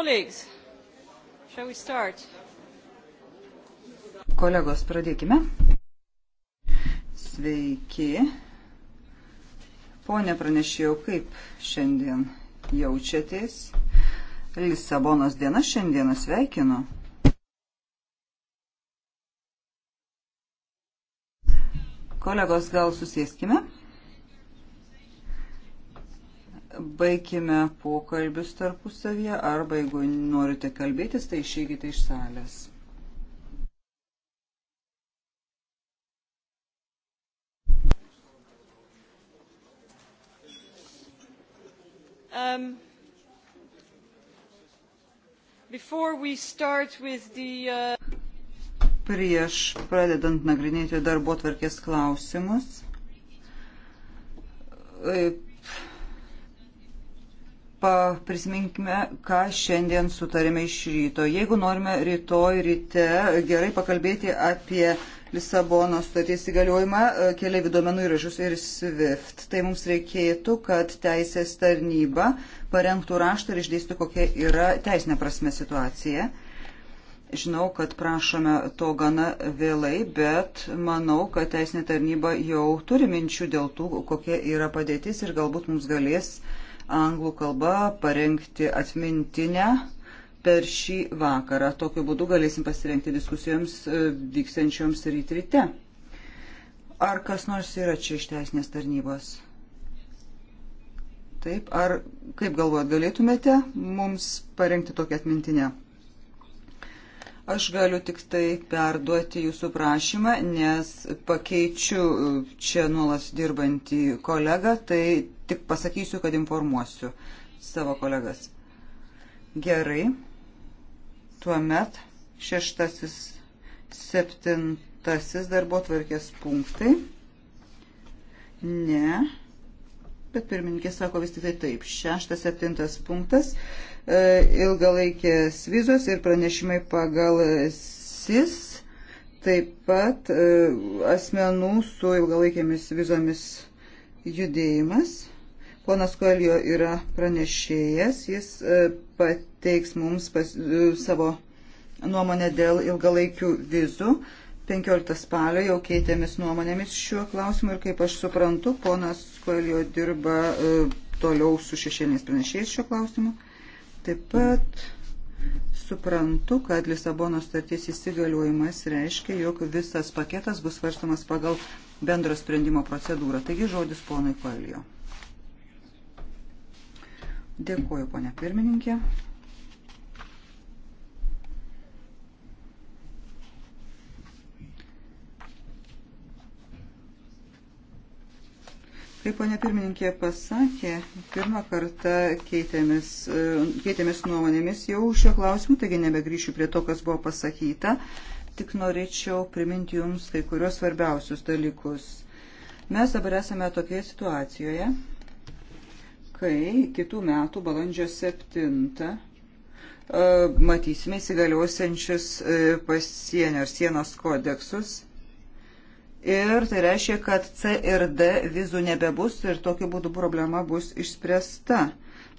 Colleagues, shall we start? Kolegos, pradėkime. Sveiki. Pone pranešėjau, kaip šiandien jaučiatės? Lisabonos diena šiandieną sveikinu. Kolegos, gal susėskime? baikime pokalbius tarpusavyje arba jeigu norite kalbėtis, tai išeikite iš salės. Um, the, uh... Prieš pradedant nagrinėti darbo tvarkės klausimus, prisiminkime, ką šiandien sutarėme iš ryto. Jeigu norime rytoj ryte gerai pakalbėti apie Lisabono stoties įgaliojimą, e, keliaivių duomenų įrašus ir SWIFT, tai mums reikėtų, kad teisės tarnyba parengtų raštą ir išdėstų, kokia yra teisinė prasme situacija. Žinau, kad prašome to gana vėlai, bet manau, kad teisinė tarnyba jau turi minčių dėl tų, kokia yra padėtis ir galbūt mums galės uh, anglų kalba, parengti atmintinę per šį vakarą. Tokiu būdu galėsim pasirengti diskusijoms e, vyksiančioms ryt ryte. Ar kas nors yra čia iš teisinės tarnybos? Taip, ar kaip galvojat, galėtumėte mums parengti tokią atmintinę? Aš galiu tik tai perduoti jūsų prašymą, nes pakeičiu e, čia nuolas dirbantį kolegą, tai tik pasakysiu, kad informuosiu savo kolegas. Gerai. Tuomet šeštasis, septintasis darbo tvarkės punktai. Ne. Bet pirmininkė sako vis tik tai taip. Šeštas, septintas punktas. E, ilgalaikės vizos ir pranešimai pagal SIS. Taip pat e, asmenų su ilgalaikėmis vizomis judėjimas. Ponas Koelio yra pranešėjas, jis e, pateiks mums pas, e, savo nuomonę dėl ilgalaikių vizų. 15 spalio jau keitėmis nuomonėmis šiuo klausimu ir kaip aš suprantu, ponas Koelio dirba e, toliau su šešėliniais pranešėjais šiuo klausimu. Taip pat suprantu, kad Lisabono starties įsigaliojimas reiškia, jog visas paketas bus svarstamas pagal bendro sprendimo procedūrą. Taigi žodis ponui Koelio. Dėkuoju, ponė pirmininkė. Kaip ponė pirmininkė pasakė, pirmą kartą keitėmis, e, keitėmis nuomonėmis jau šio klausimu, taigi nebegrįšiu prie to, kas buvo pasakyta, tik norėčiau priminti Jums kai kurios svarbiausius dalykus. Mes dabar esame tokioje situacijoje, kai kitų metų balandžio 7 e, matysime įsigaliosiančius e, pasienio ir sienos kodeksus. Ir tai reiškia, kad C ir D vizų nebebus ir tokiu būdu problema bus išspręsta.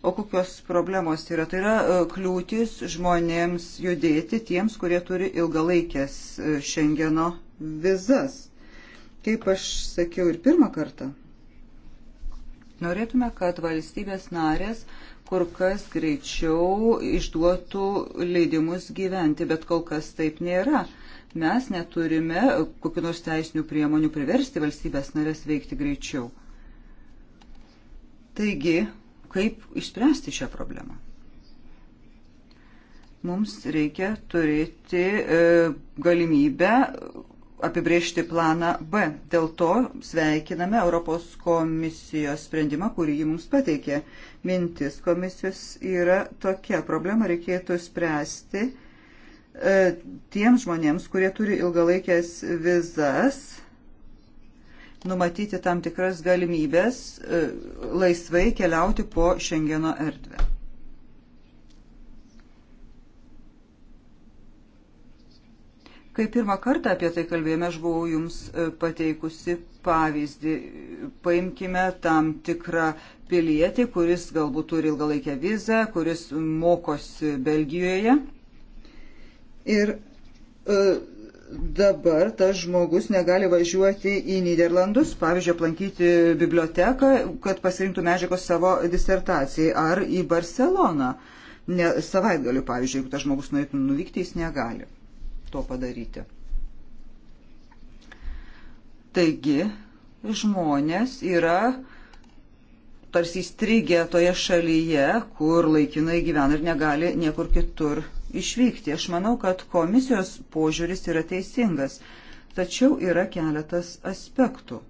O kokios problemos yra? Tai yra e, kliūtis žmonėms judėti tiems, kurie turi ilgalaikės Šengeno vizas. Kaip aš sakiau ir pirmą kartą, Norėtume, kad valstybės narės kur kas greičiau išduotų leidimus gyventi, bet kol kas taip nėra. Mes neturime kokiu nors teisinių priemonių priversti valstybės narės veikti greičiau. Taigi, kaip išspręsti šią problemą? Mums reikia turėti e, galimybę apibriežti planą B. Dėl to sveikiname Europos komisijos sprendimą, kurį jį mums pateikė. Mintis komisijos yra tokia. Problemą reikėtų spręsti e, tiems žmonėms, kurie turi ilgalaikės vizas, numatyti tam tikras galimybės e, laisvai keliauti po Šengeno erdvę. Kai pirmą kartą apie tai kalbėjome, aš buvau jums e, pateikusi pavyzdį. Paimkime tam tikrą pilietį, kuris galbūt turi ilgalaikę vizą, kuris mokosi Belgijoje. Ir e, dabar tas žmogus negali važiuoti į Niderlandus, pavyzdžiui, aplankyti biblioteką, kad pasirinktų medžiagos savo disertacijai, ar į Barceloną. Ne, savaitgaliu, pavyzdžiui, jeigu tas žmogus norėtų nuvykti, jis negali to padaryti. Taigi, žmonės yra tarsi įstrigę toje šalyje, kur laikinai gyvena ir negali niekur kitur išvykti. Aš manau, kad komisijos požiūris yra teisingas, tačiau yra keletas aspektų.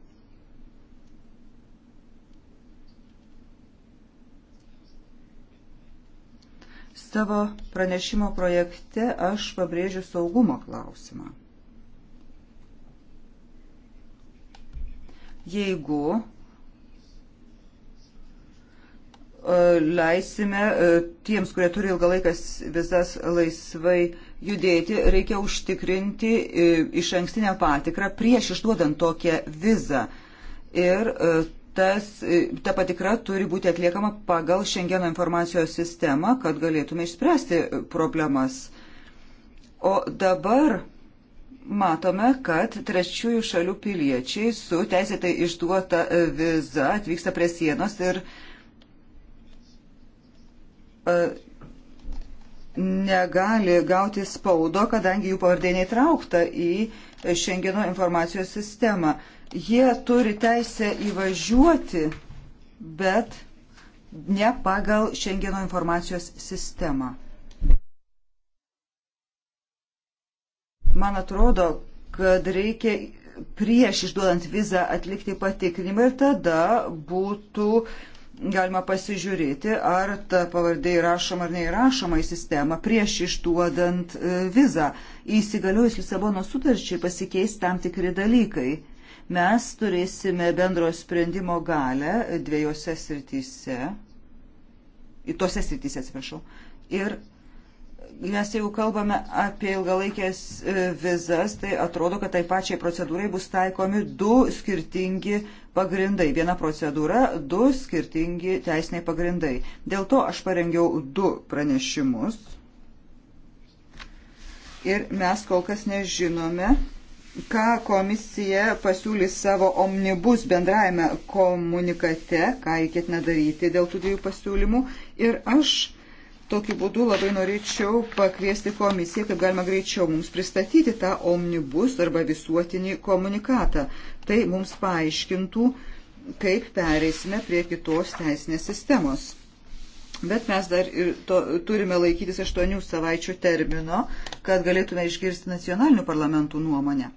Savo pranešimo projekte aš pabrėžiu saugumo klausimą. Jeigu e, leisime e, tiems, kurie turi ilgalaikas vizas laisvai judėti, reikia užtikrinti e, iš ankstinę patikrą prieš išduodant tokią vizą. Ir tas, e, ta patikra turi būti atliekama pagal Šengeno informacijos sistemą, kad galėtume išspręsti e, problemas. O dabar matome, kad trečiųjų šalių piliečiai su teisėtai išduota e, viza atvyksta prie sienos ir negali gauti spaudo, kadangi jų pavardė neįtraukta į Šengeno informacijos sistemą. Jie turi teisę įvažiuoti, bet ne pagal Šengeno informacijos sistemą. Man atrodo, kad reikia prieš išduodant vizą atlikti patikrinimą ir tada būtų galima pasižiūrėti, ar ta pavardė įrašoma ar neįrašoma į sistemą prieš išduodant e, vizą. Įsigaliojus Lisabono sutarčiai pasikeis tam tikri dalykai. Mes turėsime bendro sprendimo galę dviejose srityse, į tose srityse atsiprašau. Ir nes jeigu kalbame apie ilgalaikės e, vizas, tai atrodo, kad tai pačiai procedūrai bus taikomi du skirtingi pagrindai. Viena procedūra, du skirtingi teisiniai pagrindai. Dėl to aš parengiau du pranešimus. Ir mes kol kas nežinome, ką komisija pasiūlys savo omnibus bendrajame komunikate, ką reikėtina daryti dėl tų dviejų pasiūlymų. Ir aš tokiu būdu labai norėčiau pakviesti komisiją, kaip galima greičiau mums pristatyti tą omnibus arba visuotinį komunikatą. Tai mums paaiškintų, kaip pereisime prie kitos teisinės sistemos. Bet mes dar ir to, turime laikytis aštuonių savaičių termino, kad galėtume išgirsti nacionalinių parlamentų nuomonę.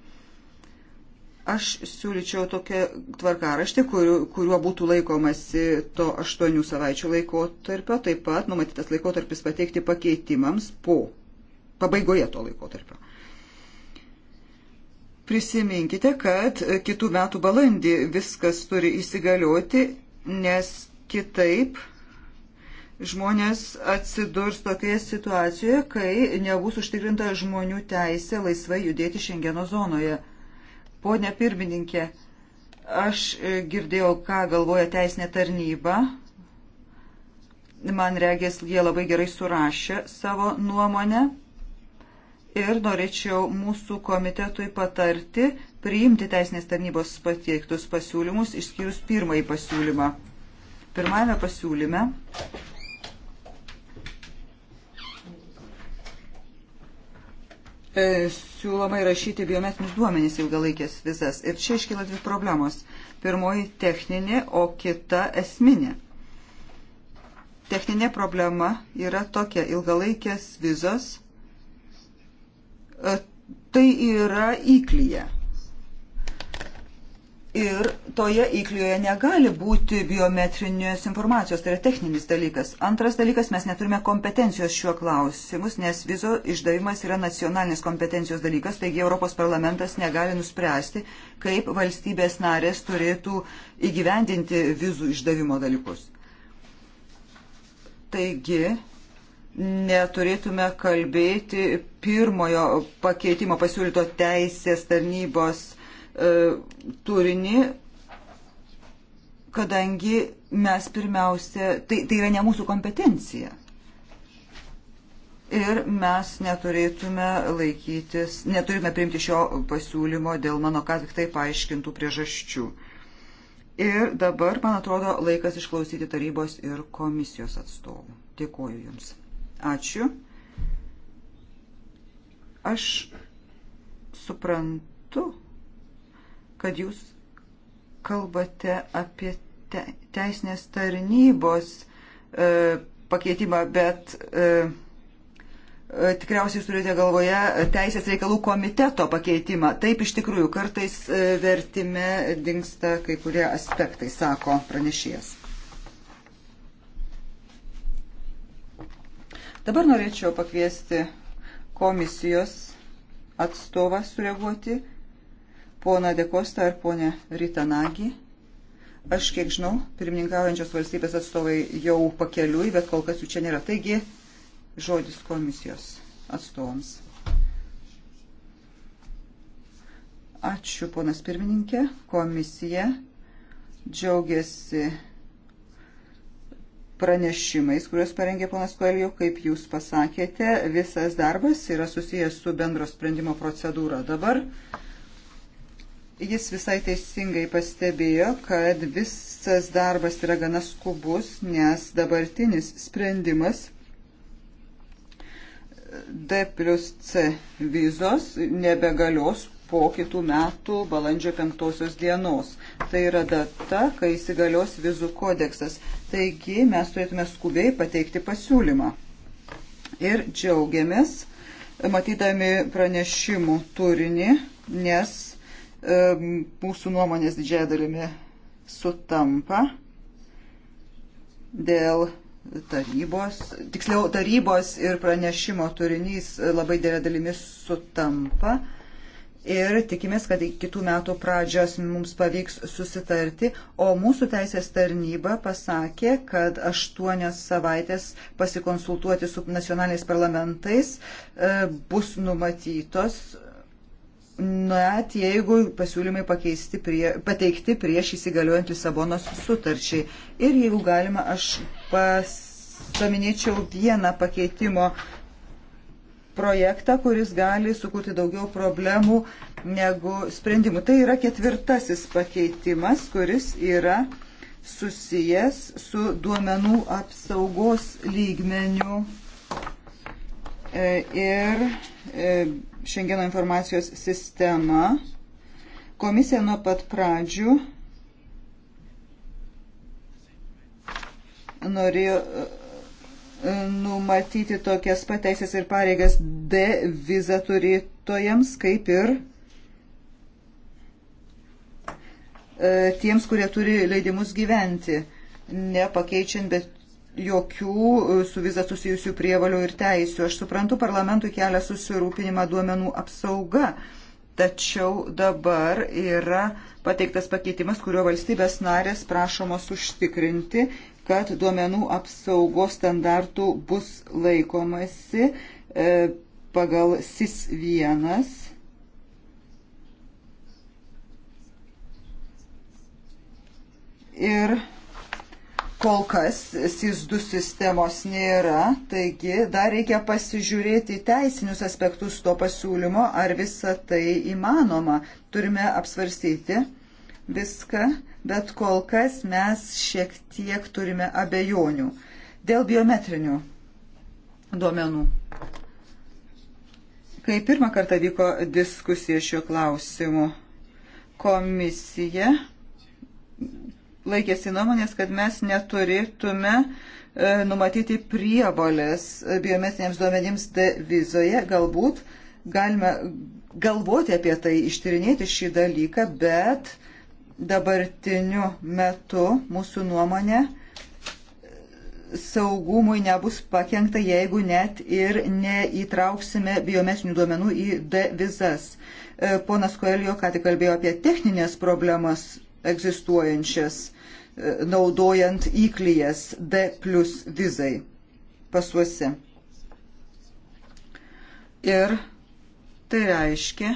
Aš siūlyčiau tokią tvarkaraštį, kuriuo, kuriuo būtų laikomasi to aštuonių savaičių laikotarpio, taip pat numatytas laikotarpis pateikti pakeitimams po pabaigoje to laikotarpio. Prisiminkite, kad kitų metų balandį viskas turi įsigalioti, nes kitaip žmonės atsidurs tokioje situacijoje, kai nebus užtikrinta žmonių teisė laisvai judėti Šengeno zonoje. Pone pirmininkė, aš e, girdėjau, ką galvoja teisinė tarnyba. Man regės, jie labai gerai surašė savo nuomonę. Ir norėčiau mūsų komitetui patarti priimti teisinės tarnybos pateiktus pasiūlymus, išskyrus pirmąjį pasiūlymą. Pirmajame pasiūlyme E, siūloma įrašyti biometrinius duomenys ilgalaikės vizas. Ir čia iškyla dvi problemos. Pirmoji techninė, o kita esminė. Techninė problema yra tokia ilgalaikės vizos. E, tai yra įklyje. Ir toje įklijoje negali būti biometrinės informacijos, tai yra techninis dalykas. Antras dalykas, mes neturime kompetencijos šiuo klausimus, nes vizo išdavimas yra nacionalinės kompetencijos dalykas, taigi Europos parlamentas negali nuspręsti, kaip valstybės narės turėtų įgyvendinti vizų išdavimo dalykus. Taigi, neturėtume kalbėti pirmojo pakeitimo pasiūlyto teisės tarnybos E, turinį, kadangi mes pirmiausia, tai, tai yra ne mūsų kompetencija. Ir mes neturėtume laikytis, neturime priimti šio pasiūlymo dėl mano ką tik tai paaiškintų priežasčių. Ir dabar, man atrodo, laikas išklausyti tarybos ir komisijos atstovų. Dėkuoju Jums. Ačiū. Aš suprantu, kad jūs kalbate apie te, teisinės tarnybos e, pakeitimą, bet e, e, tikriausiai jūs turite galvoje Teisės reikalų komiteto pakeitimą. Taip iš tikrųjų, kartais e, vertime dinksta kai kurie aspektai, sako pranešėjas. Dabar norėčiau pakviesti komisijos atstovą sureaguoti pona Dekosta ar ponė Rytanagį. Aš kiek žinau, pirmininkaujančios valstybės atstovai jau pakeliui, bet kol kas jų čia nėra. Taigi, žodis komisijos atstovams. Ačiū, ponas pirmininkė. Komisija džiaugiasi pranešimais, kuriuos parengė ponas Koelio, kaip jūs pasakėte, visas darbas yra susijęs su bendro sprendimo procedūra. Dabar uh, Jis visai teisingai pastebėjo, kad visas darbas yra gana skubus, nes dabartinis sprendimas D plus C vizos nebegalios po kitų metų balandžio penktosios dienos. Tai yra data, kai įsigalios vizų kodeksas. Taigi mes turėtume skubiai pateikti pasiūlymą. Ir džiaugiamės, matydami pranešimų turinį, nes mūsų nuomonės didžiąją dalimi sutampa dėl tarybos, tiksliau tarybos ir pranešimo turinys labai dėlė dalimi sutampa ir tikimės, kad iki kitų metų pradžios mums pavyks susitarti, o mūsų teisės tarnyba pasakė, kad aštuonios savaitės pasikonsultuoti su nacionaliniais parlamentais e, bus numatytos net jeigu pasiūlymai pakeisti prie, pateikti prieš įsigaliuojant Lisabonos sutarčiai. Ir jeigu galima, aš pas, paminėčiau vieną pakeitimo projektą, kuris gali sukurti daugiau problemų negu sprendimų. Tai yra ketvirtasis pakeitimas, kuris yra susijęs su duomenų apsaugos lygmeniu e, ir e, Šengeno informacijos sistema. Komisija nuo pat pradžių norėjo e, numatyti tokias pateisės ir pareigas D vizą turėtojams, kaip ir e, tiems, kurie turi leidimus gyventi, nepakeičiant, bet jokių e, su viza susijusių prievalių ir teisių. Aš suprantu, parlamentui kelia susirūpinimą duomenų apsauga, tačiau dabar yra pateiktas pakeitimas, kurio valstybės narės prašomos užtikrinti, kad duomenų apsaugos standartų bus laikomasi e, pagal SIS 1 ir kol kas SIS-2 sistemos nėra, taigi dar reikia pasižiūrėti teisinius aspektus to pasiūlymo, ar visa tai įmanoma. Turime apsvarstyti viską, bet kol kas mes šiek tiek turime abejonių dėl biometrinių duomenų. Kai pirmą kartą vyko diskusija šiuo klausimu, komisija laikėsi nuomonės, kad mes neturėtume e, numatyti prievolės biometriniams duomenims vizoje. Galbūt galime galvoti apie tai, ištyrinėti šį dalyką, bet dabartiniu metu mūsų nuomonė saugumui nebus pakengta, jeigu net ir neįtrauksime biometrinių duomenų į D vizas. E, ponas Koelio ką tik kalbėjo apie techninės problemas egzistuojančias, e, naudojant įklyjas D plus vizai pasuose. Ir tai reiškia,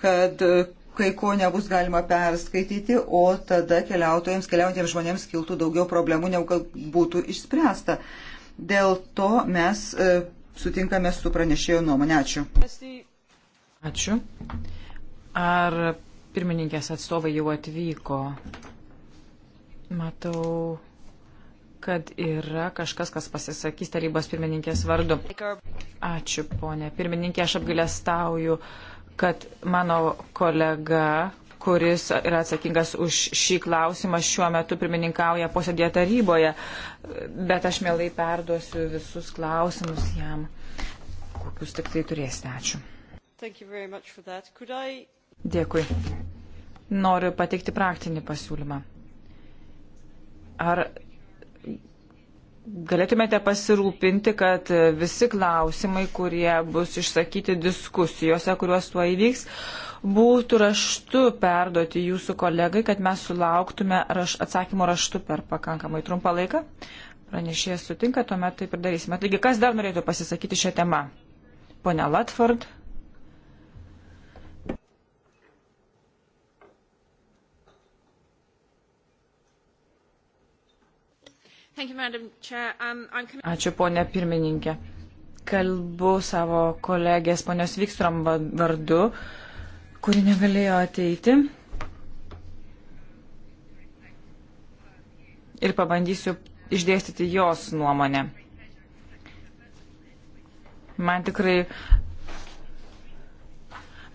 kad e, kai ko nebus galima perskaityti, o tada keliautojams, keliaujantiems žmonėms kiltų daugiau problemų, negu kad būtų išspręsta. Dėl to mes e, sutinkame su pranešėjo nuomonė. Ačiū. Ačiū. Ar pirmininkės atstovai jau atvyko. Matau, kad yra kažkas, kas pasisakys tarybos pirmininkės vardu. Ačiū, ponė. Pirmininkė, aš apgailestauju, kad mano kolega, kuris yra atsakingas už šį klausimą, šiuo metu pirmininkauja posėdėje taryboje, bet aš mielai perduosiu visus klausimus jam, kokius tik tai turėsite. Ačiū. I... Dėkui. Noriu pateikti praktinį pasiūlymą. Ar galėtumėte pasirūpinti, kad visi klausimai, kurie bus išsakyti diskusijose, kuriuos tuo įvyks, būtų raštu perduoti jūsų kolegai, kad mes sulauktume raš, atsakymo raštu per pakankamai trumpą laiką? Pranešėjas sutinka, tuomet taip ir darysime. Taigi, kas dar norėtų pasisakyti šią temą? Pone Latford. Um, Ačiū, ponė pirmininkė. Kalbu savo kolegės ponios Vikstrom vardu, kuri negalėjo ateiti. Ir pabandysiu išdėstyti jos nuomonę. Man tikrai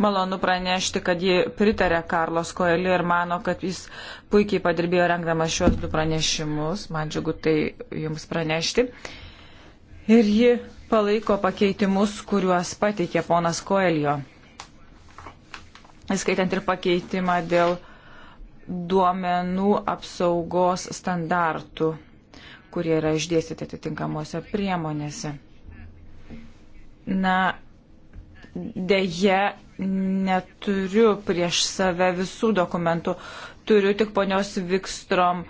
malonu pranešti, kad ji pritarė Karlos Koeli ir mano, kad jis puikiai padirbėjo rengdamas šios du pranešimus. Man džiugu tai jums pranešti. Ir ji palaiko pakeitimus, kuriuos pateikė ponas Koelio. Įskaitant ir pakeitimą dėl duomenų apsaugos standartų, kurie yra išdėstyti atitinkamuose priemonėse. Na, dėje neturiu prieš save visų dokumentų, turiu tik ponios Vikstrom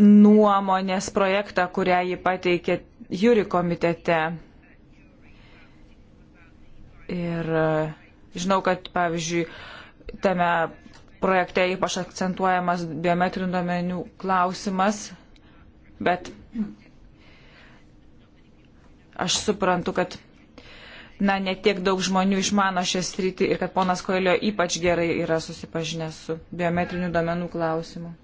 nuomonės projektą, kurią ji pateikė Jūri komitete. Ir e, žinau, kad pavyzdžiui, tame projekte ypač akcentuojamas biometrinių domenių klausimas, bet aš suprantu, kad na, netiek daug žmonių išmano šią sritį ir kad ponas Koelio ypač gerai yra susipažinęs su biometrinių domenų klausimu.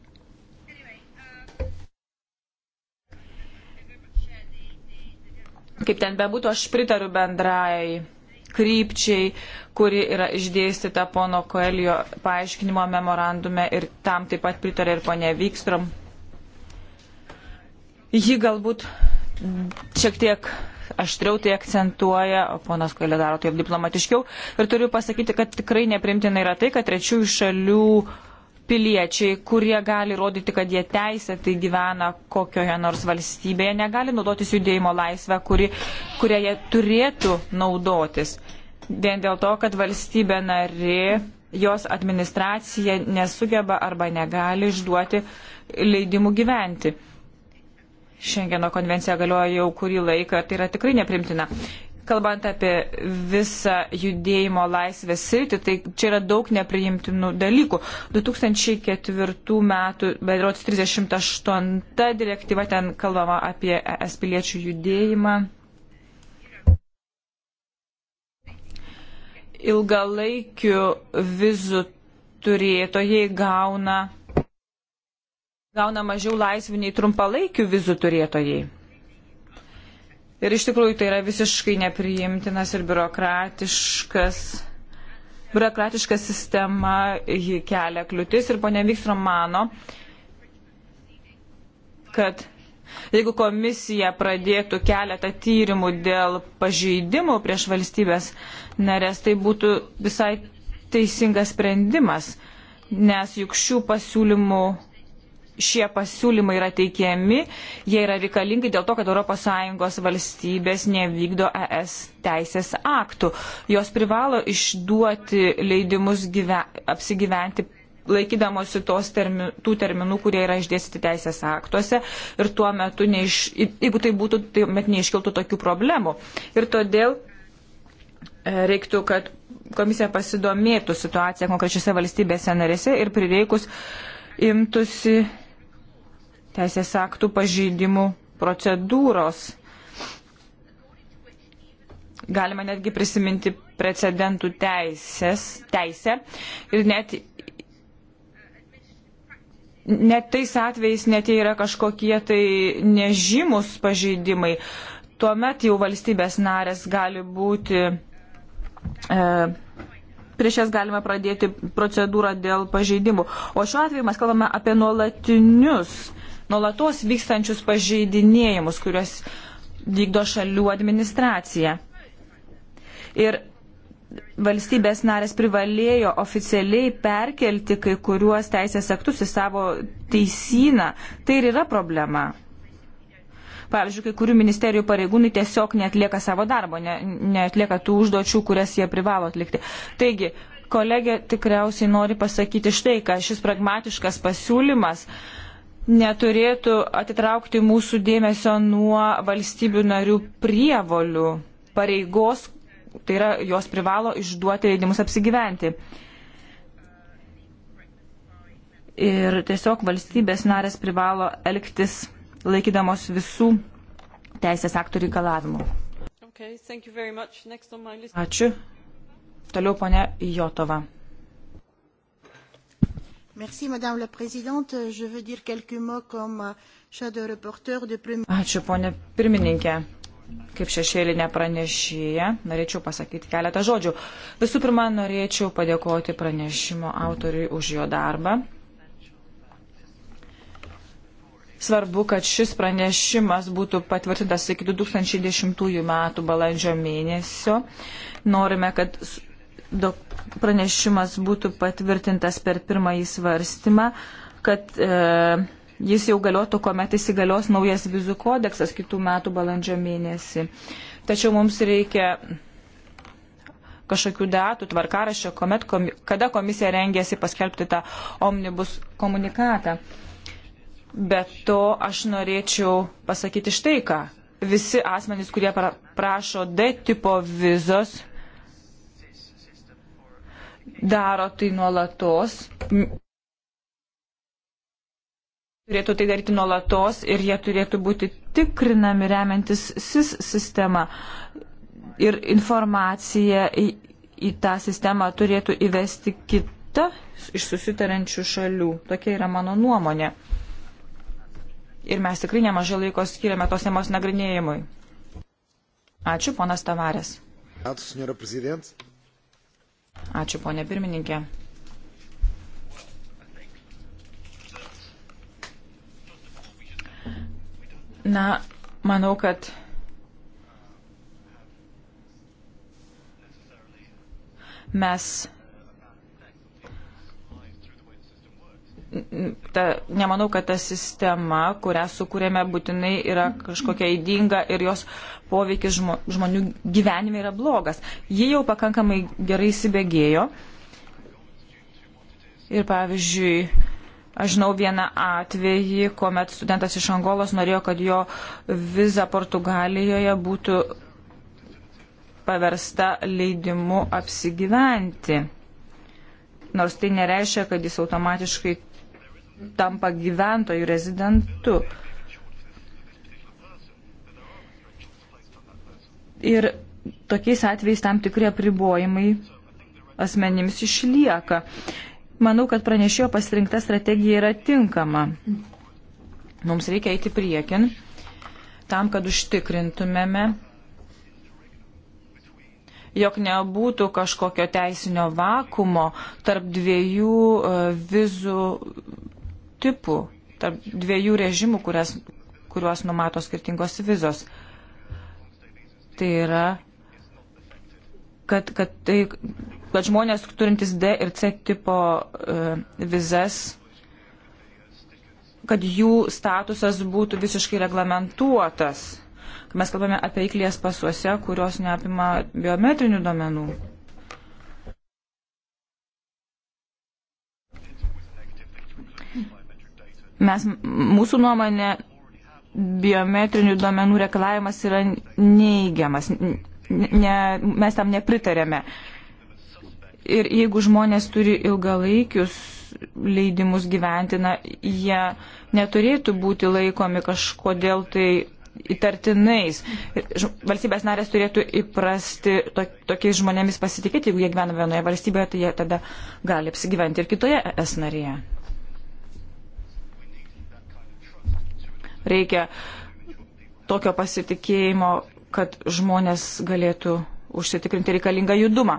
Kaip ten bebūtų, aš pritariu bendrai krypčiai, kuri yra išdėstyta pono Koelio paaiškinimo memorandume ir tam taip pat pritarė ir ponė Vykstrom. Ji galbūt šiek tiek aštriau tai akcentuoja, o ponas Koelė daro tai diplomatiškiau. Ir turiu pasakyti, kad tikrai neprimtina yra tai, kad trečiųjų šalių piliečiai, kurie gali rodyti, kad jie teisėtai gyvena kokioje nors valstybėje, negali naudotis judėjimo laisvę, kuri, kurią jie turėtų naudotis. Vien dėl to, kad valstybė nari, jos administracija nesugeba arba negali išduoti leidimų gyventi. Šengeno konvencija galioja jau kurį laiką, tai yra tikrai neprimtina. Kalbant apie visą judėjimo laisvės sritį, tai čia yra daug nepriimtinų dalykų. 2004 metų, bedrots 38 direktyva, ten kalbama apie es piliečių judėjimą. Ilgalaikių vizų turėtojai gauna gauna mažiau laisvių nei trumpalaikių vizų turėtojai. Ir iš tikrųjų tai yra visiškai nepriimtinas ir biurokratiškas biurokratiška sistema, ji kelia kliūtis ir ponia Vikstrom mano, kad jeigu komisija pradėtų keletą tyrimų dėl pažeidimų prieš valstybės narės, tai būtų visai teisingas sprendimas, nes juk šių pasiūlymų šie pasiūlymai yra teikiami, jie yra reikalingi dėl to, kad ES valstybės nevykdo ES teisės aktų. Jos privalo išduoti leidimus gyve, apsigyventi laikydamosi termi, tų terminų, kurie yra išdėstyti teisės aktuose ir tuo metu, neiš, jeigu tai būtų, tai met neiškiltų tokių problemų. Ir todėl e, reiktų, kad komisija pasidomėtų situaciją konkrečiose valstybėse narėse ir prireikus imtųsi teisės aktų pažeidimų procedūros. Galima netgi prisiminti precedentų teisės, teisę ir net, net tais atvejais net jie yra kažkokie tai nežymus pažeidimai. Tuomet jau valstybės narės gali būti. E, prieš jas galime pradėti procedūrą dėl pažeidimų. O šiuo atveju mes kalbame apie nuolatinius nuolatos vykstančius pažeidinėjimus, kuriuos vykdo šalių administracija. Ir valstybės narės privalėjo oficialiai perkelti kai kuriuos teisės aktus į savo teisyną. Tai ir yra problema. Pavyzdžiui, kai kurių ministerijų pareigūnai tiesiog netlieka savo darbo, ne, netlieka tų užduočių, kurias jie privalo atlikti. Taigi, kolegė tikriausiai nori pasakyti štai, kad šis pragmatiškas pasiūlymas uh, neturėtų atitraukti mūsų dėmesio nuo valstybių narių prievolių, pareigos, tai yra jos privalo išduoti leidimus apsigyventi. Ir tiesiog valstybės narės privalo elgtis laikydamos visų teisės aktų reikalavimų. Okay, Ačiū. Toliau ponia Jotova. Merci, Madame la Présidente. Je veux dire quelques mots comme euh, shadow reporter de premier. Ačiū, ponė pirmininkė. Kaip šešėlinė pranešėja, norėčiau pasakyti keletą žodžių. Visų pirma, norėčiau padėkoti pranešimo autoriui už jo darbą. Svarbu, kad šis pranešimas būtų patvirtintas iki 2010 metų balandžio mėnesio. Norime, kad pranešimas būtų patvirtintas per pirmąjį svarstymą, kad e, jis jau galiotų, kuomet įsigalios naujas vizų kodeksas kitų metų balandžio mėnesį. Tačiau mums reikia kažkokių datų tvarkaraščio, kuomet, kada komisija rengėsi paskelbti tą omnibus komunikatą. Bet to aš norėčiau pasakyti štai ką. Visi asmenys, kurie prašo D tipo vizos, daro tai nuolatos. Turėtų tai daryti nuolatos ir jie turėtų būti tikrinami remiantis SIS sistema. Ir informacija į, į tą sistemą turėtų įvesti kita iš susitarančių šalių. Tokia yra mano nuomonė. Ir mes tikrai nemažai laiko skiriame tos temos nagrinėjimui. Ačiū, ponas Tavarės. Ačiū, senjora prezidentė. Ačiū, ponė pirmininkė. Na, manau, kad mes ta, nemanau, kad ta sistema, kurią sukūrėme, būtinai yra kažkokia įdinga ir jos poveikis žmo, žmonių gyvenime yra blogas. Ji jau pakankamai gerai įsibėgėjo. Ir pavyzdžiui, Aš žinau vieną atvejį, kuomet studentas iš Angolos norėjo, kad jo viza Portugalijoje būtų paversta leidimu apsigyventi. Nors tai nereiškia, kad jis automatiškai tampa gyventojų rezidentu. Ir tokiais atvejais tam tikri apribojimai asmenims išlieka. Manau, kad pranešėjo pasirinkta strategija yra tinkama. Mums reikia eiti priekin tam, kad užtikrintumėme, jog nebūtų kažkokio teisinio vakumo tarp dviejų e, vizų tipų, tarp dviejų režimų, kurias, kuriuos numato skirtingos vizos. Tai yra, kad, kad, tai, kad žmonės turintys D ir C tipo uh, vizas, kad jų statusas būtų visiškai reglamentuotas. Mes kalbame apie įklės pasuose, kurios neapima biometrinių domenų. Mes, mūsų nuomonė, biometrinių duomenų reikalavimas yra neįgiamas. Ne, mes tam nepritarėme. Ir jeigu žmonės turi ilgalaikius leidimus gyventina, jie neturėtų būti laikomi kažkodėl tai įtartinais. Valstybės narės turėtų įprasti to, tokiais žmonėmis pasitikėti, jeigu jie gyvena vienoje valstybėje, tai jie tada gali apsigyventi ir kitoje es narėje. Reikia tokio pasitikėjimo, kad žmonės galėtų užsitikrinti reikalingą judumą.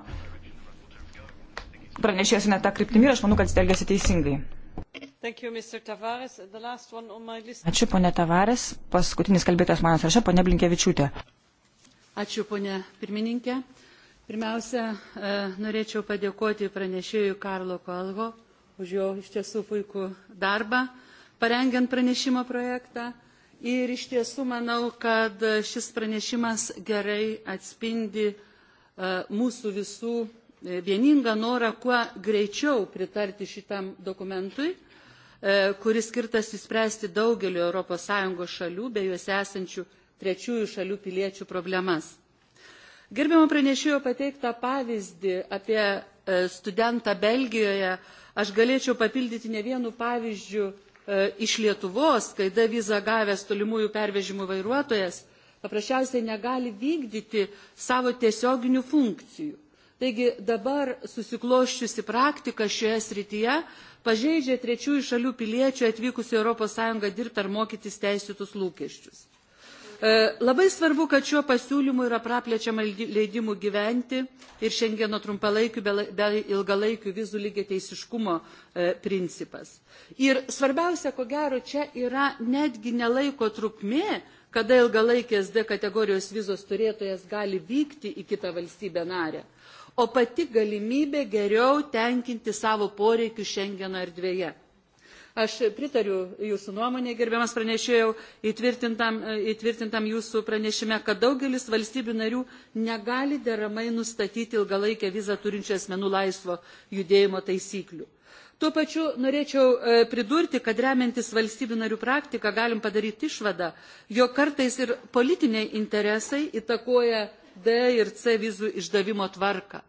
Pranešėsiu ne tą kryptimį ir aš manau, kad jis elgėsi teisingai. You, on Ačiū, ponė Tavares. Paskutinis kalbėtojas mano sąraše, ponė Blinkevičiūtė. Ačiū, ponė pirmininkė. Pirmiausia, e, norėčiau padėkoti pranešėjui Karlo Kalgo už jo iš tiesų puikų darbą parengiant pranešimo projektą. Ir iš tiesų manau, kad šis pranešimas gerai atspindi e, mūsų visų e, vieningą norą kuo greičiau pritarti šitam dokumentui, e, kuris skirtas įspręsti daugelio ES šalių bei juose esančių trečiųjų šalių piliečių problemas. Gerbiamo pranešėjo pateiktą pavyzdį apie studentą Belgijoje aš galėčiau papildyti ne vienu pavyzdžiu E, iš Lietuvos, kai da vizą gavęs tolimųjų pervežimų vairuotojas, paprasčiausiai negali vykdyti savo tiesioginių funkcijų. Taigi dabar susikloščiusi praktika šioje srityje pažeidžia trečiųjų šalių piliečių atvykusių ES dirbti ar mokytis teisėtus lūkesčius. E, labai svarbu, kad šiuo pasiūlymu yra praplečiama leidimų gyventi ir šiandieno trumpalaikių bei ilgalaikių vizų lygiai teisiškumo e, principas. Ir svarbiausia, ko gero, čia yra netgi nelaiko trukmė, kada ilgalaikės D kategorijos vizos turėtojas gali vykti į kitą valstybę narę, o pati galimybė geriau tenkinti savo poreikių šiandieno erdvėje. Aš pritariu jūsų nuomonė, gerbiamas pranešėjau, įtvirtintam, įtvirtintam jūsų pranešime, kad daugelis valstybių narių negali deramai nustatyti ilgalaikę vizą turinčių asmenų laisvo judėjimo taisyklių. Tuo pačiu norėčiau e, pridurti, kad remiantis valstybių narių praktiką galim padaryti išvadą, jog kartais ir politiniai interesai įtakoja D ir C vizų išdavimo tvarką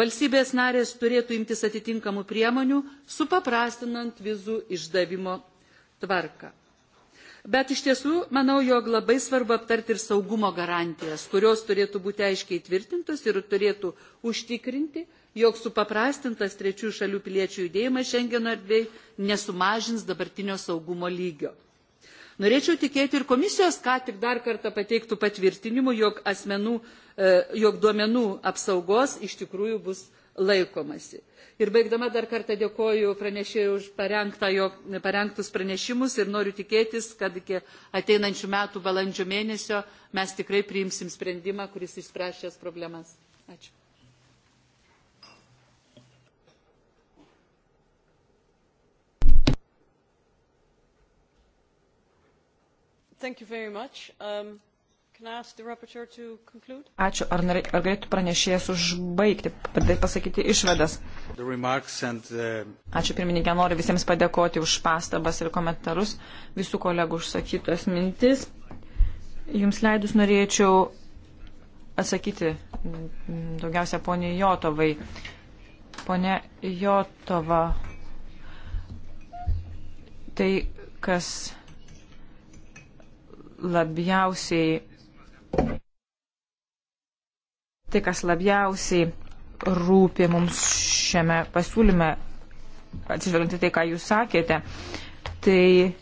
valstybės narės turėtų imtis atitinkamų priemonių, supaprastinant vizų išdavimo tvarką. Bet iš tiesų, manau, jog labai svarbu aptarti ir saugumo garantijas, kurios turėtų būti aiškiai tvirtintos ir turėtų užtikrinti, jog supaprastintas trečiųjų šalių piliečių judėjimas Schengeno erdvėje nesumažins dabartinio saugumo lygio. Norėčiau tikėti ir komisijos, ką tik dar kartą pateiktų patvirtinimu, jog, asmenų, e, jog duomenų apsaugos iš tikrųjų bus laikomasi. Ir baigdama dar kartą dėkoju pranešėjui už parengtą, jo, parengtus pranešimus ir noriu tikėtis, kad iki ateinančių metų balandžio mėnesio mes tikrai priimsim sprendimą, kuris išspręs šias problemas. Ačiū. Um, Ačiū. Ar, norė, ar galėtų pranešėjas užbaigti, pasakyti išvadas? And, uh... Ačiū pirmininkė, noriu visiems padėkoti už pastabas ir komentarus, visų kolegų užsakytos mintis. Jums leidus norėčiau atsakyti daugiausia poniai Jotovai. Pone Jotova, tai kas labiausiai, tai kas labiausiai rūpi mums šiame pasiūlyme, atsižvelgiant į tai, ką jūs sakėte, tai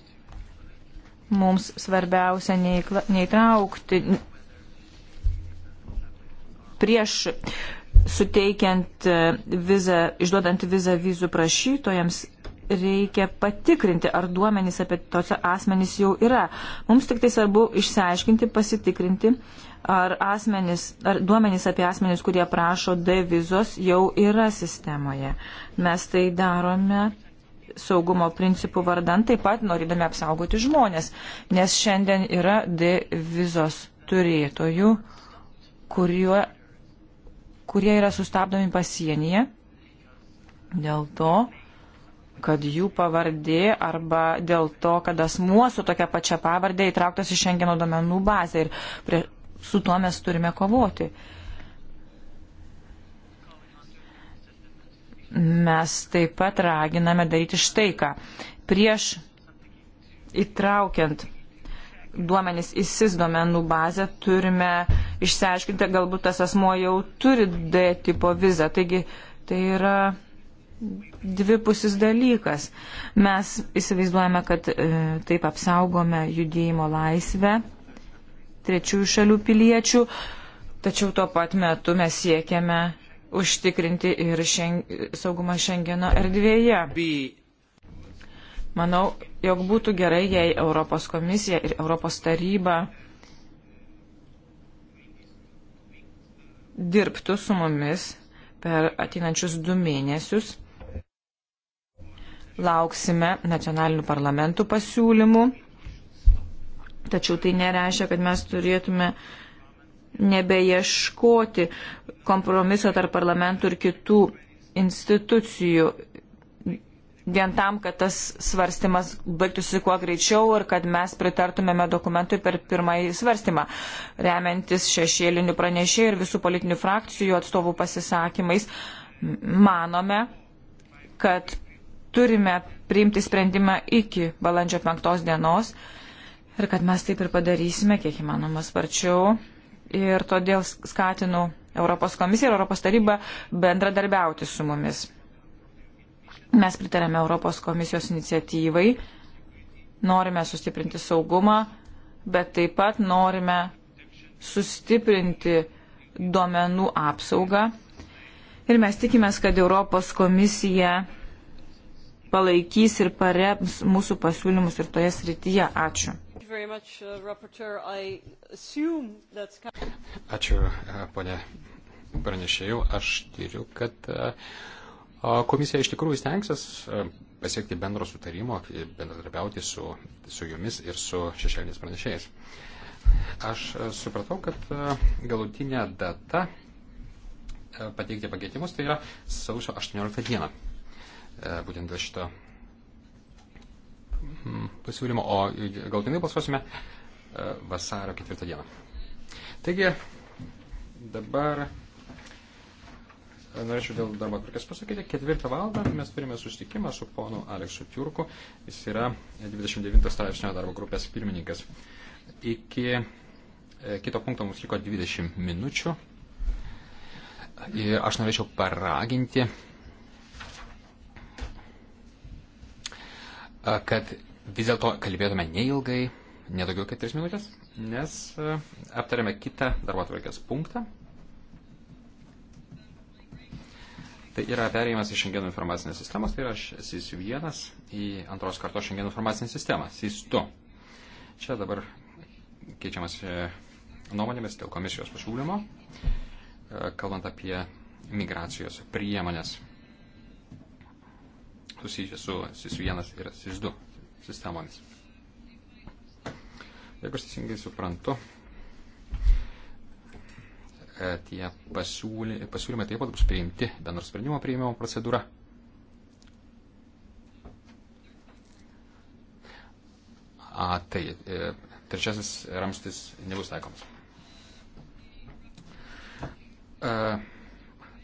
mums svarbiausia neįtraukti prieš suteikiant e, vizą, išduodant vizą vizų prašytojams reikia patikrinti, ar duomenys apie tos asmenys jau yra. Mums tik tai svarbu išsiaiškinti, pasitikrinti, ar, asmenys, ar duomenys apie asmenys, kurie prašo D vizos, jau yra sistemoje. Mes tai darome saugumo principų vardan, taip pat norėdami apsaugoti žmonės, nes šiandien yra D vizos turėtojų, kurio, kurie yra sustabdomi pasienyje. Dėl to kad jų pavardė arba dėl to, kad asmuo su tokia pačia pavardė įtrauktas į Šengeno domenų bazę ir prie, su tuo mes turime kovoti. Mes taip pat raginame daryti štai ką. Prieš įtraukiant duomenys į SIS duomenų bazę turime išsiaiškinti, galbūt tas asmo jau turi D tipo vizą. Taigi tai yra dvipusis dalykas. Mes įsivaizduojame, kad e, taip apsaugome judėjimo laisvę trečiųjų šalių piliečių, tačiau tuo pat metu mes siekiame užtikrinti ir šeng, saugumą Šengeno erdvėje. Manau, jog būtų gerai, jei Europos komisija ir Europos taryba dirbtų su mumis per ateinančius du mėnesius Lauksime nacionalinių parlamentų pasiūlymų, tačiau tai nereiškia, kad mes turėtume nebeieškoti kompromiso tarp parlamentų ir kitų institucijų vien tam, kad tas svarstymas baigtųsi kuo greičiau ir kad mes pritartumėme dokumentui per pirmąjį svarstymą, remiantis šešėlinių pranešėjų ir visų politinių frakcijų atstovų pasisakymais, manome, kad turime priimti sprendimą iki balandžio 5 dienos ir kad mes taip ir padarysime, kiek įmanoma sparčiau. Ir todėl skatinu Europos komisiją ir Europos tarybą bendradarbiauti su mumis. Mes pritarėme Europos komisijos iniciatyvai, norime sustiprinti saugumą, bet taip pat norime sustiprinti duomenų apsaugą. Ir mes tikimės, kad Europos komisija palaikys ir parems mūsų pasiūlymus ir toje srityje. Ačiū. Uh, Ačiū, uh, ponė pranešėjau. Aš tyriu, kad uh, komisija iš tikrųjų stengsis pasiekti bendro sutarimo, bendradarbiauti su, su jumis ir su šešėliniais pranešėjais. Aš supratau, kad galutinė data pateikti pakeitimus tai yra sausio 18 diena. E, būtent dėl šito hmm, pasiūlymo, o galtinai balsuosime e, vasario ketvirtą dieną. Taigi, dabar e, norėčiau dėl darbo atvarkės pasakyti, ketvirtą valandą mes turime susitikimą su ponu Aleksu Tiurku, jis yra 29 straipsnio darbo grupės pirmininkas. Iki kito punkto mums liko 20 minučių. Aš norėčiau paraginti kad vis dėlto kalbėtume neilgai, nedaugiau kaip 3 minutės, nes aptarėme kitą darbo atvarkės punktą. Tai yra perėjimas iš šiandienų informacinės sistemos, tai yra SIS-1 į antros kartos šiandienų informacinę sistemą, SIS-2. Čia dabar keičiamas e, nuomonėmis dėl komisijos pasiūlymo, e, kalbant apie migracijos priemonės susijusi su SIS1 ir SIS2 sistemomis. Jeigu aš teisingai suprantu, e, tie pasiūly, pasiūlymai taip pat bus priimti bendro sprendimo priimimo procedūra. A, tai e, trečiasis ramstis nebus taikomas. E,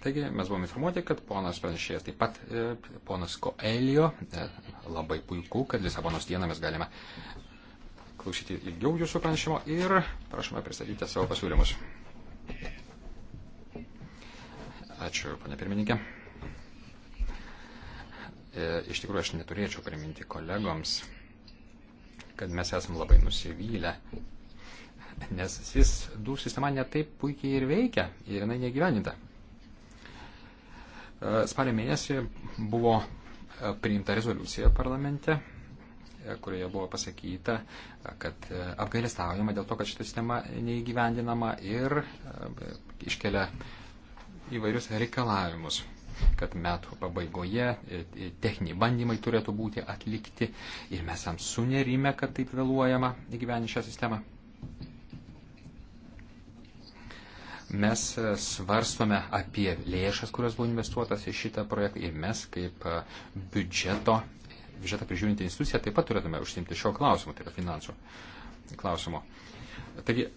Taigi mes buvome informuoti, kad ponas pranešėjas taip pat, e, ponas Koelio, e, labai puiku, kad Lisabonos dieną mes galime klausyti ilgiau jūsų pranešimo ir prašome pristatyti savo pasiūlymus. Ačiū, pane pirmininkė. E, iš tikrųjų, aš neturėčiau priminti kolegoms, kad mes esam labai nusivylę, nes SIS 2 sistema netaip puikiai ir veikia ir jinai negyveninta. E, spalio mėnesį buvo e, priimta rezoliucija parlamente, e, kurioje buvo pasakyta, kad apgailestaujama dėl to, kad šitą sistemą neįgyvendinama ir iškelia įvairius reikalavimus kad metų pabaigoje techniniai bandymai turėtų būti atlikti ir mes jam sunerime, kad taip vėluojama įgyveninti šią sistemą. Mes e, svarstome apie lėšas, kurios buvo investuotas į šitą projektą ir mes kaip e, biudžeto, biudžetą prižiūrinti instituciją taip pat turėtume užsimti šio klausimu, tai yra finansų klausimo. Taigi,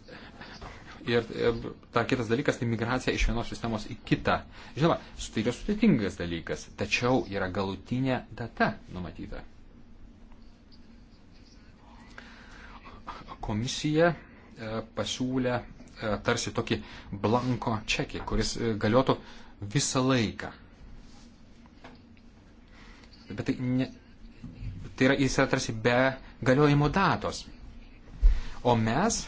ir, ir e, dar kitas dalykas, tai migracija iš vienos sistemos į kitą. Žinoma, tai yra sudėtingas dalykas, tačiau yra galutinė data numatyta. Komisija pasiūlė E, tarsi tokį blanko čekį, kuris e, galiotų visą laiką. Bet tai, ne, tai yra, jis yra tarsi be galiojimo datos. O mes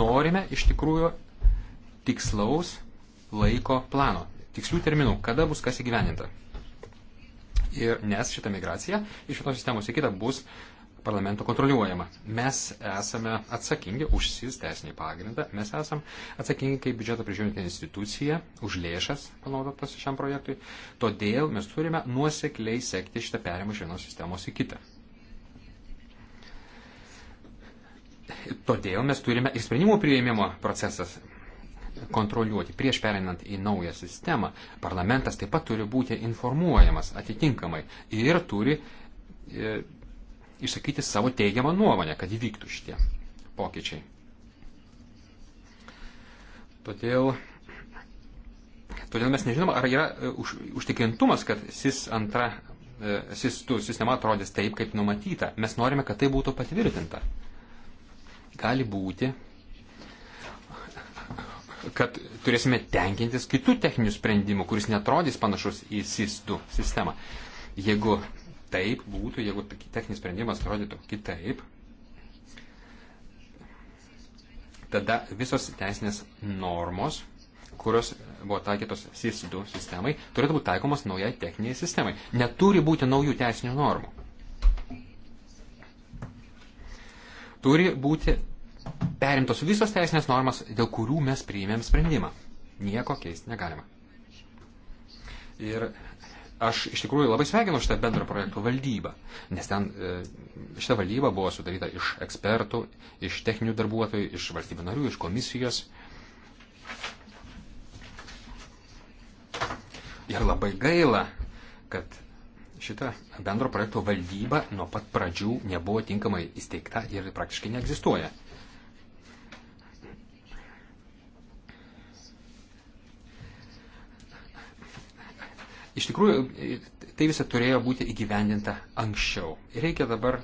norime iš tikrųjų tikslaus laiko plano, tikslių terminų, kada bus kas įgyveninta. Ir nes šita migracija iš šitos sistemos į kitą bus uh, parlamento kontroliuojama. Mes esame atsakingi už SIS teisinį pagrindą, mes esame atsakingi kaip biudžeto prižiūrinti institucija už lėšas panaudotas šiam projektui, todėl mes turime nuosekliai sekti šitą perimą iš vienos sistemos į kitą. Todėl mes turime ir sprendimų prieimimo procesas kontroliuoti. Prieš perinant į naują sistemą, parlamentas taip pat turi būti informuojamas atitinkamai ir turi e, išsakyti savo teigiamą nuomonę, kad įvyktų šitie pokyčiai. Todėl, todėl mes nežinom, ar yra e, už, užtikrintumas, kad SIS antra, e, SIS 2 sistema atrodys taip, kaip numatyta. Mes norime, kad tai būtų patvirtinta. Gali būti, kad turėsime tenkintis kitų techninių sprendimų, kuris netrodys panašus į SIS 2 sistemą. Jeigu taip būtų, jeigu techninis sprendimas rodytų kitaip, tada visos teisinės normos, kurios buvo taikytos SIS-2 sistemai, turėtų būti taikomos naujai techniniai sistemai. Neturi būti naujų teisinių normų. Turi būti perimtos visos teisinės normas, dėl kurių mes priėmėm sprendimą. Nieko keisti negalima. Ir aš iš tikrųjų labai sveikinu šitą bendrą projektų valdybą, nes ten e, šita valdyba buvo sudaryta iš ekspertų, iš techninių darbuotojų, iš valstybių narių, iš komisijos. Ir labai gaila, kad šita bendro projekto valdyba nuo pat pradžių nebuvo tinkamai įsteigta ir praktiškai neegzistuoja. Iš tikrųjų, tai visą turėjo būti įgyvendinta anksčiau. Reikia dabar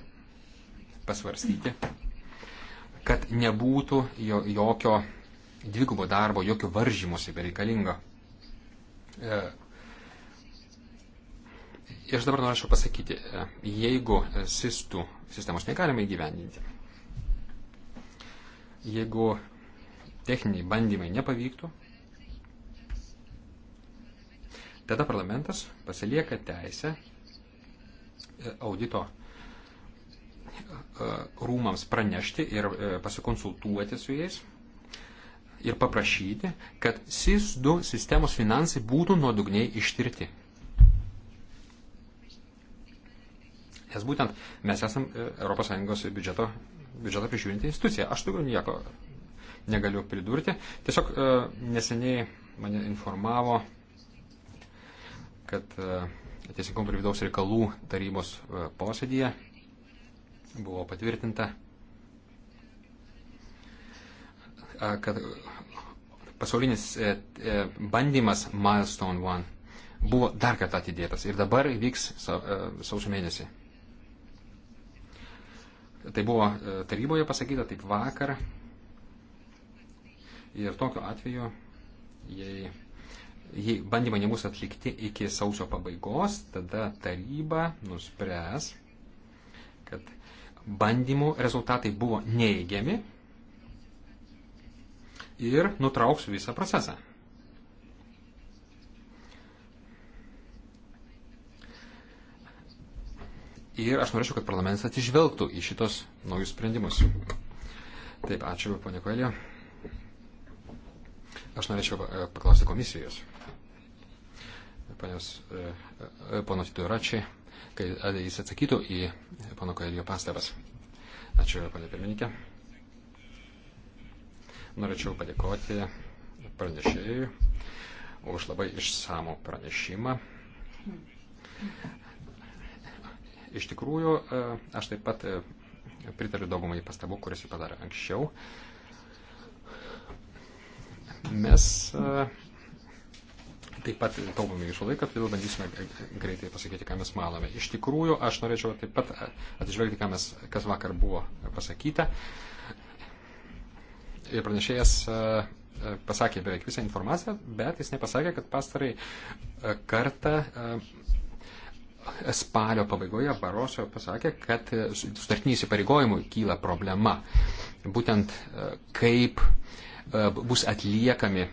pasvarstyti, kad nebūtų jo, jokio dvigubo darbo, jokio varžymosi bereikalingo. E, aš dabar norėčiau pasakyti, e, jeigu sistų sistemos negalima įgyvendinti, jeigu techniniai bandymai nepavyktų, Tada parlamentas pasilieka teisę e, audito e, rūmams pranešti ir e, pasikonsultuoti su jais ir paprašyti, kad SIS-2 sistemos finansai būtų nuodugniai ištirti. Nes būtent mes esam ES biudžeto, biudžeto prižiūrinti institucija. Aš daugiau nieko negaliu pridurti. Tiesiog neseniai mane informavo kad e, Teisingumo ir vidaus reikalų tarybos e, posėdėje buvo patvirtinta, e, kad pasaulinis bandymas Milestone One buvo dar kartą atidėtas ir dabar vyks sausio mėnesį. Tai buvo taryboje pasakyta taip vakar ir tokiu atveju, jei jei bandymai nebus atlikti iki sausio pabaigos, tada taryba nuspręs, kad bandymų rezultatai buvo neįgiami ir nutrauks visą procesą. Ir aš norėčiau, kad parlamentas atsižvelgtų į šitos naujus sprendimus. Taip, ačiū, ponė Koelė. Aš norėčiau e, paklausti komisijos ponios, e, e, ponos Duračiai, kai jis atsakytų į pono Koelio pastabas. Ačiū, ponė pirmininkė. Norėčiau padėkoti pranešėjui už labai išsamų pranešimą. Iš tikrųjų, e, aš taip pat pritariu daugumai pastabų, kuris jį padarė anksčiau. Mes Taip pat taupome jūsų laiką, todėl bandysime greitai pasakyti, ką mes manome. Iš tikrųjų, aš norėčiau taip pat e, atižvelgti, ką mes, kas vakar buvo pasakyta. Ir pranešėjas e, e, pasakė beveik visą informaciją, bet jis nepasakė, kad pastarai kartą spalio pabaigoje Barosio pasakė, kad sutartinių įsipareigojimų kyla problema. Būtent kaip bus atliekami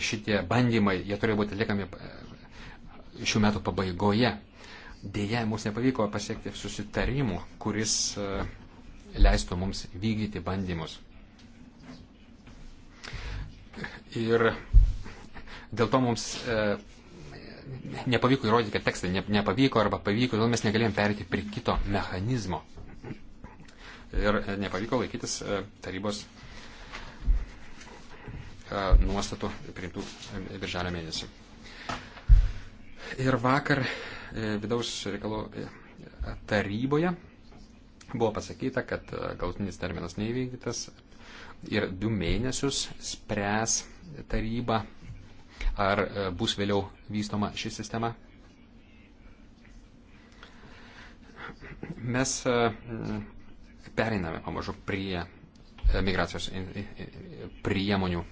šitie bandymai, jie turėjo būti atliekami e, šių metų pabaigoje. Deja, mums nepavyko pasiekti susitarimų, kuris e, leistų mums vykdyti bandymus. Ir dėl to mums e, nepavyko įrodyti, kad tekstai nepavyko arba pavyko, todėl mes negalėjom perėti prie kito mechanizmo. Ir nepavyko laikytis tarybos E, nuostatų priimtų birželio mėnesį. Ir vakar e, vidaus reikalų e, taryboje buvo pasakyta, kad galtinis terminas neįvykdytas ir du mėnesius spręs taryba, ar bus vėliau vystoma ši sistema. Mes pereiname pamažu prie migracijos priemonių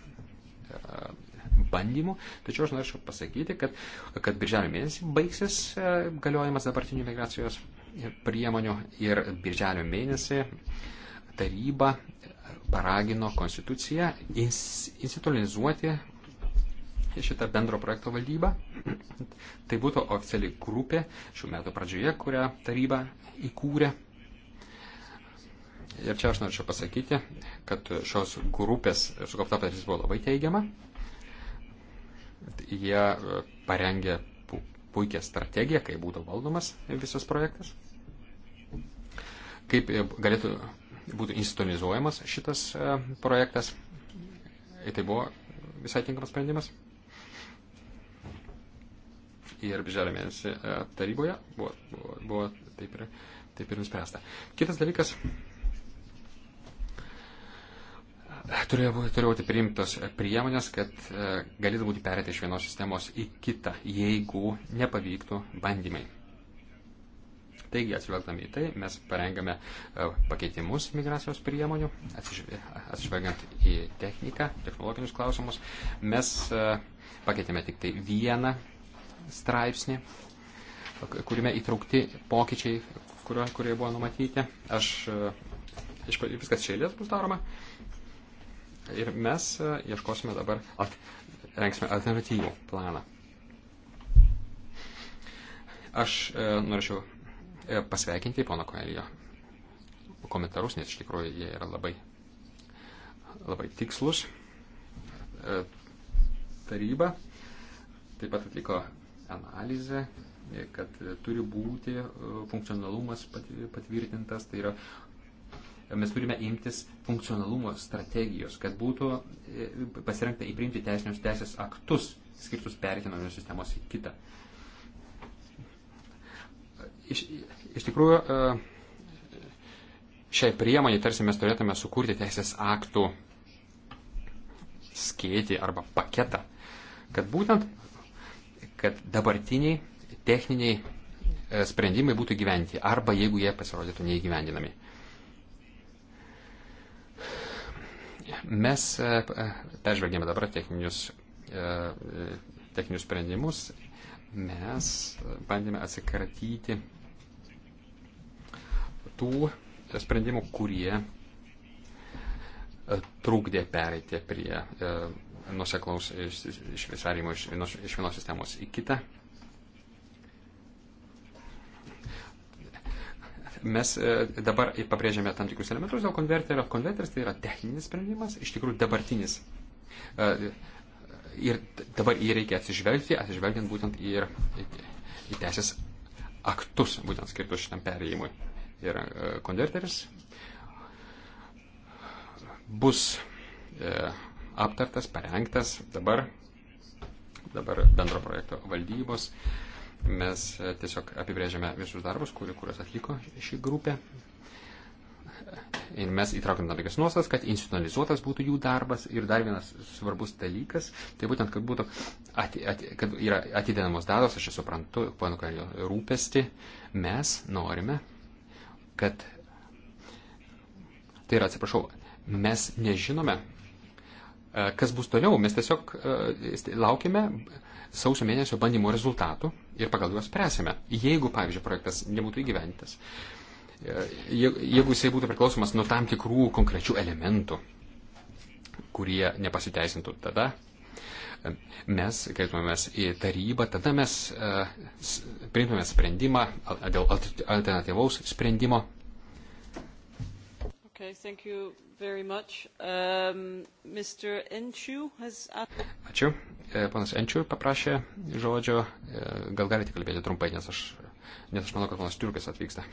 bandymų. Tačiau aš norėčiau pasakyti, kad, kad birželio mėnesį baigsis e, galiojimas dabartinių migracijos priemonių ir birželio mėnesį taryba paragino konstituciją institucionalizuoti šitą bendro projekto valdybą. Tai būtų oficiali grupė šių metų pradžioje, kurią taryba įkūrė Ir čia aš norėčiau pasakyti, kad šios grupės sukaupta patirtis buvo labai teigiama. Jie e, parengė puikią strategiją, kaip būtų valdomas visas projektas, kaip e, galėtų būtų instituonizuojamas šitas e, projektas. Ir tai buvo visai tinkamas sprendimas. Ir birželio mėnesį taryboje buvo, buvo, buvo taip, ir, taip ir nuspręsta. Kitas dalykas turėjo būti, turėjo būti priimtos e, priemonės, kad e, galėtų būti perėti iš vienos sistemos į kitą, jeigu nepavyktų bandymai. Taigi, atsižvelgdami į tai, mes parengame e, pakeitimus migracijos priemonių, atsižvelgiant į techniką, technologinius klausimus. Mes pakeitėme tik tai vieną straipsnį, kuriame įtraukti pokyčiai, kurio, kurie buvo numatyti. Aš, aišku, viskas čia eilės bus daroma. Uh, Ir mes e, ieškosime dabar, at, rengsime alternatyvų planą. Aš e, norėčiau e, pasveikinti pono Koelio komentarus, nes iš tikrųjų jie yra labai, labai tikslus. E, taryba taip pat atliko analizę, e, kad turi būti e, funkcionalumas patvirtintas, tai yra mes turime imtis funkcionalumo strategijos, kad būtų e, pasirengta įprimti teisinius teisės aktus skirtus perėti nuo vienos sistemos į kitą. Iš, iš tikrųjų, e, šiai priemonė tarsi mes turėtume sukurti teisės aktų skėtį arba paketą, kad būtent, kad dabartiniai techniniai e, sprendimai būtų gyventi arba jeigu jie pasirodytų neįgyvendinami. Mes e, e, peržvelgėme dabar techninius, e, techninius sprendimus. Mes bandėme atsikratyti tų sprendimų, kurie trukdė pereiti prie nuseklaus išvisarimo iš, iš vienos sistemos į kitą mes e, dabar pabrėžiame tam tikrus elementus dėl konverterio. Konverteris tai yra techninis sprendimas, iš tikrųjų dabartinis. E, ir dabar jį reikia atsižvelgti, atsižvelgiant būtent ir į teisės aktus, būtent skirtus šitam perėjimui. Ir e, konverteris bus aptartas, parengtas dabar, dabar bendro projekto valdybos. E, Mes e, tiesiog apibrėžiame visus darbus, kuriuos atliko ši grupė. Ir mes įtraukiam tam tikras nuostas, kad institucionalizuotas būtų jų darbas. Ir dar vienas svarbus dalykas, tai būtent, kad, būtų ati, ati, kad yra atidedamos datos, aš suprantu, panu Kalio rūpesti, mes norime, kad. Tai yra, atsiprašau, mes nežinome, e, kas bus toliau. Mes tiesiog e, laukime sausio mėnesio bandymų rezultatų ir pagal juos spręsime. Jeigu, pavyzdžiui, projektas nebūtų įgyventas, e, jeigu jisai būtų priklausomas nuo tam tikrų konkrečių elementų, kurie nepasiteisintų tada, e, mes kreiptumėmės į tarybą, tada mes e, priimtumėme sprendimą dėl alternatyvaus sprendimo Okay, thank you very much. Um, Mr. Enčiu has... Ačiū. E, panas Enčiu paprašė žodžio. E, gal galite kalbėti trumpai, nes aš, nes aš manau, kad panas Turkis atvyksta.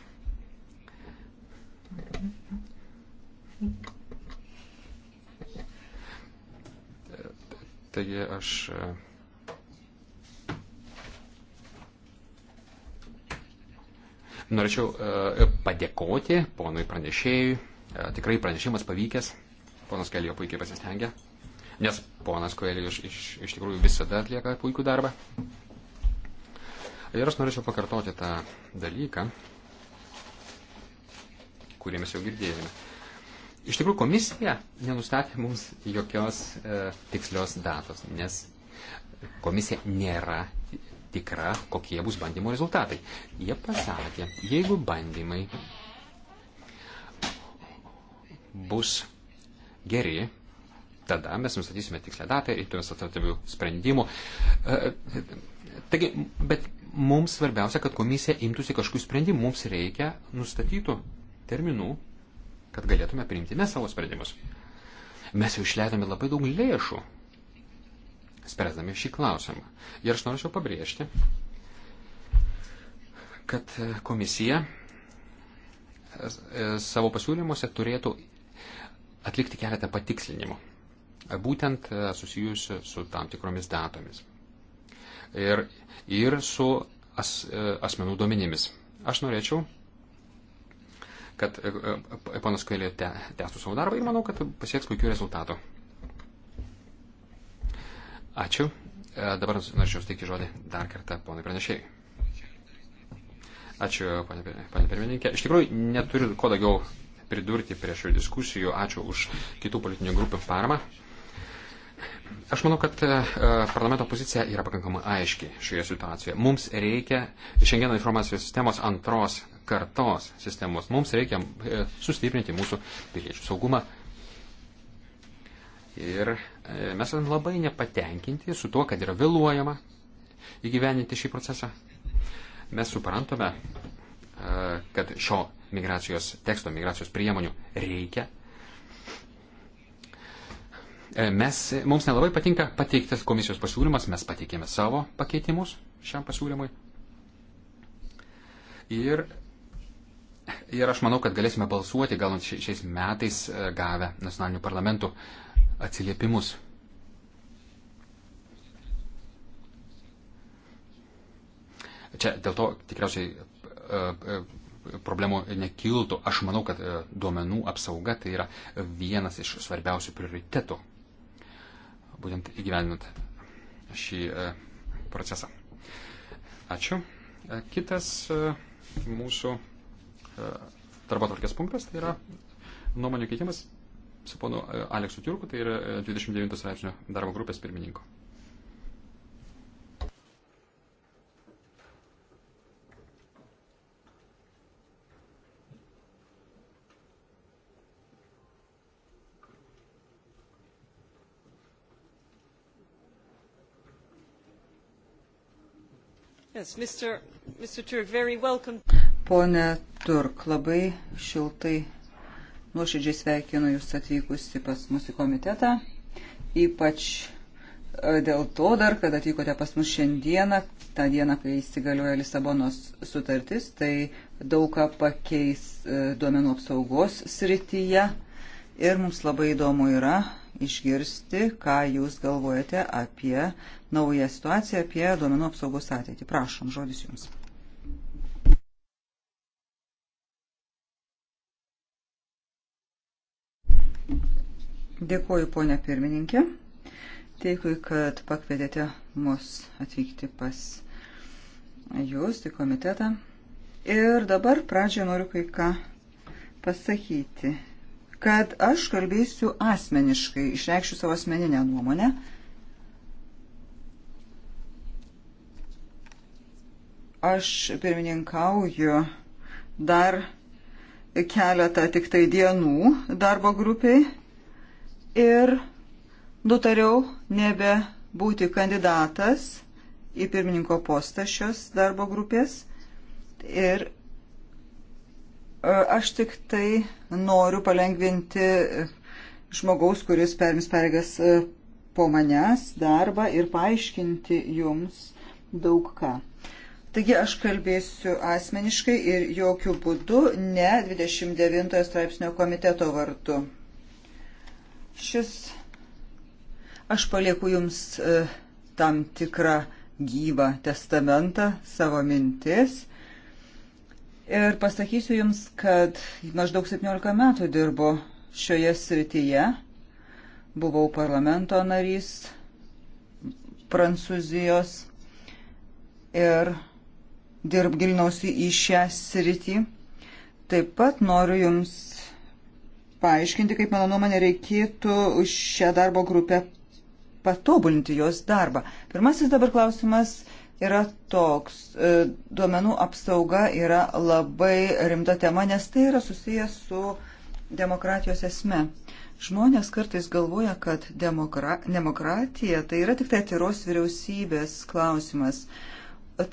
Taigi aš e, norėčiau padėkoti ponui pranešėjui E, tikrai pranešimas pavykęs, ponas Kelijo puikiai pasistengė, nes ponas Koelijo iš, iš, iš tikrųjų visada atlieka puikų darbą. Ir aš norėčiau pakartoti tą dalyką, kurį mes jau girdėjome. Iš tikrųjų, komisija nenustatė mums jokios e, tikslios datos, nes komisija nėra tikra, kokie bus bandymo rezultatai. Jie pasakė, jeigu bandymai bus geri, tada mes nustatysime tikslę datą ir turės atratamių sprendimų. E, taigi, bet mums svarbiausia, kad komisija imtųsi kažkokių sprendimų. Mums reikia nustatytų terminų, kad galėtume priimti mes savo sprendimus. Mes jau išleidome labai daug lėšų, spręsdami šį klausimą. Ir aš norėčiau pabrėžti, kad e, komisija e, savo pasiūlymuose turėtų atlikti keletą patikslinimų, būtent e, susijusių su tam tikromis datomis ir, ir su as, e, asmenų duomenimis. Aš norėčiau, kad e, panas Kailė te, tęstų savo darbą ir manau, kad pasieks puikių rezultatų. Ačiū. Dabar norėčiau steikti žodį dar kartą ponai pranešėjai. Ačiū, panė pirmininkė. Iš tikrųjų, neturiu ko daugiau pridurti prie šių diskusijų. Ačiū už kitų politinių grupių paramą. Aš manau, kad e, parlamento pozicija yra pakankamai aiški šioje situacijoje. Mums reikia šiandieną informacijos sistemos antros kartos sistemos. Mums reikia e, sustiprinti mūsų piliečių saugumą. Ir e, mes esame labai nepatenkinti su tuo, kad yra vėluojama įgyveninti šį procesą. Mes suprantame, kad šio migracijos teksto, migracijos priemonių reikia. E, mes, mums nelabai patinka pateiktas komisijos pasiūlymas, mes pateikėme savo pakeitimus šiam pasiūlymui. Ir, ir aš manau, kad galėsime balsuoti gal šiais metais e, gavę nacionalinių parlamentų atsiliepimus Čia dėl to tikriausiai E, e, problemų nekiltų. Aš manau, kad e, duomenų apsauga tai yra vienas iš svarbiausių prioritetų, būtent įgyvendinant šį procesą. Ačiū. Kitas mūsų darbo tvarkės punktas tai yra nuomonių keitimas su ponu Aleksu Turku, tai yra 29 straipsnio darbo grupės pirmininku. Yes, Mr. Mr. Turk, very welcome. Pone Turk, labai šiltai nuoširdžiai sveikinu Jūs atvykusi pas mūsų komitetą. Ypač e, dėl to dar, kad atvykote pas mus šiandieną, tą dieną, kai įsigalioja Lisabonos sutartis, tai daug ką pakeis e, duomenų apsaugos srityje. Ir mums labai įdomu yra išgirsti, ką Jūs galvojate apie naują situaciją, apie duomenų apsaugos ateitį. Prašom, žodis Jums. Dėkuoju, ponia pirmininkė. Dėkui, kad pakvietėte mus atvykti pas Jūs į komitetą. Ir dabar pradžioje noriu kai ką pasakyti kad aš kalbėsiu asmeniškai, išreikščiau savo asmeninę nuomonę. Aš pirmininkauju dar keletą tik tai dienų darbo grupiai ir nutariau nebebūti kandidatas į pirmininko postą šios darbo grupės ir E, aš tik tai noriu palengvinti žmogaus, kuris perims pareigas e, po manęs darbą ir paaiškinti jums daug ką. Taigi aš kalbėsiu asmeniškai ir jokių būdų ne 29 straipsnio komiteto vardu. Šis aš palieku jums e, tam tikrą gyvą testamentą, savo mintis Ir pasakysiu Jums, kad maždaug 17 metų dirbu šioje srityje. Buvau parlamento narys Prancūzijos ir dirb gilinausi į šią sritį. Taip pat noriu Jums paaiškinti, kaip mano nuomonė reikėtų šią darbo grupę patobulinti jos darbą. Pirmasis dabar klausimas yra toks. E, duomenų apsauga yra labai rimta tema, nes tai yra susijęs su demokratijos esme. Žmonės kartais galvoja, kad demokra demokratija tai yra tik tai atviros vyriausybės klausimas.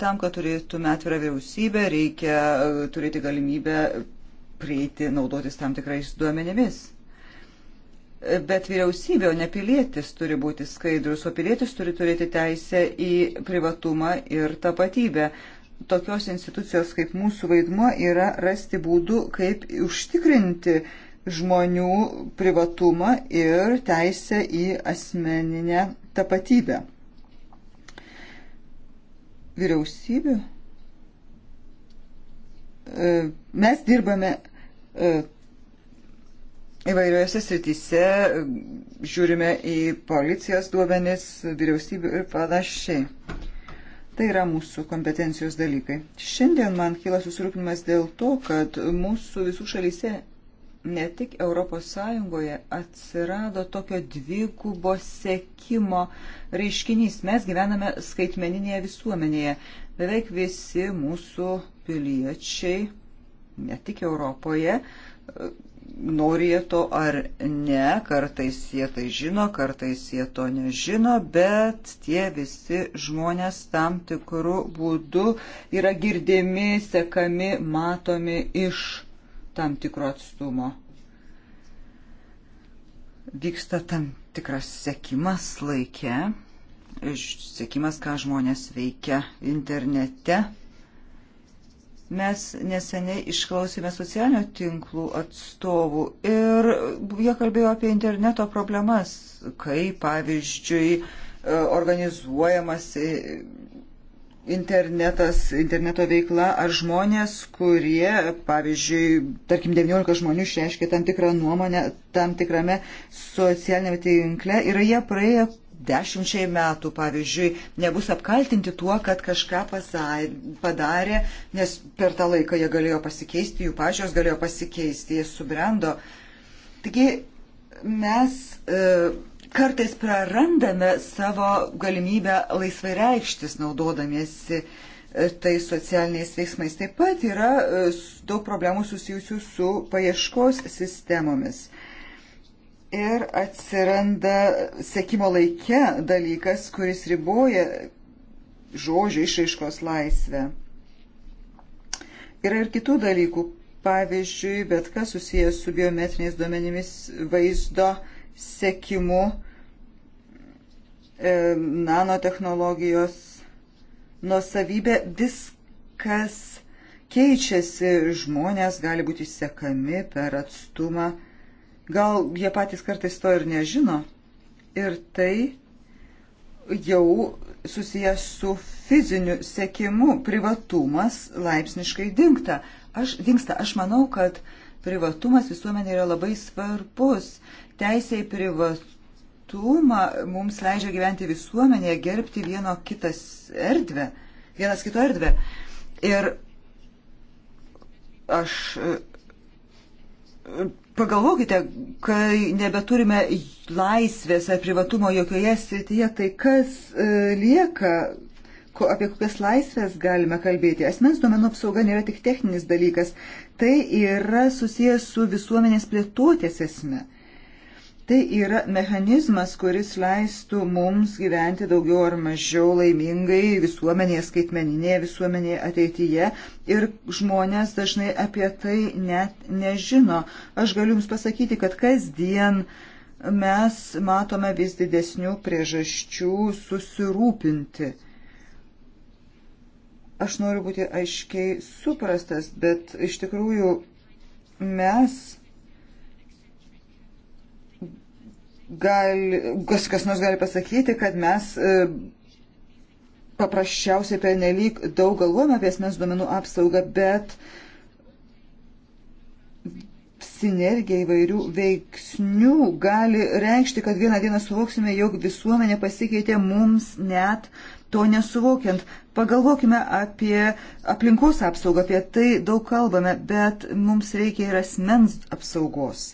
Tam, kad turėtume atvirą vyriausybę, reikia e, turėti galimybę prieiti naudotis tam tikrais duomenimis. Bet vyriausybė, o ne pilietis turi būti skaidrus, o pilietis turi turėti teisę į privatumą ir tapatybę. Tokios institucijos kaip mūsų vaidmuo yra rasti būdų, kaip užtikrinti žmonių privatumą ir teisę į asmeninę tapatybę. Vyriausybių. E, mes dirbame e, įvairiuose srityse, žiūrime į policijos duomenis, vyriausybių ir panašiai. Tai yra mūsų kompetencijos dalykai. Šiandien man kyla susirūpinimas dėl to, kad mūsų visų šalyse, ne tik ES, atsirado tokio dvigubo sekimo reiškinys. Mes gyvename skaitmeninėje visuomenėje. Beveik visi mūsų piliečiai, ne tik Europoje, nori jie to ar ne, kartais jie tai žino, kartais jie to nežino, bet tie visi žmonės tam tikrų būdų yra girdimi, sekami, matomi iš tam tikro atstumo. Vyksta tam tikras sekimas laikė, sekimas, ką žmonės veikia internete Mes neseniai išklausėme socialinio tinklų atstovų ir jie kalbėjo apie interneto problemas, kai pavyzdžiui e, organizuojamas e, internetas, interneto veikla, ar žmonės, kurie, pavyzdžiui, tarkim, 19 žmonių išreiškia tam tikrą nuomonę tam tikrame socialinėme tinkle, yra jie praėję dešimčiai metų, pavyzdžiui, nebus apkaltinti tuo, kad kažką pasai, padarė, nes per tą laiką jie galėjo pasikeisti, jų pažios galėjo pasikeisti, jie subrendo. Taigi mes e, kartais prarandame savo galimybę laisvai reikštis naudodamiesi e, tai socialiniais veiksmais. Taip pat yra e, daug problemų susijusių su paieškos sistemomis Ir atsiranda sekimo laike dalykas, kuris riboja žodžio išraiškos laisvę. Yra ir kitų dalykų, pavyzdžiui, bet kas susijęs su biometriniais duomenimis vaizdo sekimu, e, nanotehnologijos nusavybė, viskas keičiasi, žmonės gali būti sekami per atstumą Gal jie patys kartais to ir nežino. Ir tai jau susijęs su fiziniu sėkimu. Privatumas laipsniškai dinkta. Aš, dinksta. Aš manau, kad privatumas visuomenė yra labai svarbus. Teisė į privatumą mums leidžia gyventi visuomenėje, gerbti vieno kitas erdvę, vienas kito erdvę. Ir aš Pagalvokite, kai nebeturime laisvės ar privatumo jokioje srityje, tai kas e, lieka, ko, apie kokias laisvės galime kalbėti? Asmens duomenų apsauga nėra tik techninis dalykas, tai yra susijęs su visuomenės plėtotės esme. Tai yra mechanizmas, kuris leistų mums gyventi daugiau ar mažiau laimingai visuomenėje, skaitmeninėje visuomenėje ateityje ir žmonės dažnai apie tai net nežino. Aš galiu Jums pasakyti, kad kasdien mes matome vis didesnių priežasčių susirūpinti. Aš noriu būti aiškiai suprastas, bet iš tikrųjų mes gali, kas, kas nors gali pasakyti, kad mes e, paprasčiausiai pernelyg daug galvojame apie asmens duomenų apsaugą, bet sinergija įvairių veiksnių gali reikšti, kad vieną dieną suvoksime, jog visuomenė pasikeitė mums net to nesuvokiant. Pagalvokime apie aplinkos apsaugą, apie tai daug kalbame, bet mums reikia ir asmens apsaugos.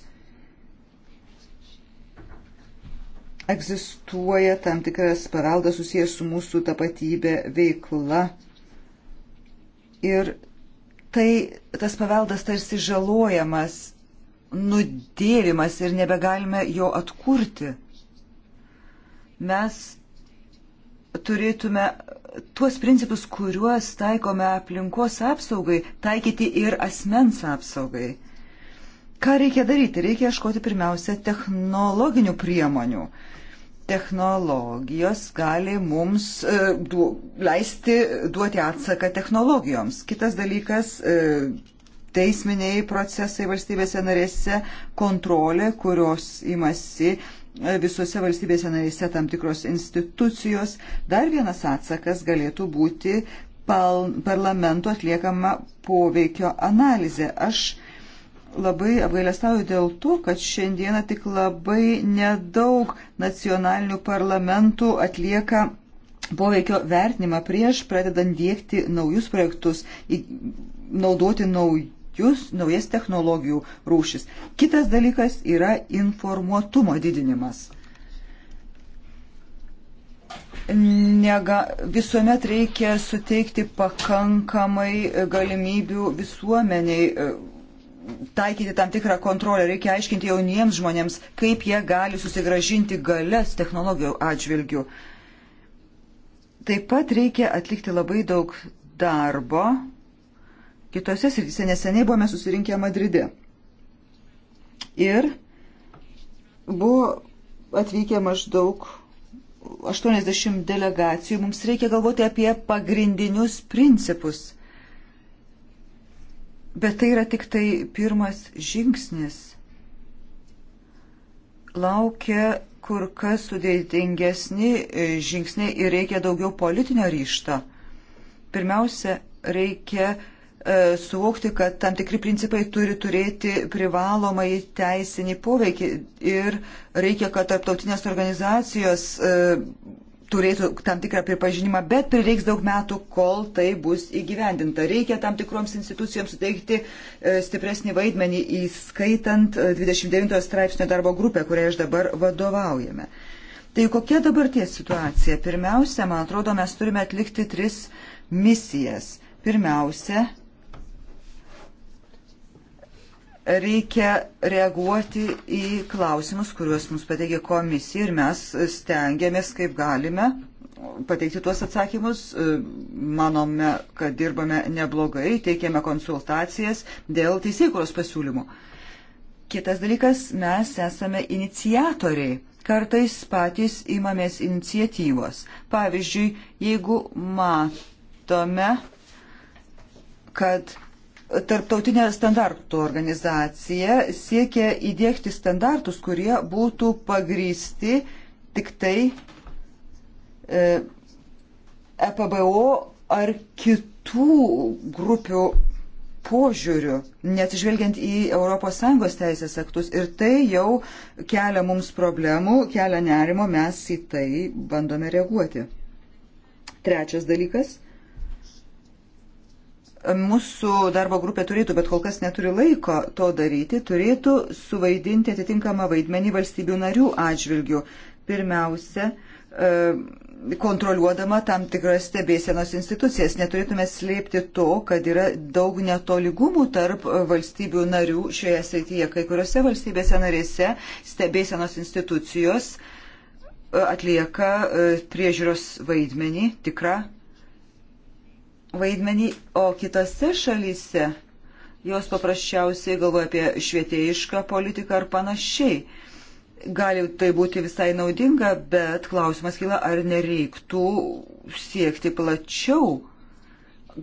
egzistuoja tam tikras paveldas susijęs su mūsų tapatybė, veikla. Ir tai tas paveldas tarsi žalojamas, nudėvimas ir nebegalime jo atkurti. Mes turėtume tuos principus, kuriuos taikome aplinkos apsaugai, taikyti ir asmens apsaugai. Ką reikia daryti? Reikia ieškoti pirmiausia technologinių priemonių. Uh, technologijos gali mums e, du, leisti duoti atsaką technologijoms. Kitas dalykas e, - teisminiai procesai valstybėse narėse, kontrolė, kurios imasi e, visose valstybėse narėse tam tikros institucijos. Dar vienas atsakas galėtų būti parlamento atliekama poveikio analizė. Aš labai apgailestauju dėl to, kad šiandieną tik labai nedaug nacionalinių parlamentų atlieka poveikio vertinimą prieš pradedant dėkti naujus projektus, naudoti naujus, naujas technologijų rūšis. Kitas dalykas yra informuotumo didinimas. Nega, visuomet reikia suteikti pakankamai galimybių visuomeniai taikyti tam tikrą kontrolę, reikia aiškinti jauniems žmonėms, kaip jie gali susigražinti galias technologijų atžvilgių. Taip pat reikia atlikti labai daug darbo kitose srityse. Neseniai buvome susirinkę Madride. Ir buvo atvykę maždaug 80 delegacijų. Mums reikia galvoti apie pagrindinius principus Bet tai yra tik tai pirmas žingsnis. Laukia kur kas sudėtingesni e, žingsniai ir reikia daugiau politinio ryšto. Pirmiausia, reikia e, suvokti, kad tam tikri principai turi turėti privalomai teisinį poveikį ir reikia, kad tarptautinės organizacijos e, turėtų tam tikrą pripažinimą, bet prireiks daug metų, kol tai bus įgyvendinta. Reikia tam tikroms institucijoms suteikti e, stipresnį vaidmenį, įskaitant 29 e, straipsnio darbo grupę, kuriai aš dabar vadovaujame. Tai kokia dabarties situacija? Pirmiausia, man atrodo, mes turime atlikti tris misijas. Pirmiausia, reikia reaguoti į klausimus, kuriuos mums pateikė komisija ir mes stengiamės, kaip galime, pateikti tuos atsakymus. Manome, kad dirbame neblogai, teikėme konsultacijas dėl teisėkuros pasiūlymų. Kitas dalykas, mes esame inicijatoriai. Kartais patys imamės iniciatyvos. Pavyzdžiui, jeigu matome, kad Tarptautinė standartų organizacija siekia įdėkti standartus, kurie būtų pagrysti tik tai e, EPBO ar kitų grupių požiūrių, neatsižvelgiant į ES teisės aktus. Ir tai jau kelia mums problemų, kelia nerimo, mes į tai bandome reaguoti. Trečias dalykas – mūsų darbo grupė turėtų, bet kol kas neturi laiko to daryti, turėtų suvaidinti atitinkamą vaidmenį valstybių narių atžvilgių. Pirmiausia, e, kontroliuodama tam tikras stebėsenos institucijas. Neturėtume slėpti to, kad yra daug netoligumų tarp valstybių narių šioje srityje. Kai kuriuose valstybėse narėse stebėsenos institucijos e, atlieka e, priežiūros vaidmenį, tikrą vaidmenį, o kitose šalyse jos paprasčiausiai galvoja apie švietėjišką politiką ar panašiai. Gali tai būti visai naudinga, bet klausimas kyla, ar nereiktų siekti plačiau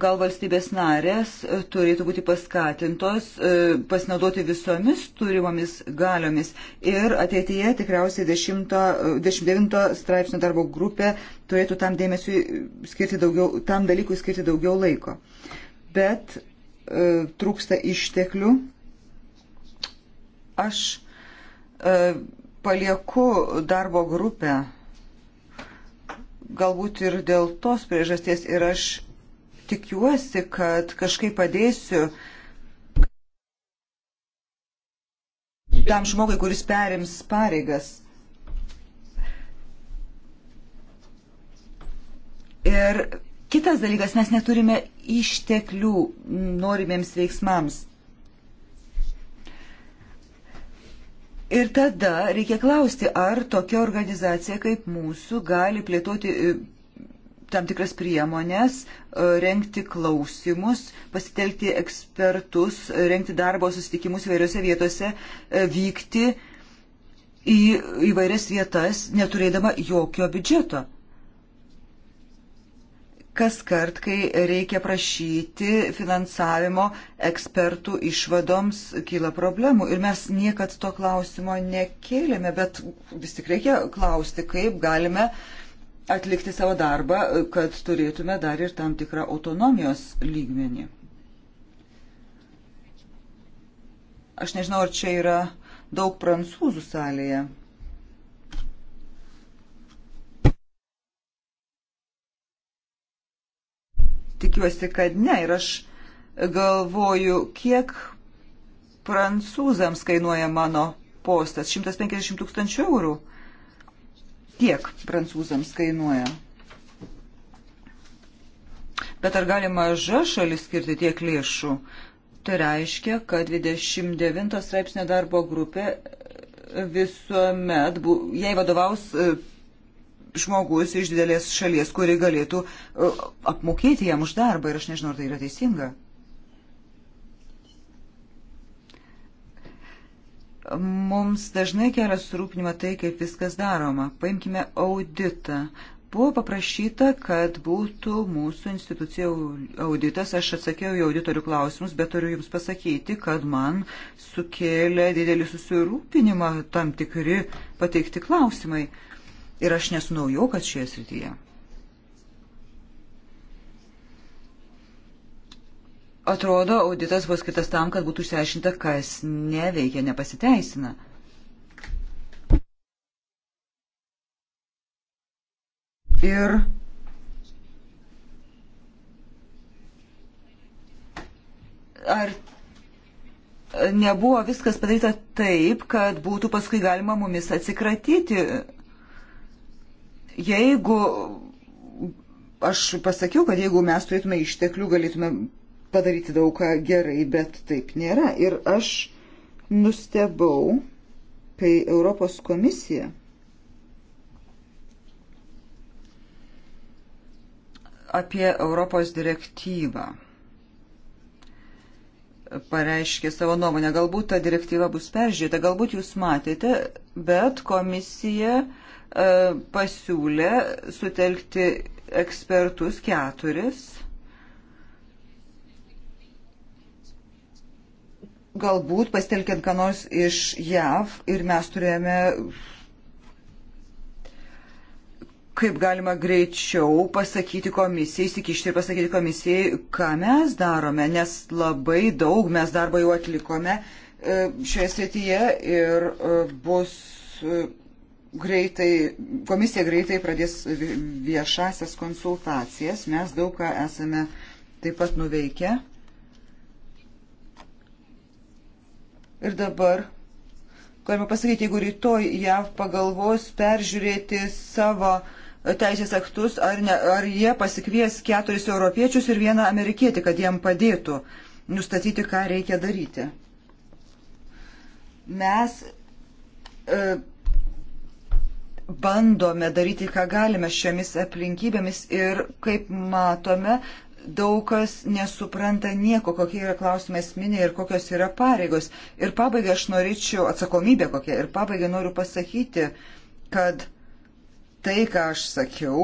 Gal valstybės narės e, turėtų būti paskatintos e, pasinaudoti visomis turimomis galiomis ir ateityje tikriausiai 10, 19 e, straipsnio darbo grupė turėtų tam, skirti daugiau, tam dalykui skirti daugiau laiko. Bet trūksta išteklių. Aš palieku darbo grupę galbūt ir dėl tos priežasties ir aš tikiuosi, kad kažkaip padėsiu tam žmogui, kuris perims pareigas. Ir kitas dalykas, mes neturime išteklių norimiems veiksmams. Ir tada reikia klausti, ar tokia organizacija kaip mūsų gali plėtoti tam tikras priemonės, e, renkti klausimus, pasitelkti ekspertus, renkti darbo susitikimus įvairiose vietose, e, vykti į įvairias vietas, neturėdama jokio biudžeto. Kas kart, kai reikia prašyti finansavimo ekspertų išvadoms, kyla problemų. Ir mes niekad to klausimo nekėlėme, bet vis tik reikia klausti, kaip galime uh, atlikti savo darbą, kad turėtume dar ir tam tikrą autonomijos lygmenį. Aš nežinau, ar čia yra daug prancūzų salėje. Tikiuosi, kad ne. Ir aš galvoju, kiek prancūzams kainuoja mano postas. 150 tūkstančių eurų tiek prancūzams kainuoja. Bet ar gali maža šalis skirti tiek lėšų? Tai reiškia, kad 29 straipsnio darbo grupė e, visuomet, jai vadovaus e, žmogus iš didelės šalies, kuri galėtų e, apmokėti jam už darbą ir aš nežinau, ar tai yra teisinga. Mums dažnai kelia surūpinimą tai, kaip viskas daroma. Paimkime auditą. Buvo paprašyta, kad būtų mūsų institucija auditas. Aš atsakiau į auditorių klausimus, bet turiu Jums pasakyti, kad man sukėlė didelį susirūpinimą tam tikri pateikti klausimai. Ir aš nesu naujau, kad šioje srityje. Atrodo, auditas buvo skirtas tam, kad būtų išsiaiškinta, kas neveikia, nepasiteisina. Ir ar nebuvo viskas padaryta taip, kad būtų paskui galima mumis atsikratyti. Jeigu aš pasakiau, kad jeigu mes turėtume išteklių, galėtume padaryti daug ką gerai, bet taip nėra. Ir aš nustebau, kai Europos komisija apie Europos direktyvą pareiškė savo nuomonę. Galbūt ta direktyva bus peržiūrėta, galbūt jūs matėte, bet komisija e, pasiūlė sutelkti ekspertus keturis galbūt pasitelkiant ką nors iš JAV ir mes turėjome kaip galima greičiau pasakyti komisijai, įsikišti ir pasakyti komisijai, ką mes darome, nes labai daug mes darbo jau atlikome e, šioje srityje ir e, bus e, greitai, komisija greitai pradės viešasias konsultacijas, mes daug ką esame taip pat nuveikę. Ir dabar, galima pasakyti, jeigu rytoj JAV pagalvos peržiūrėti savo teisės aktus, ar, ne, ar jie pasikvies keturis europiečius ir vieną amerikietį, kad jiem padėtų nustatyti, ką reikia daryti. Mes e, bandome daryti, ką galime šiomis aplinkybėmis ir kaip matome, daug kas nesupranta nieko, kokie yra klausimai esminiai ir kokios yra pareigos. Ir pabaigai aš norėčiau atsakomybę kokią. Ir pabaigai noriu pasakyti, kad tai, ką aš sakiau,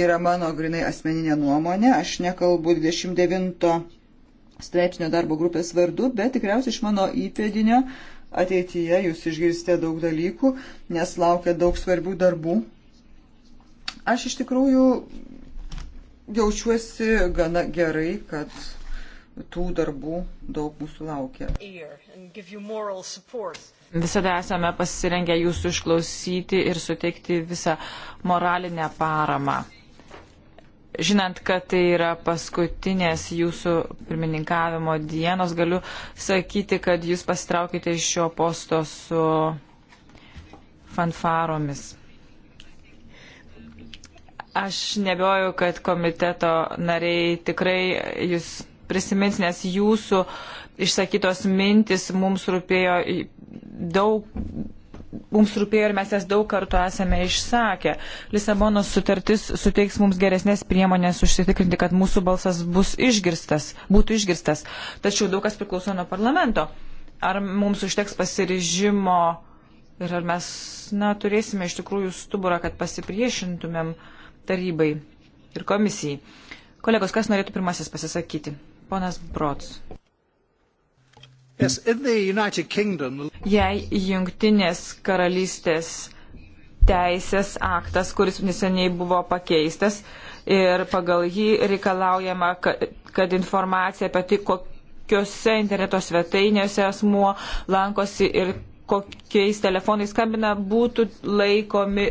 yra mano grinai asmeninė nuomonė. Aš nekalbu 29 straipsnio darbo grupės vardu, bet tikriausiai iš mano įpėdinio ateityje jūs išgirsite daug dalykų, nes laukia daug svarbių darbų. Aš iš tikrųjų jaučiuosi gana gerai, kad tų darbų daug mūsų laukia. Visada esame pasirengę jūsų išklausyti ir suteikti visą moralinę paramą. Žinant, kad tai yra paskutinės jūsų pirmininkavimo dienos, galiu sakyti, kad jūs pasitraukite iš šio posto su fanfaromis. Aš nebejoju, kad komiteto nariai tikrai jūs prisimins, nes jūsų išsakytos mintis mums rūpėjo daug. Mums rūpėjo ir mes jas daug kartų esame išsakę. Lisabonos sutartis suteiks mums geresnės priemonės užsitikrinti, kad mūsų balsas bus išgirstas, būtų išgirstas. Tačiau daug kas priklauso nuo parlamento. Ar mums užteks pasirižimo ir ar mes na, turėsime iš tikrųjų stuburą, kad pasipriešintumėm uh, tarybai ir komisijai. Kolegos, kas norėtų pirmasis pasisakyti? Ponas Brods. Yes, Kingdom... Jei jungtinės karalystės teisės aktas, kuris neseniai buvo pakeistas ir pagal jį reikalaujama, kad informacija apie tai, kokiuose interneto svetainėse asmuo lankosi ir kokiais telefonais skambina, būtų laikomi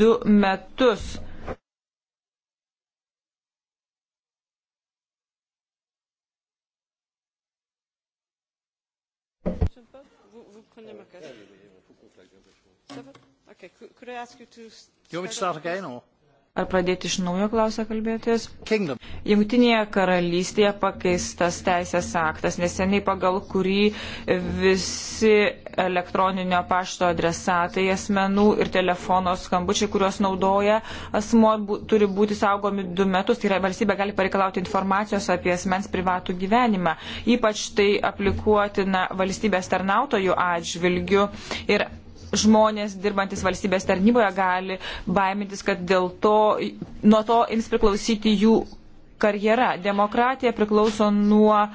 du metus. Okay, could I ask you to... You want me to start again or? Ar pradėti iš naujo klausę kalbėtojas? Kingdom. Jungtinėje karalystėje pakeistas teisės aktas, neseniai pagal kurį visi elektroninio pašto adresatai asmenų ir telefono skambučiai, kuriuos naudoja asmo, bū, turi būti saugomi du metus. Tai yra valstybė gali pareikalauti informacijos apie asmens privatų gyvenimą. Ypač tai aplikuotina valstybės tarnautojų atžvilgių ir žmonės dirbantis valstybės tarnyboje gali baimintis, kad dėl to, nuo to ims priklausyti jų karjera. Demokratija priklauso nuo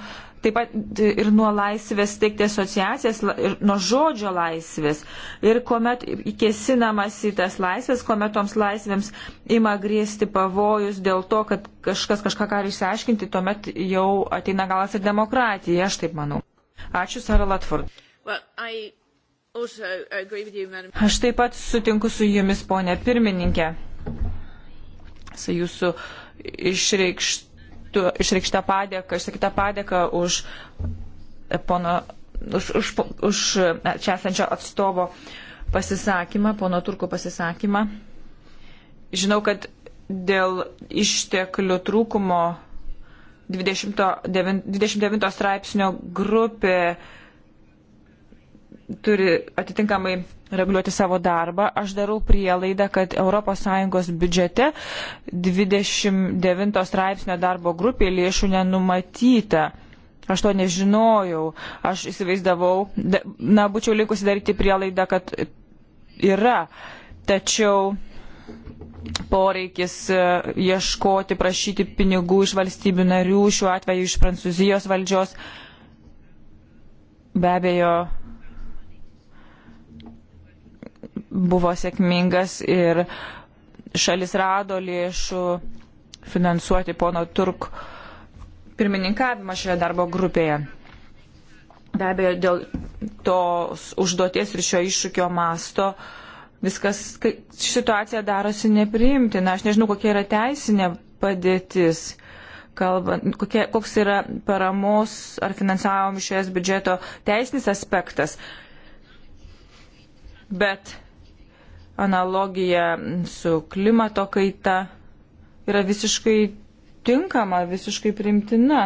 taip pat ir nuo laisvės steigti asociacijas, ir nuo žodžio laisvės. Ir kuomet įkesinamas į tas laisvės, kuomet toms laisvėms ima grėsti pavojus dėl to, kad kažkas kažką gali išsiaiškinti, tuomet jau ateina galas ir demokratija, aš taip manau. Ačiū, Sara Latford. Well, I... Aš taip pat sutinku su jumis, ponė pirmininkė, su jūsų išreikštu, išreikšta padėka, išsakyta padėka už e, pono, už, už, už e, čia esančio atstovo pasisakymą, pono Turko pasisakymą. Žinau, kad dėl išteklių trūkumo 29, 29 straipsnio grupė turi atitinkamai reguliuoti savo darbą. Aš darau prielaidą, kad ES biudžete 29 straipsnio darbo grupė lėšų nenumatyta. Aš to nežinojau. Aš įsivaizdavau, na, būčiau likusi daryti prielaidą, kad yra. Tačiau poreikis e, ieškoti, prašyti pinigų iš valstybių narių, šiuo atveju iš Prancūzijos valdžios, be abejo buvo sėkmingas ir šalis rado lėšų finansuoti pono Turk pirmininkavimą šioje darbo grupėje. Be abejo, dėl tos užduoties ir šio iššūkio masto viskas, situacija darosi nepriimtina. Aš nežinau, kokia yra teisinė padėtis kalbant, kokie, koks yra paramos ar finansavimo šioje biudžeto teisinis aspektas. Bet analogija su klimato kaita yra visiškai tinkama, visiškai primtina.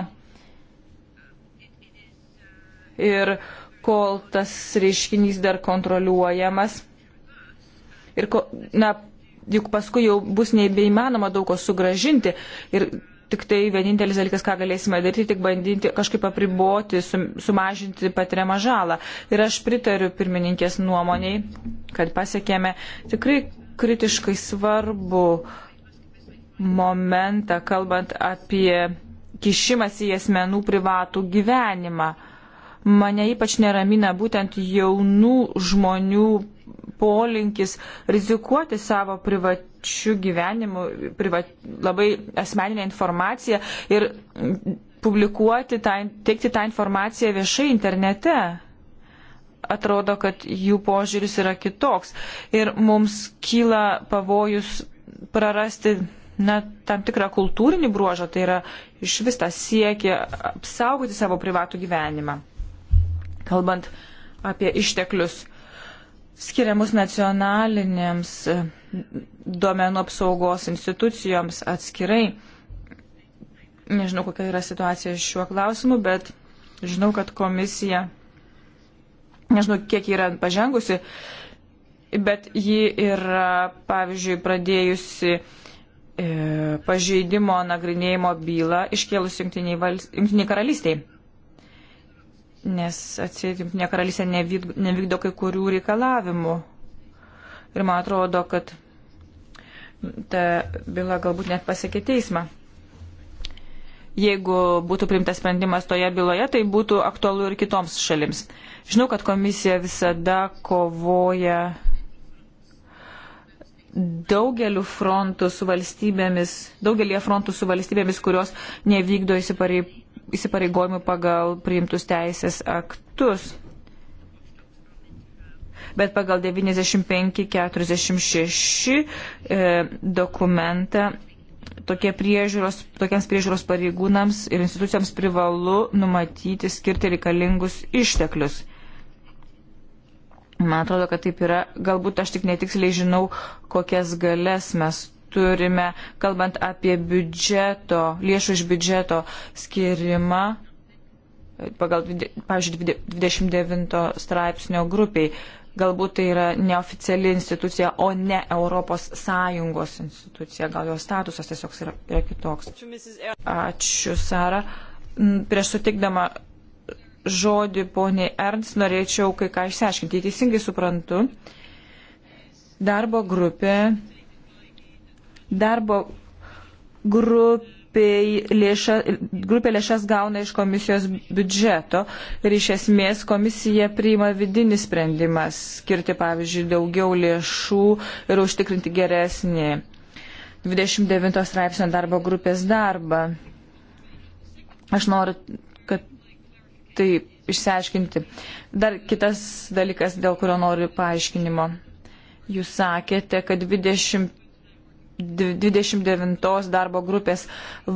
Ir kol tas reiškinys dar kontroliuojamas, ir ko, na, juk paskui jau bus nebeįmanoma daug ko sugražinti. Ir tik tai vienintelis dalykas, ką galėsime daryti, tik bandyti kažkaip apriboti, sumažinti patiriamą žalą. Ir aš pritariu pirmininkės nuomoniai, kad pasiekėme tikrai kritiškai svarbu momentą, kalbant apie kišimas į asmenų privatų gyvenimą. Mane ypač neramina būtent jaunų žmonių polinkis rizikuoti savo privat, privačiu gyvenimu, priva, labai asmeninę informaciją ir publikuoti, tą, teikti tą informaciją viešai internete. Atrodo, kad jų požiūris yra kitoks ir mums kyla pavojus prarasti na, tam tikrą kultūrinį bruožą, tai yra iš vis tą siekį apsaugoti savo privatų gyvenimą. Kalbant apie išteklius skiriamus nacionalinėms duomenų apsaugos institucijoms atskirai. Nežinau, kokia yra situacija šiuo klausimu, bet žinau, kad komisija, nežinau, kiek yra pažengusi, bet ji yra, pavyzdžiui, pradėjusi e, pažeidimo nagrinėjimo bylą iškėlus Junktiniai, valst... Junktiniai karalystiai. Nes atsėti Junktinė karalystė nevykdo kai kurių reikalavimų ir man atrodo, kad ta byla galbūt net pasiekė teismą. Jeigu būtų primtas sprendimas toje byloje, tai būtų aktualu ir kitoms šalims. Žinau, kad komisija visada kovoja daugeliu frontų su valstybėmis, daugelie frontų su valstybėmis, kurios nevykdo įsipareigojimų pagal priimtus teisės aktus bet pagal 95-46 e, dokumentą tokie priežiūros, tokiems priežiūros pareigūnams ir institucijams privalu numatyti skirti reikalingus išteklius. Man atrodo, kad taip yra. Galbūt aš tik netiksliai žinau, kokias galės mes turime, kalbant apie biudžeto, lėšų iš biudžeto skirimą pagal, pavyzdžiui, 29 straipsnio grupiai galbūt tai yra neoficiali institucija, o ne ES institucija, gal jos statusas tiesiog yra, yra kitoks. Ačiū, Sara. Mm, prieš sutikdama žodį poniai Ernst norėčiau kai ką išsiaiškinti. Jei teisingai suprantu, darbo grupė, darbo grupė lėša, grupė lėšas gauna iš komisijos biudžeto ir iš esmės komisija priima vidinį sprendimą skirti, pavyzdžiui, daugiau lėšų ir užtikrinti geresnį 29 straipsnio darbo grupės darbą. Aš noriu, kad tai išsiaiškinti. Dar kitas dalykas, dėl kurio noriu paaiškinimo. Jūs sakėte, kad 20 29 darbo grupės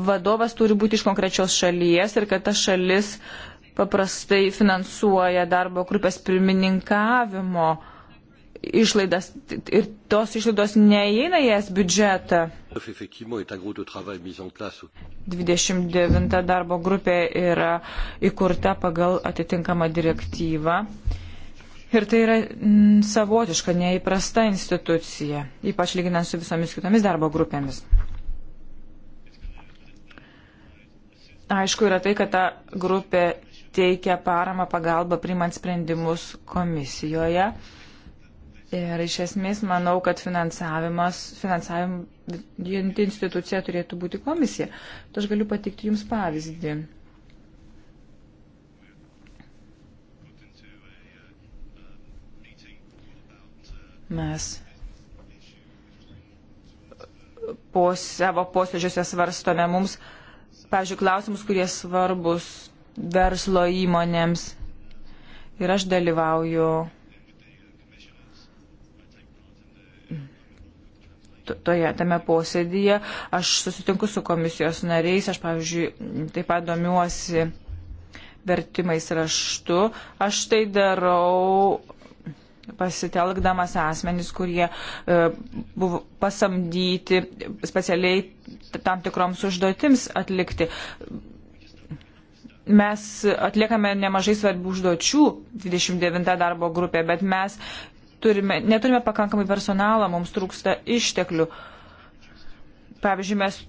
vadovas turi būti iš konkrečios šalies ir kad ta šalis paprastai finansuoja darbo grupės pirmininkavimo išlaidas ir tos išlaidos neįeina į es biudžetą. 29 darbo grupė yra įkurta pagal atitinkamą direktyvą Ir tai yra m, mm, savotiška, neįprasta institucija, ypač lyginant su visomis kitomis darbo grupėmis. Aišku, yra tai, kad ta grupė teikia paramą pagalbą primant sprendimus komisijoje. Ir iš esmės manau, kad finansavimas, finansavim institucija turėtų būti komisija. Tai aš galiu patikti Jums pavyzdį. Mes po savo posėdžiuose svarstome mums, pavyzdžiui, klausimus, kurie svarbus verslo įmonėms. Ir aš dalyvauju toje, tame posėdyje. Aš susitinku su komisijos nariais, aš, pavyzdžiui, taip pat domiuosi vertimais raštu. Aš tai darau pasitelkdamas asmenys, kurie e, buvo pasamdyti specialiai tam tikroms užduotims atlikti. Mes atliekame nemažai svarbių užduočių 29 darbo grupė, bet mes turime, neturime pakankamai personalą, mums trūksta išteklių. Pavyzdžiui, mes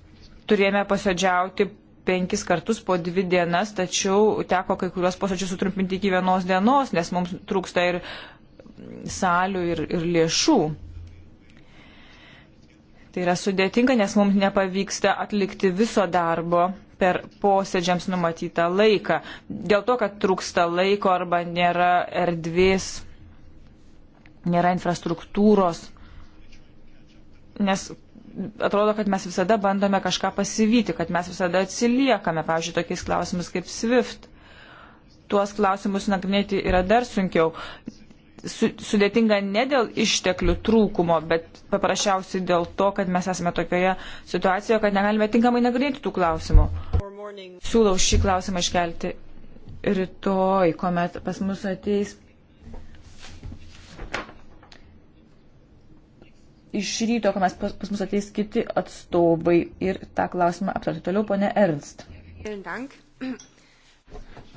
turėjome posėdžiauti penkis kartus po dvi dienas, tačiau teko kai kuriuos posėdžius sutrumpinti iki vienos dienos, nes mums trūksta ir salių ir, ir lėšų. Tai yra sudėtinga, nes mums nepavyksta atlikti viso darbo per posėdžiams numatytą laiką. Dėl to, kad trūksta laiko arba nėra erdvės, nėra infrastruktūros. Nes atrodo, kad mes visada bandome kažką pasivyti, kad mes visada atsiliekame, pavyzdžiui, tokiais klausimais kaip SWIFT. Tuos klausimus nagrinėti yra dar sunkiau su, sudėtinga ne dėl išteklių trūkumo, bet paprasčiausiai dėl to, kad mes esame tokioje situacijoje, kad negalime tinkamai nagrinėti tų klausimų. Siūlau šį klausimą iškelti rytoj, kuomet pas mus ateis iš ryto, kai mes pas, pas mus ateis kiti atstovai ir tą klausimą aptarti toliau, ponė Ernst.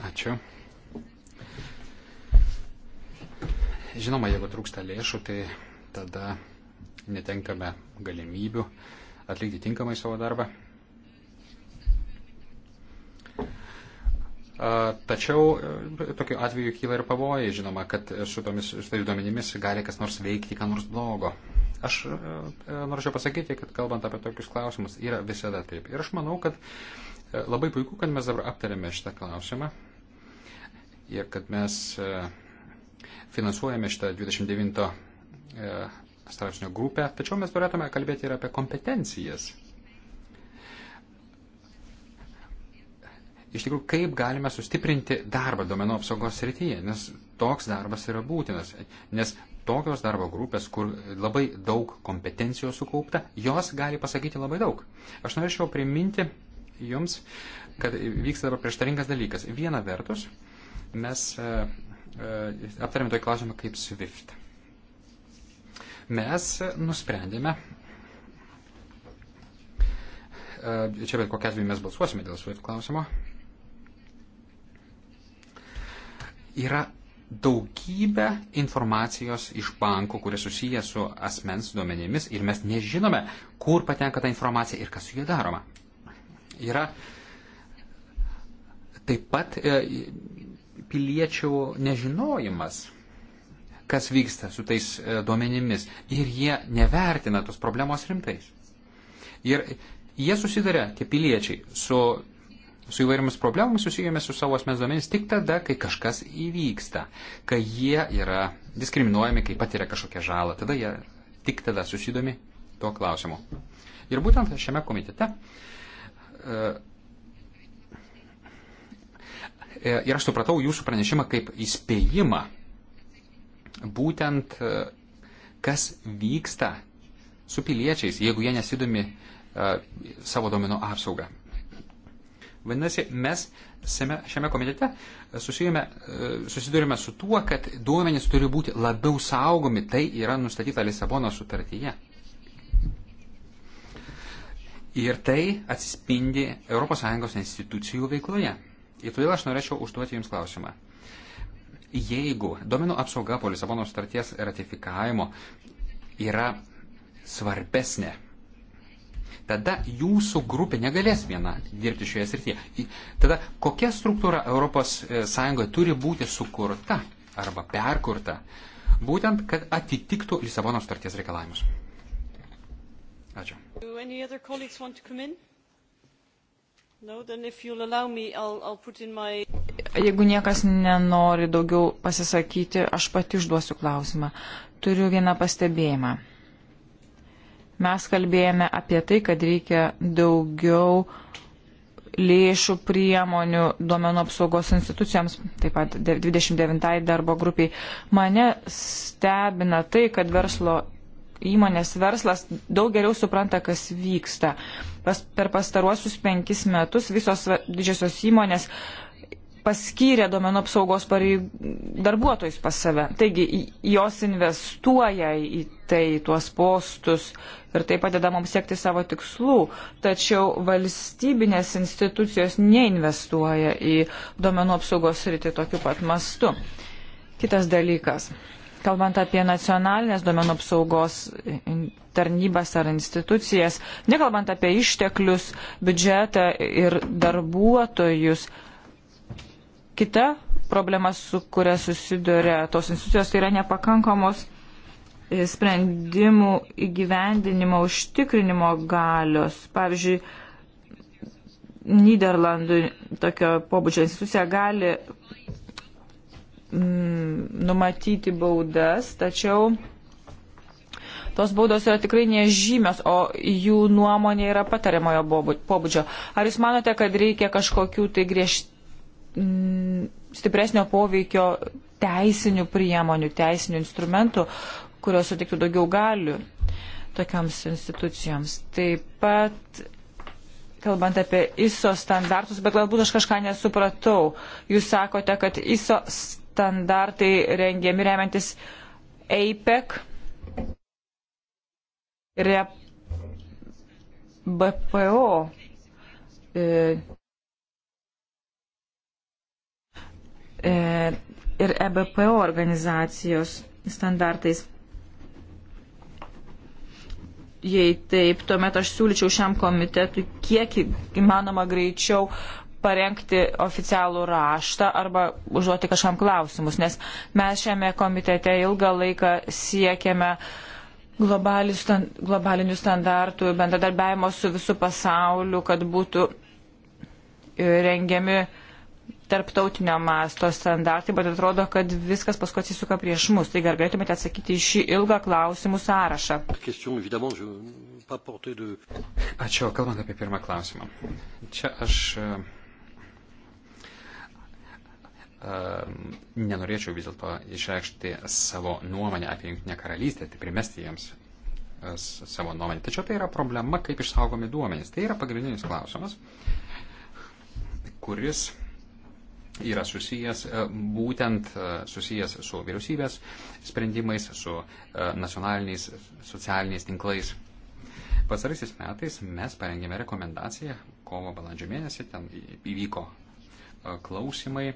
Ačiū. Žinoma, jeigu trūksta lėšų, tai tada netenkame galimybių atlikti tinkamai savo darbą. Tačiau e, tokiu atveju kyla ir pavojai, žinoma, kad su tomis tais duomenimis gali kas nors veikti, ką nors blogo. Aš e, e, norėčiau pasakyti, kad kalbant apie tokius klausimus, yra visada taip. Ir aš manau, kad labai puiku, kad mes dabar aptarėme šitą klausimą ir kad mes finansuojame šitą 29 e, straipsnio grupę, tačiau mes turėtume kalbėti ir apie kompetencijas. Iš tikrųjų, kaip galime sustiprinti darbą domenų apsaugos srityje, nes toks darbas yra būtinas, nes tokios darbo grupės, kur labai daug kompetencijos sukaupta, jos gali pasakyti labai daug. Aš norėčiau priminti jums, kad vyksta dabar prieštaringas dalykas. Viena vertus, mes e, E, aptarėm tokį klausimą kaip SWIFT. Mes nusprendėme, e, čia bet kokia atveju mes balsuosime dėl SWIFT klausimo, yra daugybę informacijos iš bankų, kurie susiję su asmens duomenimis ir mes nežinome, kur patenka ta informacija ir kas su jie daroma. Yra taip pat e, piliečių nežinojimas, kas vyksta su tais e, duomenimis ir jie nevertina tos problemos rimtais. Ir jie susiduria, tie piliečiai, su, su įvairiomis problemomis susijomis su savo asmens duomenimis tik tada, kai kažkas įvyksta, kai jie yra diskriminuojami, kai patiria kažkokią žalą, tada jie tik tada susidomi tuo klausimu. Ir būtent šiame komitete e, E, ir aš supratau jūsų pranešimą kaip įspėjimą būtent, e, kas vyksta su piliečiais, jeigu jie nesidomi e, savo domino apsaugą. Vadinasi, mes šiame, šiame komitete susijome, susidurime su tuo, kad duomenys turi būti labiau saugomi, tai yra nustatyta Lisabono sutartyje. Ir tai atsispindi ES institucijų veikloje. Ir todėl aš norėčiau užduoti Jums klausimą. Jeigu domenų apsauga po Lisabono sutarties ratifikavimo yra svarbesnė, tada jūsų grupė negalės viena dirbti šioje srityje. Tada kokia struktūra ES e, turi būti sukurta arba perkurta, būtent, kad atitiktų Lisabono sutarties reikalavimus. Ačiū. No, me, I'll, I'll my... Jeigu niekas nenori daugiau pasisakyti, aš pati užduosiu klausimą. Turiu vieną pastebėjimą. Mes kalbėjome apie tai, kad reikia daugiau lėšų priemonių duomenų apsaugos institucijoms, taip pat 29 darbo grupiai. Mane stebina tai, kad verslo įmonės verslas daug geriau supranta, kas vyksta. Pas, per pastaruosius penkis metus visos didžiosios įmonės paskyrė domenų apsaugos darbuotojus pas save. Taigi jos investuoja į tai, tuos postus ir tai padeda mums siekti savo tikslų, tačiau valstybinės institucijos neinvestuoja į domenų apsaugos rytį tokiu pat mastu. Kitas dalykas kalbant apie nacionalinės duomenų apsaugos tarnybas ar institucijas, nekalbant apie išteklius, biudžetą ir darbuotojus. Kita problema, su kuria susiduria tos institucijos, tai yra nepakankamos sprendimų įgyvendinimo užtikrinimo galios. Pavyzdžiui, Niderlandų tokio pobūdžio institucija gali mm, numatyti baudas, tačiau tos baudos yra tikrai nežymios, o jų nuomonė yra patariamojo pobūdžio. Ar jūs manote, kad reikia kažkokių tai griež... Mm, stipresnio poveikio teisinių priemonių, teisinių instrumentų, kurios sutiktų daugiau galių tokiams institucijoms? Taip pat kalbant apie ISO standartus, bet galbūt aš kažką nesupratau. Jūs sakote, kad ISO standartai rengiami remiantis APEC ir BPO. E, e, ir EBPO organizacijos standartais. Jei taip, tuomet aš siūlyčiau šiam komitetui kiek įmanoma greičiau uh, parengti oficialų raštą arba užduoti kažkam klausimus, nes mes šiame komitete ilgą laiką siekėme globalinių standartų, bendradarbiavimo su visų pasauliu, kad būtų e, rengiami tarptautinio masto standartai, bet atrodo, kad viskas paskui atsisuka prieš mus. Tai galėtumėte atsakyti į šį ilgą klausimų sąrašą. Ačiū, kalbant apie pirmą klausimą. Čia aš e, Ehm, nenorėčiau vis dėlto išreikšti savo nuomonę apie Junktinę karalystę, tai primesti jiems e, savo nuomonę. Tačiau tai yra problema, kaip išsaugomi duomenys. Tai yra pagrindinis klausimas, kuris yra susijęs e, būtent e, susijęs su vyriausybės sprendimais, su nacionaliniais socialiniais tinklais. Pasaraisiais metais mes parengėme rekomendaciją, kovo balandžio mėnesį ten įvyko klausimai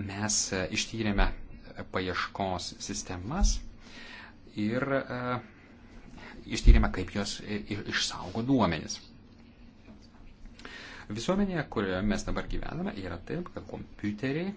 mes ištyrėme paieškos sistemas ir ištyrėme, kaip jos išsaugo duomenis. Visuomenėje, kurioje mes dabar gyvename, yra taip, kad kompiuteriai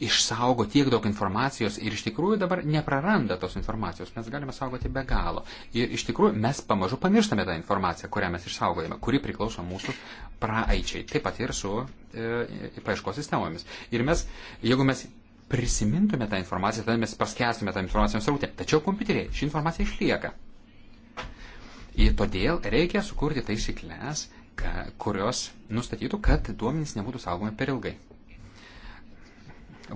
išsaugo tiek daug informacijos ir iš tikrųjų dabar nepraranda tos informacijos. Mes galime saugoti be galo. Ir iš tikrųjų mes pamažu pamirštame tą informaciją, kurią mes išsaugojame, kuri priklauso mūsų praeičiai. Taip pat ir su e, e paieškos sistemomis. Ir mes, jeigu mes prisimintume tą informaciją, tada mes paskestume tą informacijos rautę. Tačiau kompiuteriai ši informacija išlieka. Ir todėl reikia sukurti taisyklės, kurios nustatytų, kad duomenys nebūtų saugomi per ilgai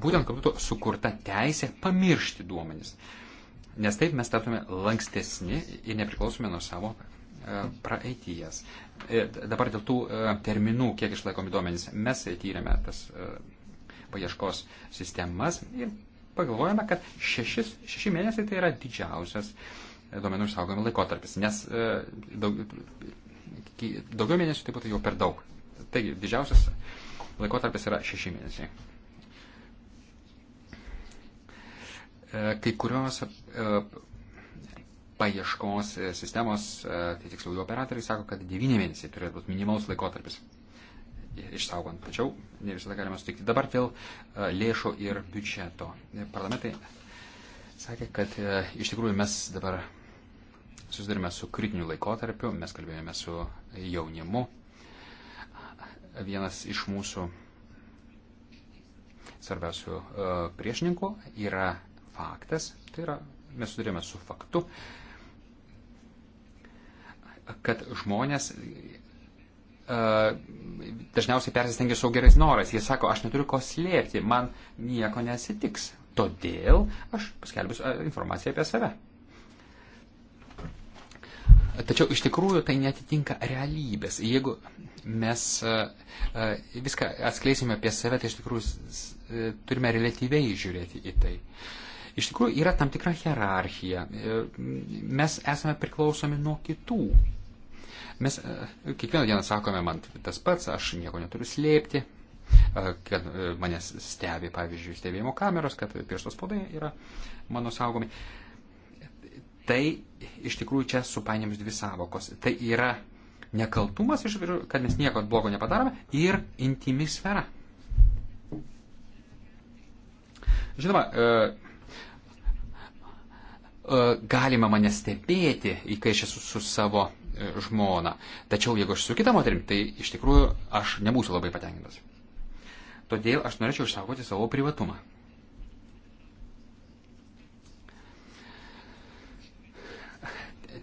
būtent kad būtų sukurta teisė pamiršti duomenis. Nes taip mes taptume lankstesni ir nepriklausome nuo savo e, praeities. E, dabar dėl tų e, terminų, kiek išlaikomi duomenys, mes tyrėme tas paieškos sistemas ir pagalvojame, kad šešis, šeši mėnesiai tai yra didžiausias duomenų išsaugojimo laikotarpis, nes daug, daugiau mėnesių tai būtų jau per daug. Taigi, didžiausias laikotarpis yra šeši mėnesiai. E, kai kurios e, paieškos e, sistemos, tai tiksliau jų operatoriai sako, kad 9 mėnesiai turėtų būti minimalus laikotarpis išsaugant. Tačiau ne visada galima sutikti. Dabar dėl lėšų ir biudžeto. Parlamentai sakė, kad iš tikrųjų mes dabar susidurime su kritiniu laikotarpiu, mes kalbėjome su jaunimu. Vienas iš mūsų svarbiausių priešininkų yra faktas, tai yra mes sudarėme su faktu, kad žmonės e, dažniausiai persistengia savo gerais norais. Jie sako, aš neturiu ko slėpti, man nieko nesitiks. Todėl aš paskelbsiu e, informaciją apie save. Tačiau iš tikrųjų tai netitinka realybės. Jeigu mes e, viską atskleisime apie save, tai iš tikrųjų turime relatyviai žiūrėti į tai. Iš tikrųjų, yra tam tikra hierarchija. E, mes esame priklausomi nuo kitų. Mes e, kiekvieną dieną sakome, man tas pats, aš nieko neturiu slėpti, e, kad manęs stebi, pavyzdžiui, stebėjimo kameros, kad piršto spaudai yra mano saugomi. Tai iš tikrųjų čia supainėms dvi savokos. Tai yra nekaltumas, kad mes nieko blogo nepadarome, ir intimi sfera. Žinoma, E, galima mane stebėti, kai aš esu su savo e, žmona. Tačiau jeigu aš su kita moterim, tai iš tikrųjų aš nebūsiu labai patenkintas. Todėl aš norėčiau išsaugoti savo privatumą.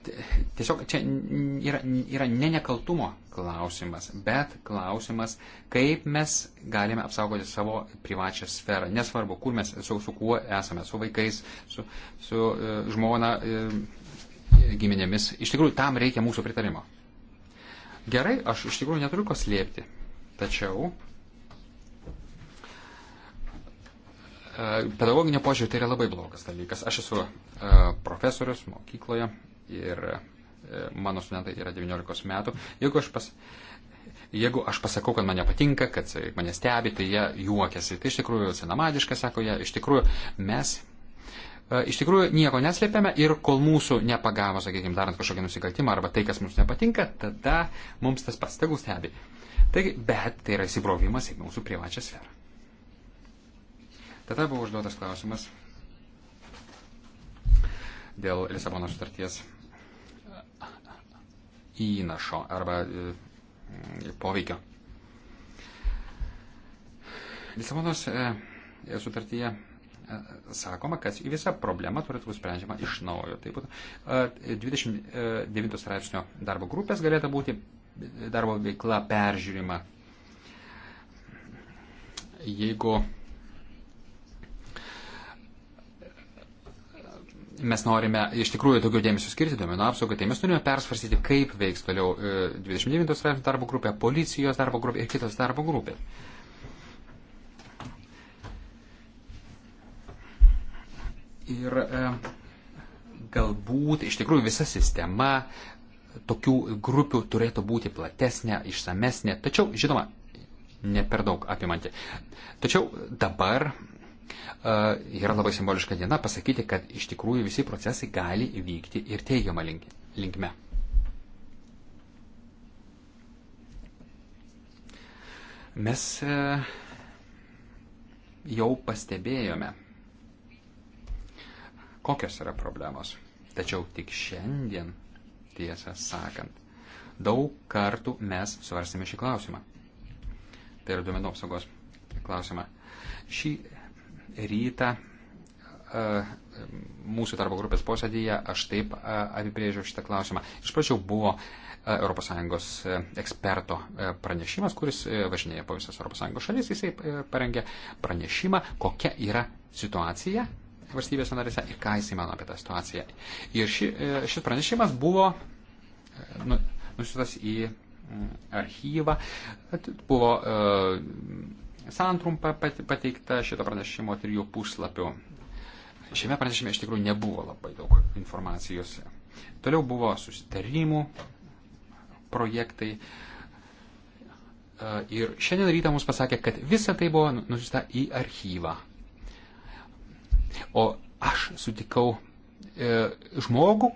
E, tiesiog čia yra, yra ne nekaltumo klausimas, bet klausimas, kaip mes galime apsaugoti savo privačią sferą. Nesvarbu, kur mes su, su kuo esame, su vaikais, su, su e, žmona, e, giminėmis. Iš tikrųjų, tam reikia mūsų pritarimo. Gerai, aš iš tikrųjų neturiu ko slėpti. Tačiau pedagoginio požiūrį tai yra labai blogas dalykas. Aš esu profesorius mokykloje ir e, mano studentai tai yra 19 metų. Jeigu aš, pas, jeigu aš pasakau, kad man nepatinka, kad mane stebi, tai jie juokiasi. Tai iš tikrųjų senamadiška, sako jie, iš tikrųjų mes. E, iš tikrųjų, nieko neslėpiame ir kol mūsų nepagavo, sakykime, darant kažkokį nusikaltimą arba tai, kas mums nepatinka, tada mums tas pats tegul stebi. Taigi, bet tai yra įsibrovimas į mūsų privačią sferą. Tada buvo užduotas klausimas dėl Lisabono sutarties įnašo arba e, poveikio. Lisabonos e, sutartyje e, sakoma, kad visa problema turėtų būti sprendžiama iš naujo. Tai būtų 29 straipsnio darbo grupės galėtų būti darbo veikla peržiūrima. Jeigu mes norime iš tikrųjų daugiau dėmesio skirti duomenų apsaugai, tai mes turime persvarsyti, kaip veiks toliau 29 e, straipsnio darbo grupė, policijos darbo grupė ir kitos darbo grupės. Ir e, galbūt iš tikrųjų visa sistema tokių grupių turėtų būti platesnė, išsamesnė, tačiau, žinoma, ne per daug apimanti. Tačiau dabar E, yra labai simboliška diena pasakyti, kad iš tikrųjų visi procesai gali vykti ir teigiamą linkme. Mes e, jau pastebėjome, kokios yra problemos. Tačiau tik šiandien, tiesą sakant, daug kartų mes svarstėme šį klausimą. Tai yra duomenų apsaugos klausimą. Šį rytą e, mūsų darbo grupės posėdėje aš taip e, apibrėžiau šitą klausimą. Iš pradžių buvo ES e, eksperto pranešimas, kuris važinėja po visas ES šalis, jisai parengė pranešimą, kokia yra situacija valstybės narėse ir ką jisai mano apie tą situaciją. Ir ši, šis pranešimas buvo nu, nusitas į archyvą, buvo uh, santrumpa pateikta šito pranešimo trijų puslapių. Šiame pranešime iš tikrųjų nebuvo labai daug informacijos. Toliau buvo susitarimų projektai. E, ir šiandien ryte mums pasakė, kad visa tai buvo nusista į archyvą. O aš sutikau e, žmogų,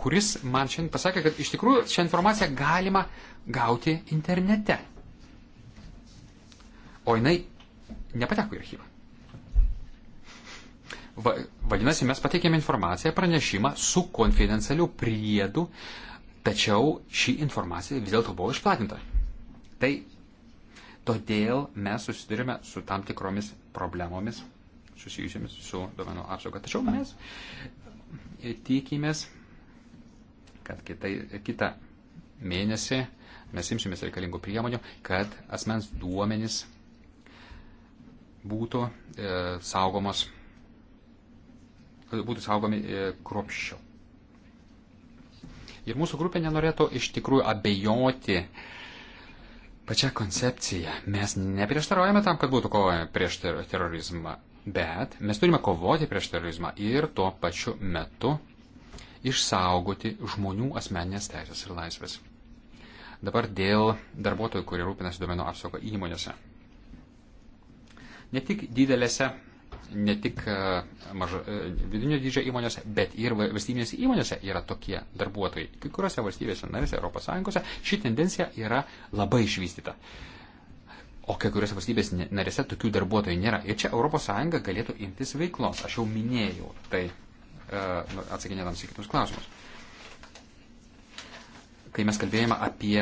kuris man šiandien pasakė, kad iš tikrųjų šią informaciją galima gauti internete o jinai nepateko į archyvą. Va, vadinasi, mes pateikėme informaciją, pranešimą su konfidencialiu priedu, tačiau ši informacija vis dėlto buvo išplatinta. Tai todėl mes susidurime su tam tikromis problemomis susijusiamis su domenų apsauga. Tačiau mes tikimės, kad kitai, kitą mėnesį mes imsimės reikalingų priemonių, kad asmens duomenys būtų e, saugomos, kad būtų saugomi e, kruopščiau. Ir mūsų grupė nenorėtų iš tikrųjų abejoti pačią koncepciją. Mes neprieštaraujame tam, kad būtų kovojama prieš ter terorizmą, bet mes turime kovoti prieš terorizmą ir tuo pačiu metu išsaugoti žmonių asmeninės teisės ir laisvės. Dabar dėl darbuotojų, kurie rūpinasi duomenų apsaugą įmonėse ne tik didelėse, ne tik e, maža, e, vidinio dydžio įmonėse, bet ir valstybinėse įmonėse yra tokie darbuotojai. Kai kuriuose valstybėse narėse, ES ši tendencija yra labai išvystyta. O kai kuriuose valstybės narėse tokių darbuotojų nėra. Ir čia ES galėtų imtis veiklos. Aš jau minėjau tai e, atsakinėdams į kitus klausimus. Kai mes kalbėjome apie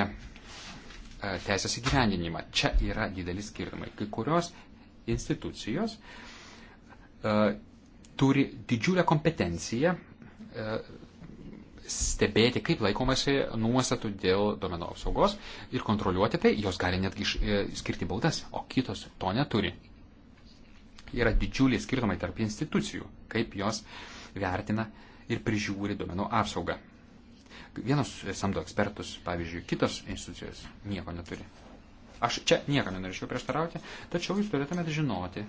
teisės įgyvendinimą, čia yra didelis skirtumai. Kai kurios institucijos e, turi didžiulę kompetenciją e, stebėti, kaip laikomasi nuostatų dėl domenų apsaugos ir kontroliuoti tai, jos gali netgi e, skirti baudas, o kitos to neturi. Yra didžiuliai skirtumai tarp institucijų, kaip jos vertina ir prižiūri domenų apsaugą. Vienos samdo ekspertus, pavyzdžiui, kitos institucijos nieko neturi. Aš čia niekam nenorėčiau prieštarauti, tačiau jūs turėtumėte žinoti,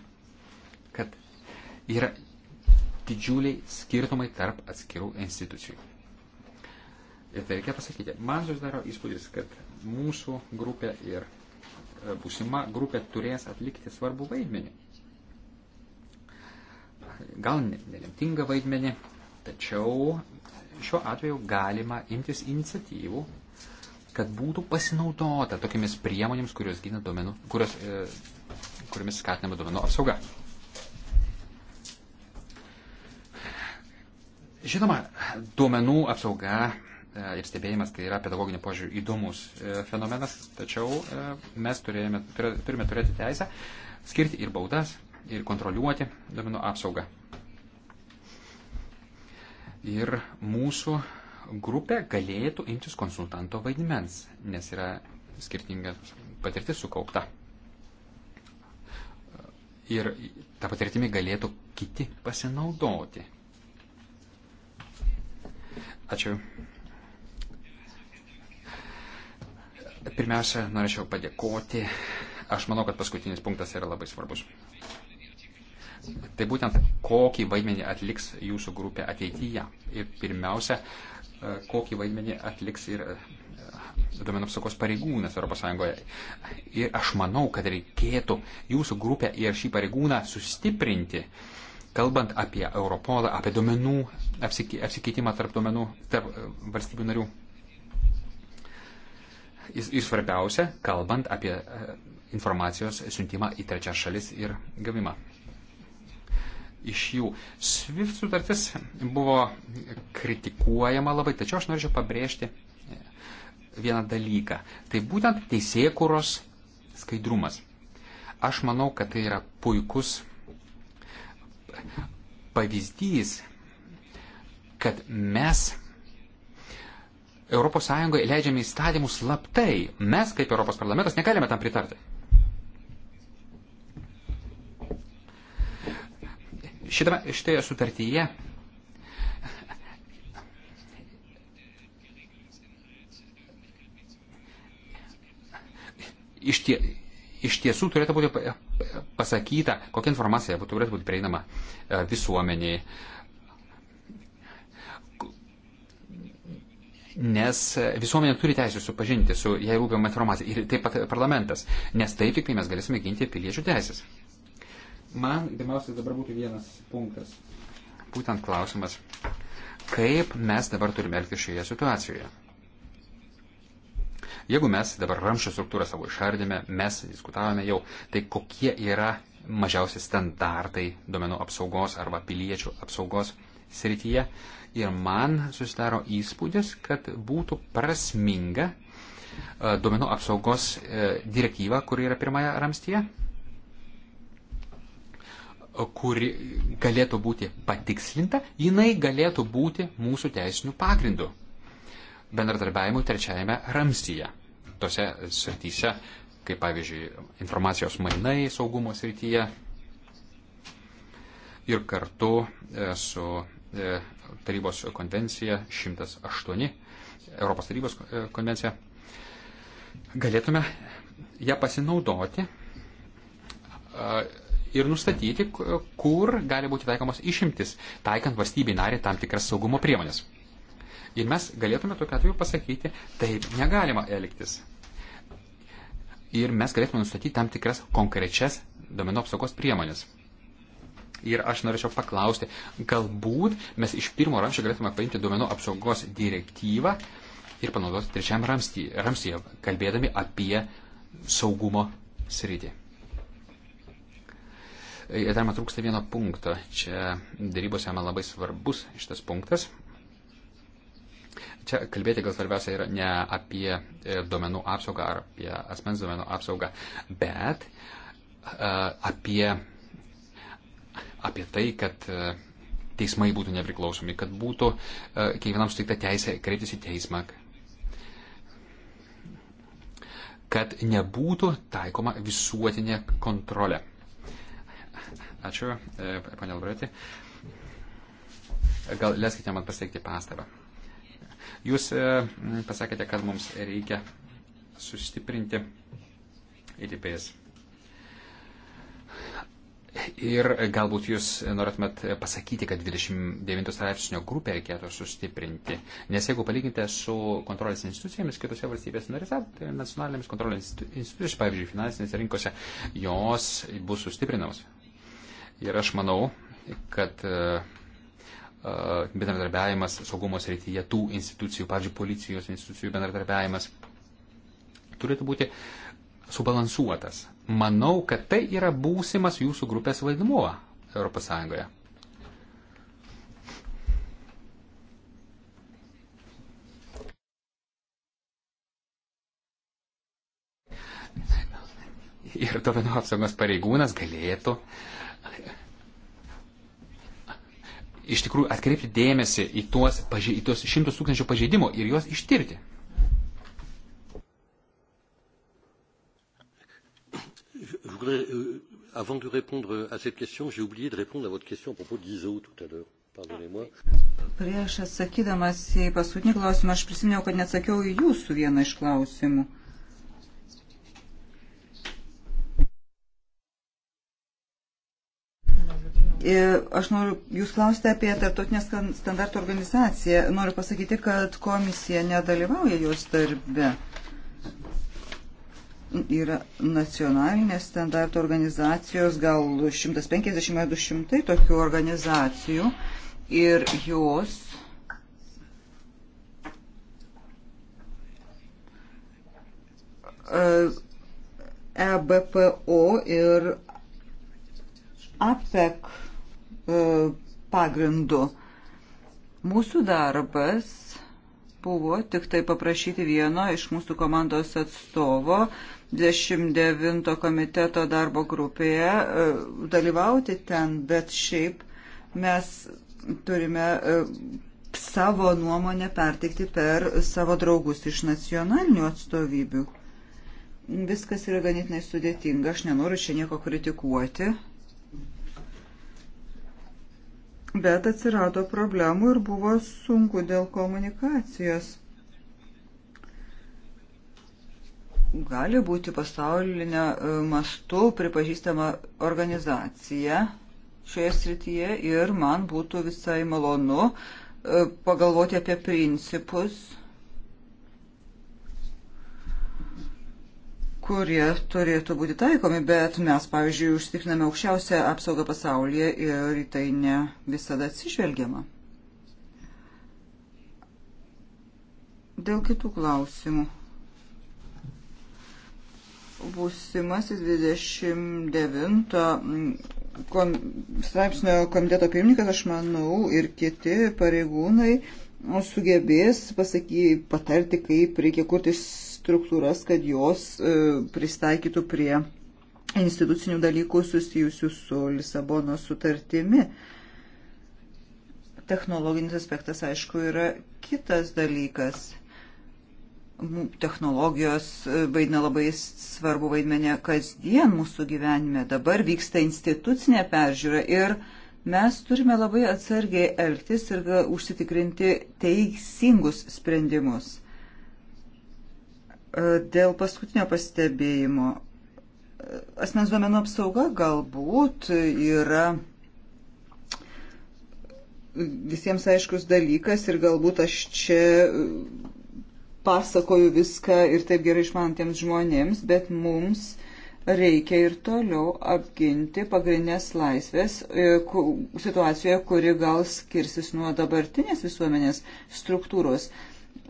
kad yra didžiuliai skirtumai tarp atskirų institucijų. Ir tai reikia pasakyti. Man susidaro įspūdis, kad mūsų grupė ir e, būsima grupė turės atlikti svarbų vaidmenį. Gal nelemtingą vaidmenį, tačiau šiuo atveju galima imtis iniciatyvų, kad būtų pasinaudota tokiamis priemonėms, kurios gina duomenų, kurios, e, kuriomis skatinama duomenų apsauga. Žinoma, duomenų apsauga e, ir stebėjimas tai yra pedagoginio požiūriu įdomus e, fenomenas, tačiau e, mes turėjome, turime turėti teisę skirti ir baudas, ir kontroliuoti duomenų apsaugą. Ir mūsų grupė galėtų imtis konsultanto vaidmens, nes yra skirtinga patirtis sukaupta. Ir tą patirtimį galėtų kiti pasinaudoti. Ačiū. Pirmiausia, norėčiau padėkoti. Aš manau, kad paskutinis punktas yra labai svarbus. Tai būtent kokį vaidmenį atliks jūsų grupė ateityje. Ir pirmiausia, kokį vaidmenį atliks ir e, duomenų apsaugos pareigūnas ES. Ir aš manau, kad reikėtų jūsų grupę ir šį pareigūną sustiprinti, kalbant apie Europolą, apie duomenų apsikeitimą tarp duomenų, tarp e, valstybių narių. Ir svarbiausia, kalbant apie e, informacijos siuntimą į trečią šalis ir gavimą iš jų. SWIFT sutartis buvo kritikuojama labai, tačiau aš norėčiau pabrėžti e, vieną dalyką. Tai būtent teisėkuros skaidrumas. Aš manau, kad tai yra puikus pavyzdys, kad mes ES leidžiame įstatymus slaptai. Mes kaip Europos parlamentas negalime tam pritarti. šitame, šitoje sutartyje iš, tie, iš tiesų turėtų būti pasakyta, kokia informacija būtų, turėtų būti prieinama e, visuomeniai. Nes visuomenė turi teisę supažinti su jai rūpimą informaciją ir taip pat parlamentas, nes taip tik tai mes galėsime ginti piliečių teisės. Man įdomiausias dabar būtų vienas punktas. Būtent klausimas, kaip mes dabar turime elgtis šioje situacijoje. Jeigu mes dabar ramščio struktūrą savo išardėme, mes diskutavome jau, tai kokie yra mažiausi standartai domenų apsaugos arba piliečių apsaugos srityje. Ir man susidaro įspūdis, kad būtų prasminga e, domenų apsaugos e, direktyva, kuri yra pirmąją ramstyje, kuri galėtų būti patikslinta, jinai galėtų būti mūsų teisinių pagrindų bendradarbiavimų trečiajame ramstyje. Tose srityse, kaip pavyzdžiui, informacijos mainai saugumo srityje ir kartu e, su e, tarybos konvencija 108, Europos tarybos e, konvencija, galėtume ją pasinaudoti ir nustatyti, kur gali būti taikomos išimtis, taikant valstybei narį tam tikras saugumo priemonės. Ir mes galėtume tokiu atveju pasakyti, taip negalima elgtis. Ir mes galėtume nustatyti tam tikras konkrečias domenų apsaugos priemonės. Ir aš norėčiau paklausti, galbūt mes iš pirmo ramščio galėtume paimti duomenų apsaugos direktyvą ir panaudoti trečiam ramstyje, ramstyje kalbėdami apie saugumo sritį dar man trūksta vieno punkto. Čia darybose man labai svarbus šitas punktas. Čia kalbėti gal svarbiausia yra ne apie e, duomenų apsaugą ar apie asmens duomenų apsaugą, bet e, apie, apie tai, kad e, teismai būtų nepriklausomi, kad būtų kiekvienam suteikta teisė kreiptis į teismą, kad nebūtų taikoma visuotinė kontrolė. Ačiū, e, panė Albrėti. Gal leiskite man pasteikti pastabą. Jūs e, pasakėte, kad mums reikia sustiprinti įdipės. Ir galbūt jūs norėtumėt pasakyti, kad 29 straipsnio grupę reikėtų sustiprinti, nes jeigu palyginti su kontrolės institucijomis kitose valstybės narėse, tai nacionalinėmis kontrolės institucijomis, pavyzdžiui, finansinėse rinkose, jos bus sustiprinamos Ir aš manau, kad e, e, bendradarbiavimas saugumo srityje tų institucijų, pavyzdžiui, policijos institucijų bendradarbiavimas turėtų būti subalansuotas. Manau, kad tai yra būsimas jūsų grupės vaidmuo ES. Ir duomenų apsaugos pareigūnas galėtų uh, iš tikrųjų atkreipti dėmesį į tuos, į tuos šimtus tūkstančių pažeidimų ir juos ištirti. Euh, avant de répondre à cette question, j'ai oublié de répondre à votre question à propos d'ISO tout à l'heure. Pardonnez-moi. Prieš atsakydamas į paskutinį klausimą, aš prisiminiau, kad neatsakiau į jūsų vieną iš klausimų. E, aš noriu, jūs klausite apie tarptautinę standartų organizaciją. Noriu pasakyti, kad komisija nedalyvauja jos darbe. Yra nacionalinės standartų organizacijos, gal 150-200 tokių organizacijų. Ir jos EBPO e ir APEC E, pagrindu. Mūsų darbas buvo tik tai paprašyti vieno iš mūsų komandos atstovo 29 komiteto darbo grupėje e, dalyvauti ten, bet šiaip mes turime e, savo nuomonę perteikti per savo draugus iš nacionalinių atstovybių. Viskas yra ganėtinai sudėtinga, aš nenoriu čia nieko kritikuoti, bet atsirado problemų ir buvo sunku dėl komunikacijos. Gali būti pasaulinio e, mastu pripažįstama organizacija šioje srityje ir man būtų visai malonu e, pagalvoti apie principus kurie turėtų būti taikomi, bet mes, pavyzdžiui, užtikriname aukščiausią apsaugą pasaulyje ir į tai ne visada atsižvelgiama. Dėl kitų klausimų. Būsimasis 29 mm, kom, straipsnio komiteto pirmininkas, aš manau, ir kiti pareigūnai sugebės pasaky, patarti, kaip reikia kurtis struktūras, kad jos e, pristaikytų prie institucinių dalykų susijusių su Lisabono sutartimi. Technologinis aspektas, aišku, yra kitas dalykas. Technologijos e, vaidina labai svarbu vaidmenį kasdien mūsų gyvenime. Dabar vyksta institucinė peržiūra ir mes turime labai atsargiai elgtis ir užsitikrinti teisingus sprendimus. E, dėl paskutinio pastebėjimo. E, asmens duomenų apsauga galbūt yra visiems aiškus dalykas ir galbūt aš čia e, pasakoju viską ir taip gerai išmantiems žmonėms, bet mums reikia ir toliau apginti pagrindinės laisvės situacijoje, kuri gal skirsis nuo dabartinės visuomenės struktūros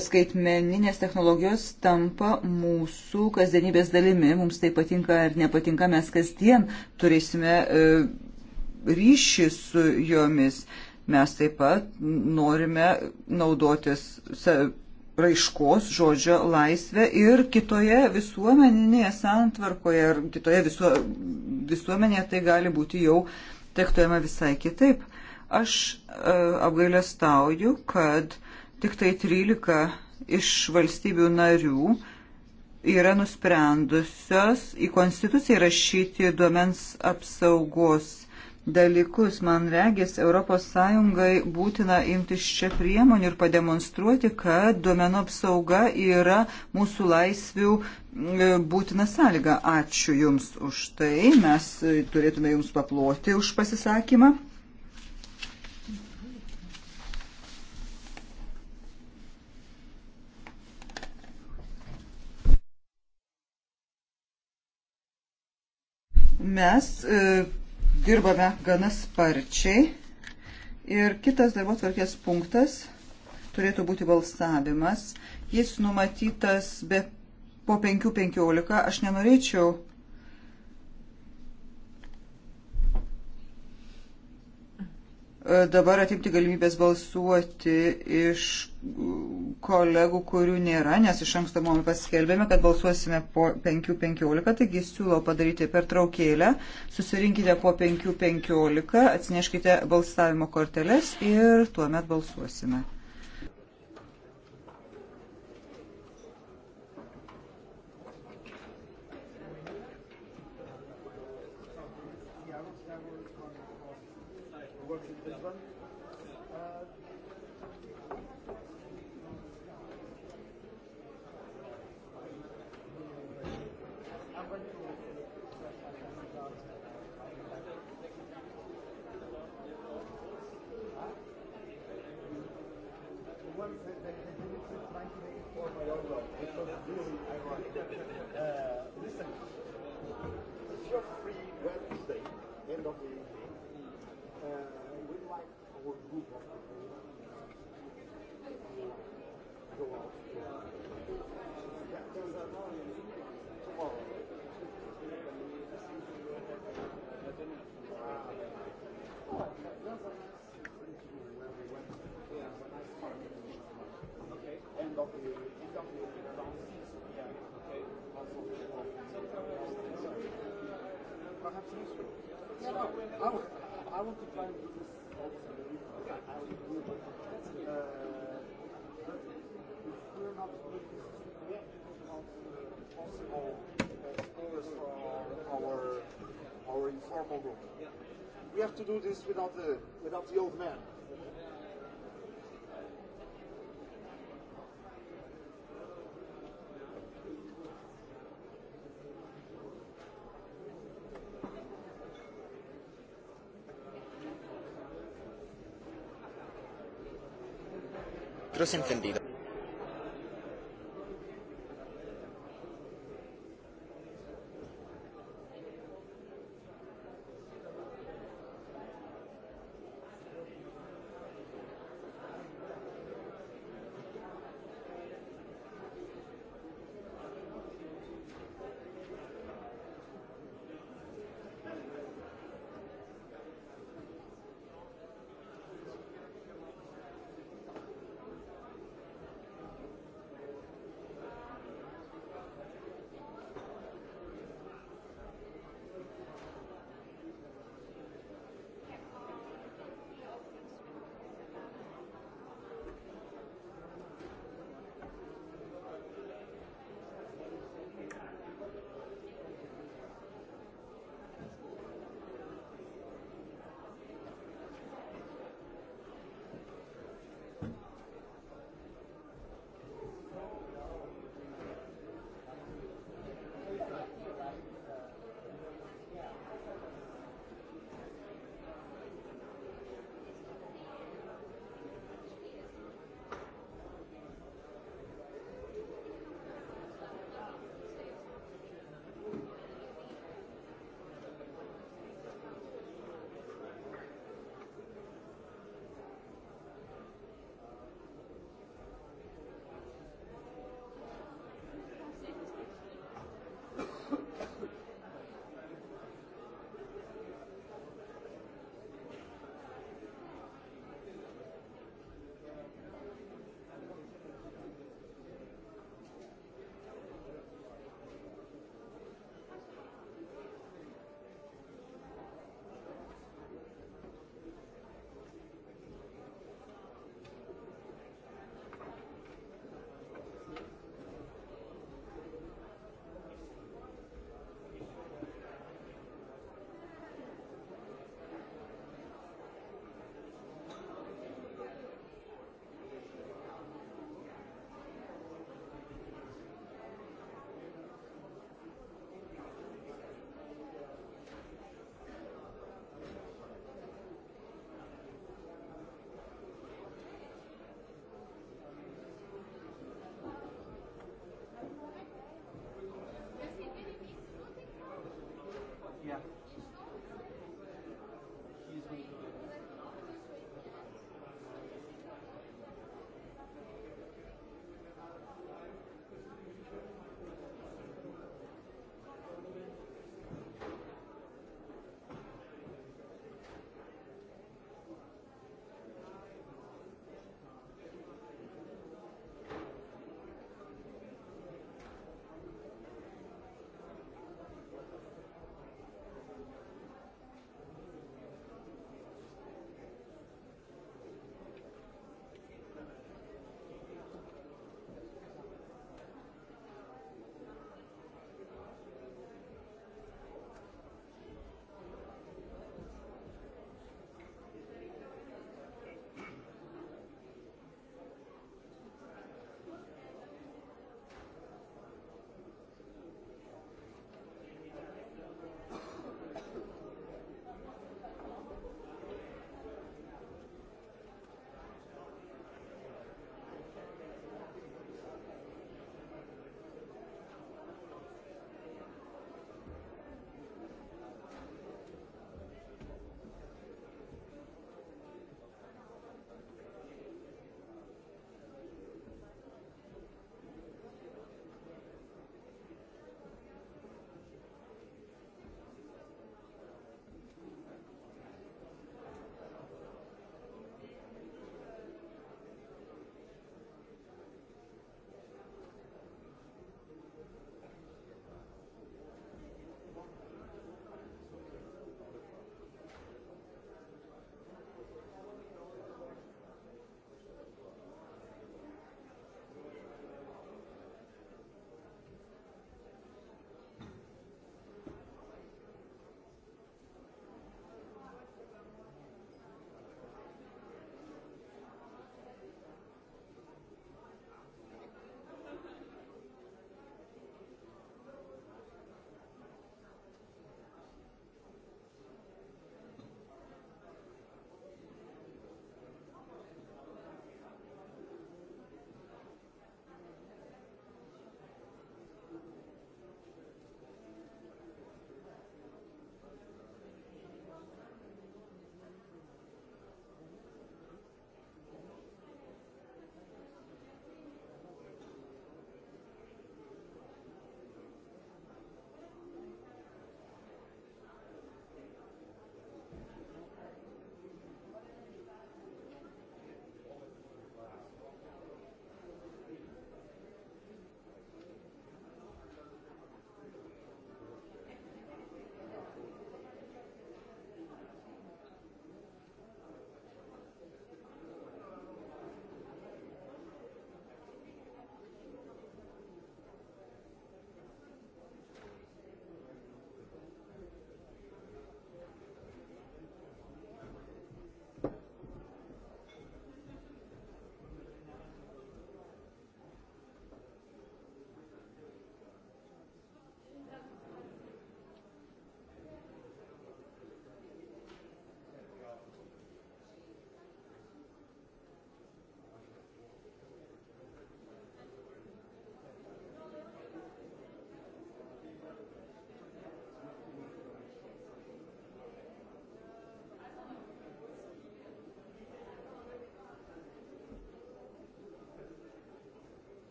skaitmeninės technologijos tampa mūsų kasdienybės dalimi. Mums tai patinka ar nepatinka, mes kasdien turėsime e, ryšį su jomis. Mes taip pat norime naudotis raiškos žodžio laisvę ir kitoje visuomeninėje santvarkoje ar kitoje visuo, visuomenėje tai gali būti jau traktuojama visai kitaip. Aš e, apgailestauju, kad Tik tai 13 iš valstybių narių yra nusprendusios į Konstituciją rašyti duomens apsaugos dalykus. Man regis, ES būtina imtis čia priemonių ir pademonstruoti, kad duomenų apsauga yra mūsų laisvių e, būtina sąlyga. Ačiū Jums už tai. Mes e, turėtume Jums paploti už pasisakymą. Mes e, dirbame gana sparčiai ir kitas darbo tvarkės punktas turėtų būti balsavimas. Jis numatytas be, po 5.15. Aš nenorėčiau e, dabar atimti galimybės balsuoti iš kolegų, kurių nėra, nes iš anksto mums paskelbėme, kad balsuosime po 5.15, taigi siūlau padaryti per traukėlę. Susirinkite po 5.15, atsineškite balsavimo korteles ir tuomet balsuosime. about the old man. entendido.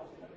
Thank you.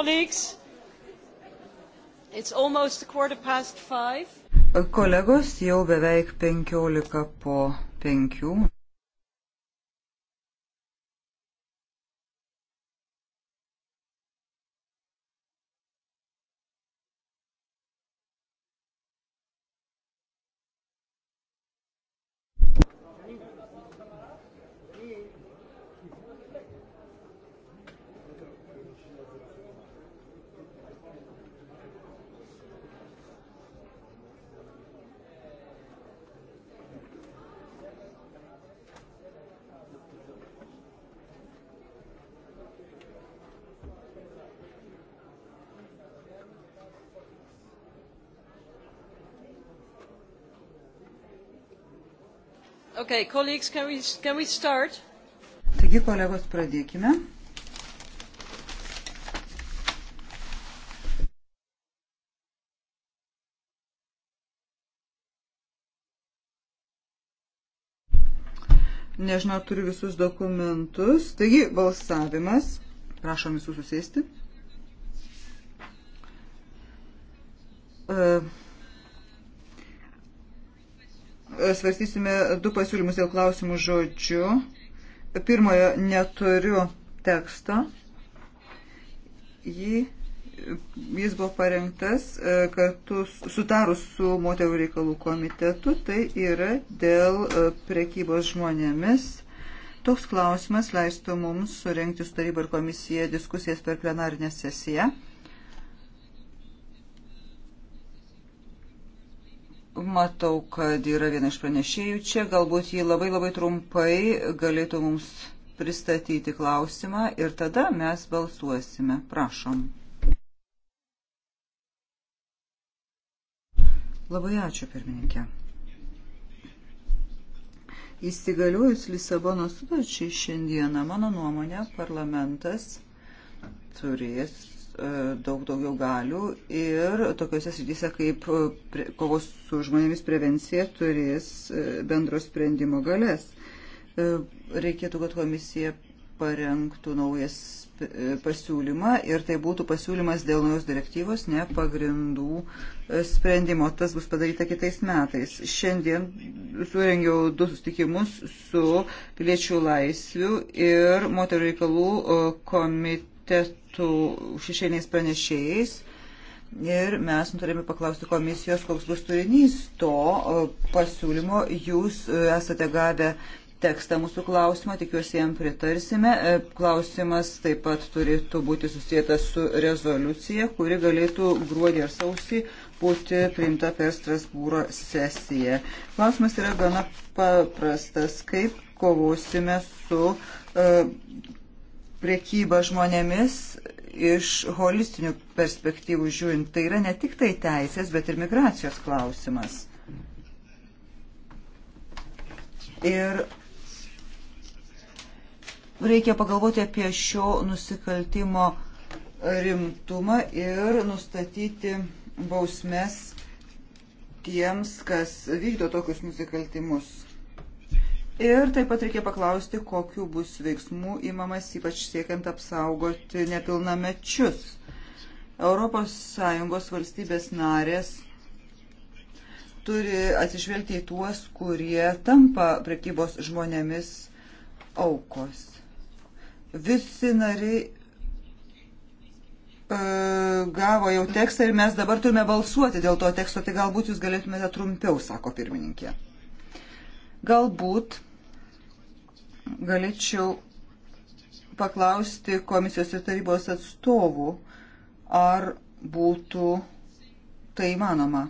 Colleagues, it's almost a quarter past five. Kolegos, jau beveik penkiolika po penkių. Okay, colleagues, can we, can we start? Taigi, kolegos, pradėkime. Nežinau, turiu visus dokumentus. Taigi, balsavimas. Prašom visus susėsti. Uh, svarstysime du pasiūlymus dėl klausimų žodžių. Pirmojo neturiu teksto. Jį jis buvo parengtas e, kartu sutarus su moterų reikalų komitetu, tai yra dėl e, prekybos žmonėmis. Toks klausimas leistų mums surenkti su taryba ir komisija diskusijas per plenarinę sesiją. Matau, kad yra viena iš pranešėjų čia. Galbūt jį labai labai trumpai galėtų mums pristatyti klausimą ir tada mes balsuosime. Prašom. Labai ačiū, pirmininkė. Įsigaliojus Lisabono sutarčiai šiandieną, mano nuomonė, parlamentas turės E, daug daugiau galių ir tokiuose srityse kaip e, kovos su žmonėmis prevencija turės e, bendro sprendimo galės. Reikėtų, kad komisija parengtų naujas pasiūlymą ir tai būtų pasiūlymas dėl naujos direktyvos, ne pagrindų sprendimo. Tas bus padaryta kitais metais. Šiandien surengiau du sustikimus su piliečių laisvių ir moterų reikalų komitetu komitetų šešėniais pranešėjais ir mes norėjome paklausti komisijos, koks bus turinys to pasiūlymo. Jūs e, esate gavę tekstą mūsų klausimą, tikiuosi jam pritarsime. E, klausimas taip pat turėtų būti susijęs su rezoliucija, kuri galėtų gruodį ar sausį būti priimta per Strasbūro sesiją. Klausimas yra gana paprastas. Kaip kovosime su uh, priekybą žmonėmis iš holistinių perspektyvų žiūrint. Tai yra ne tik tai teisės, bet ir migracijos klausimas. Ir reikia pagalvoti apie šio nusikaltimo rimtumą ir nustatyti bausmes tiems, kas vykdo tokius nusikaltimus. Ir taip pat reikia paklausti, kokiu bus veiksmų įmamas, ypač siekiant apsaugoti nepilnamečius. ES valstybės narės turi atsižvelgti į tuos, kurie tampa prekybos žmonėmis aukos. Visi nariai e, gavo jau tekstą ir mes dabar turime balsuoti dėl to teksto, tai galbūt jūs galėtumėte trumpiau, sako pirmininkė. Galbūt galėčiau paklausti komisijos ir tarybos atstovų, ar būtų tai įmanoma.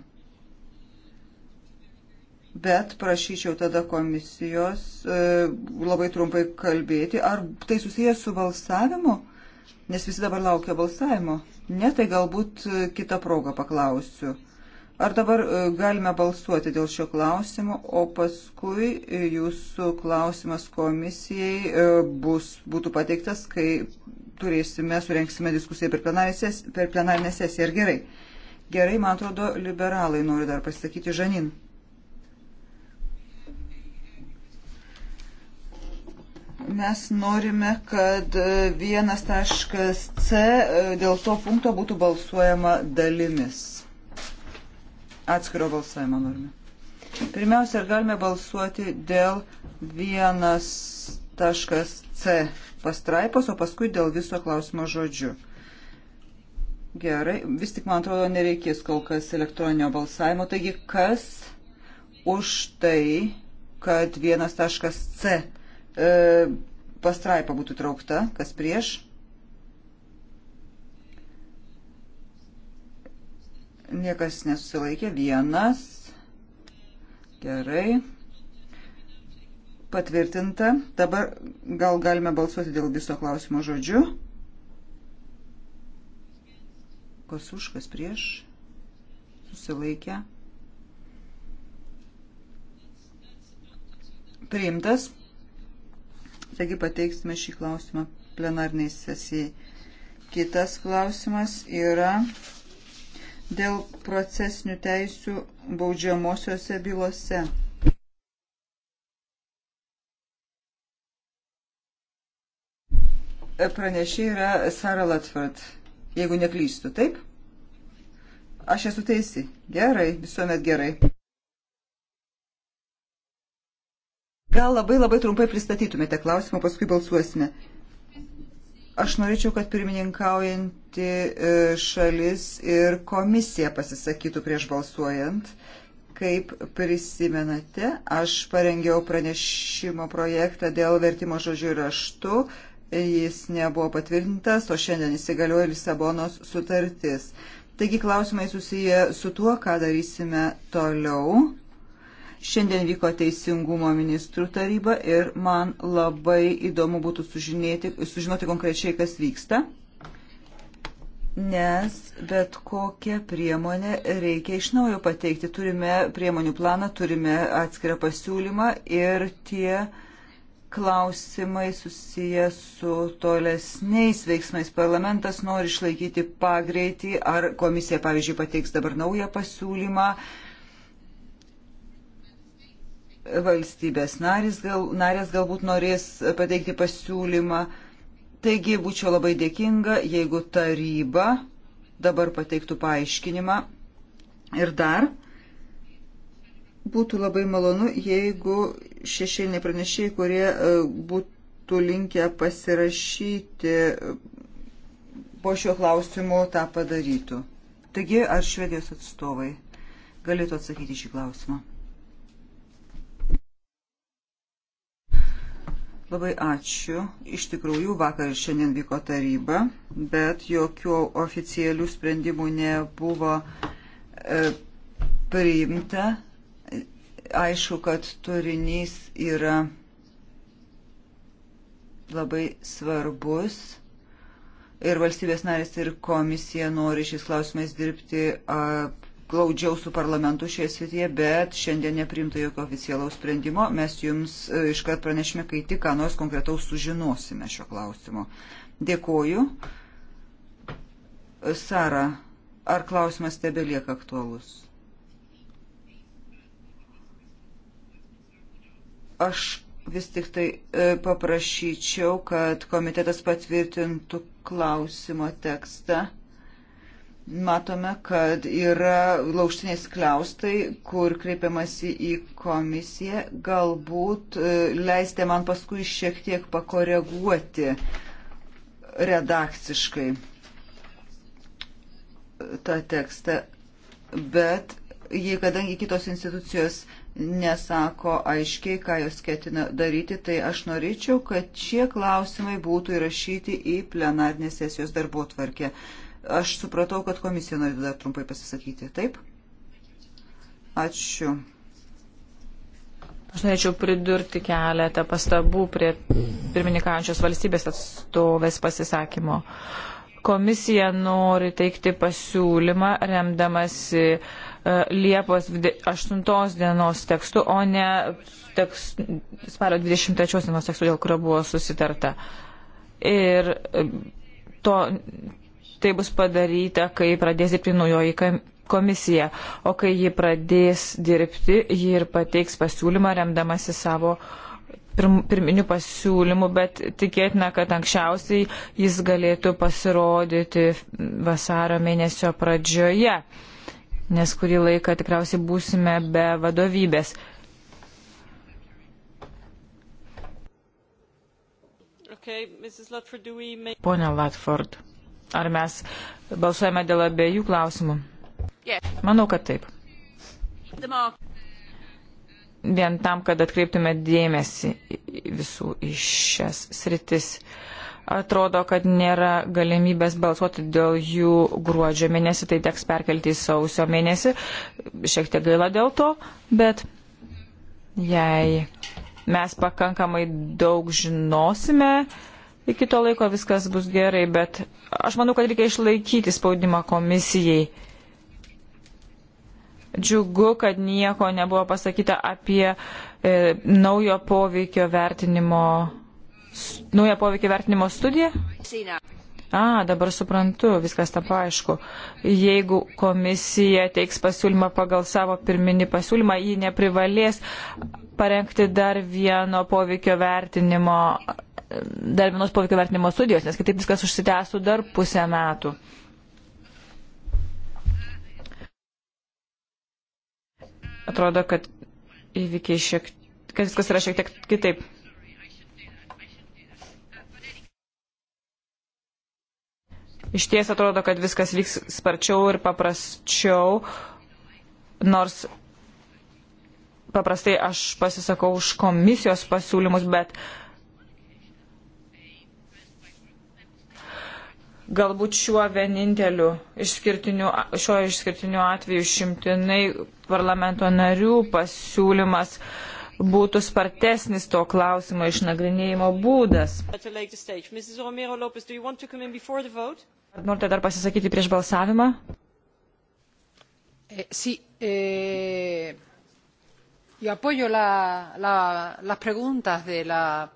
Bet prašyčiau tada komisijos e, labai trumpai kalbėti, ar tai susijęs su balsavimu, nes visi dabar laukia balsavimo. Ne, tai galbūt e, kitą progą paklausiu. Ar dabar e, galime balsuoti dėl šio klausimo, o paskui e, jūsų klausimas komisijai e, bus, būtų pateiktas, kai turėsime, surenksime diskusiją per plenarinę sesiją. Ar gerai? Gerai, man atrodo, liberalai nori dar pasisakyti Žanin. mes norime, kad vienas taškas C dėl to punkto būtų balsuojama dalimis atskiro balsavimo norime. Pirmiausia, ar galime balsuoti dėl vienas taškas C pastraipos, o paskui dėl viso klausimo žodžių. Gerai, vis tik man atrodo nereikės kol kas elektroninio balsavimo. Taigi, kas už tai, kad vienas taškas C e, pastraipa būtų traukta, kas prieš? Niekas nesusilaikė. Vienas. Gerai. Patvirtinta. Dabar gal galime balsuoti dėl viso klausimo žodžiu. Kosuškas prieš. Susilaikė. Priimtas. Taigi pateiksime šį klausimą plenarniai sesijai. Kitas klausimas yra dėl procesinių teisių baudžiamosiose bylose. Pranešė yra Sara Latford, jeigu neklystu, taip? Aš esu teisi. Gerai, visuomet gerai. Gal labai labai trumpai pristatytumėte klausimą, paskui balsuosime. Aš norėčiau, kad pirmininkaujanti e, šalis ir komisija pasisakytų prieš balsuojant. Kaip prisimenate, aš parengiau pranešimo projektą dėl vertimo žodžių raštu. Jis nebuvo patvirtintas, o šiandien įsigalioja Lisabonos sutartis. Taigi klausimai susiję su tuo, ką darysime toliau. Šiandien vyko Teisingumo ministrų taryba ir man labai įdomu būtų sužinėti, sužinoti konkrečiai, kas vyksta, nes bet kokią priemonę reikia iš naujo pateikti. Turime priemonių planą, turime atskirą pasiūlymą ir tie klausimai susiję su tolesniais veiksmais. Parlamentas nori išlaikyti pagreitį, ar komisija, pavyzdžiui, pateiks dabar naują pasiūlymą, valstybės narės, gal, narės galbūt norės pateikti pasiūlymą. Taigi būčiau labai dėkinga, jeigu taryba dabar pateiktų paaiškinimą. Ir dar būtų labai malonu, jeigu šešėliniai pranešėjai, kurie e, būtų linkę pasirašyti e, po šio klausimu, tą padarytų. Taigi, ar švedijos atstovai galėtų atsakyti šį klausimą? Labai ačiū. Iš tikrųjų, vakar ir šiandien vyko taryba, bet jokių oficialių sprendimų nebuvo e, priimta. Aišku, kad turinys yra labai svarbus ir valstybės narės ir komisija nori šiais klausimais dirbti glaudžiau su parlamentu šioje srityje, bet šiandien neprimta jokio oficialaus sprendimo. Mes jums e, iškart pranešime, kai tik ką nors konkretaus sužinosime šio klausimo. Dėkoju. E, Sara, ar klausimas tebe lieka aktualus? Aš vis tik tai e, paprašyčiau, kad komitetas patvirtintų klausimo tekstą matome, kad yra lauštiniai skliaustai, kur kreipiamasi į komisiją. Galbūt e, leistė man paskui šiek tiek pakoreguoti redakciškai tą tekstą. Bet jei kadangi kitos institucijos nesako aiškiai, ką jos ketina daryti, tai aš norėčiau, kad šie klausimai būtų įrašyti į plenarnės sesijos darbo tvarkę. Uh, Aš supratau, kad komisija nori dar trumpai pasisakyti. Taip? Ačiū. Aš norėčiau pridurti keletą pastabų prie pirmininkaujančios valstybės atstovės pasisakymo. Komisija nori teikti pasiūlymą remdamasi e, Liepos 8 dienos tekstu, o ne tekst, spalio 23 dienos tekstu, dėl kurio buvo susitarta. Ir e, to tai bus padaryta, kai pradės dirbti naujoji komisija. O kai ji pradės dirbti, ji ir pateiks pasiūlymą remdamasi savo pirminių pasiūlymų, bet tikėtina, kad anksčiausiai jis galėtų pasirodyti vasaro mėnesio pradžioje, nes kurį laiką tikriausiai būsime be vadovybės. Pone Latford, Ar mes balsuojame dėl abiejų klausimų? Manau, kad taip. Vien tam, kad atkreiptume dėmesį visų iš šias sritis. Atrodo, kad nėra galimybės balsuoti dėl jų gruodžio mėnesį, tai teks perkelti į sausio mėnesį. Šiek tiek gaila dėl to, bet jei mes pakankamai daug žinosime, uh, Iki to laiko viskas bus gerai, bet aš manau, kad reikia išlaikyti spaudimą komisijai. Džiugu, kad nieko nebuvo pasakyta apie e, naujo poveikio vertinimo, naujo poveikio vertinimo studiją. A, dabar suprantu, viskas tampa aišku. Jeigu komisija teiks pasiūlymą pagal savo pirminį pasiūlymą, ji neprivalės parengti dar vieno poveikio vertinimo dar vienos poveikio vertinimo studijos, nes kitaip viskas užsitęstų dar pusę metų. Atrodo, kad įvykiai šiek tiek, kad viskas yra šiek tiek kitaip. Iš ties atrodo, kad viskas vyks sparčiau ir paprasčiau, nors paprastai aš pasisakau už komisijos pasiūlymus, bet uh, galbūt šiuo vieninteliu išskirtiniu, šiuo išskirtiniu atveju šimtinai parlamento narių pasiūlymas būtų spartesnis to klausimo išnagrinėjimo būdas. Ar norite dar pasisakyti prieš balsavimą? Eh, sí, eh, yo apoyo la, la, las preguntas de la.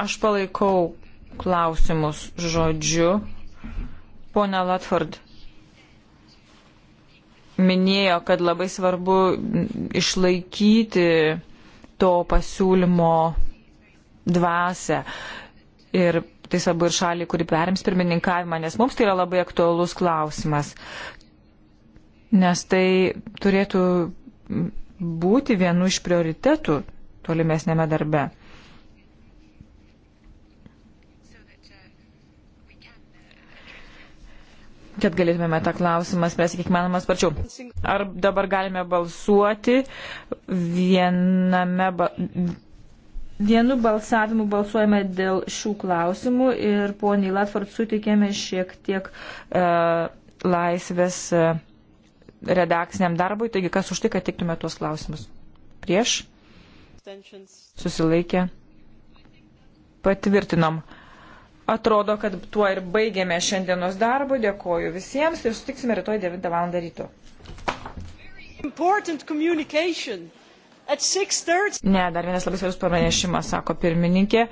Aš palaikau klausimus žodžiu Pone Latford minėjo, kad labai svarbu išlaikyti to pasiūlymo dvasę. Ir tai svarbu ir šaliai, kuri perims pirmininkavimą, nes mums tai yra labai aktuolus klausimas. Nes tai turėtų būti vienu iš prioritetų tolimesnėme darbe. kad galėtumėme tą klausimą spręsti kiek manoma sparčiau. Ar dabar galime balsuoti viename. Ba Vienu balsavimu balsuojame dėl šių klausimų ir poniai Latford sutikėme šiek tiek uh, laisvės uh, redakciniam darbui. Taigi, kas už tai, kad tiktume tuos klausimus? Prieš? Susilaikė? Patvirtinom. Uh, Atrodo, kad tuo ir baigėme šiandienos darbą. Dėkoju visiems ir sutiksime rytoj 9 val. ryto. Ne, dar vienas labai svarbus pranešimas, sako pirmininkė.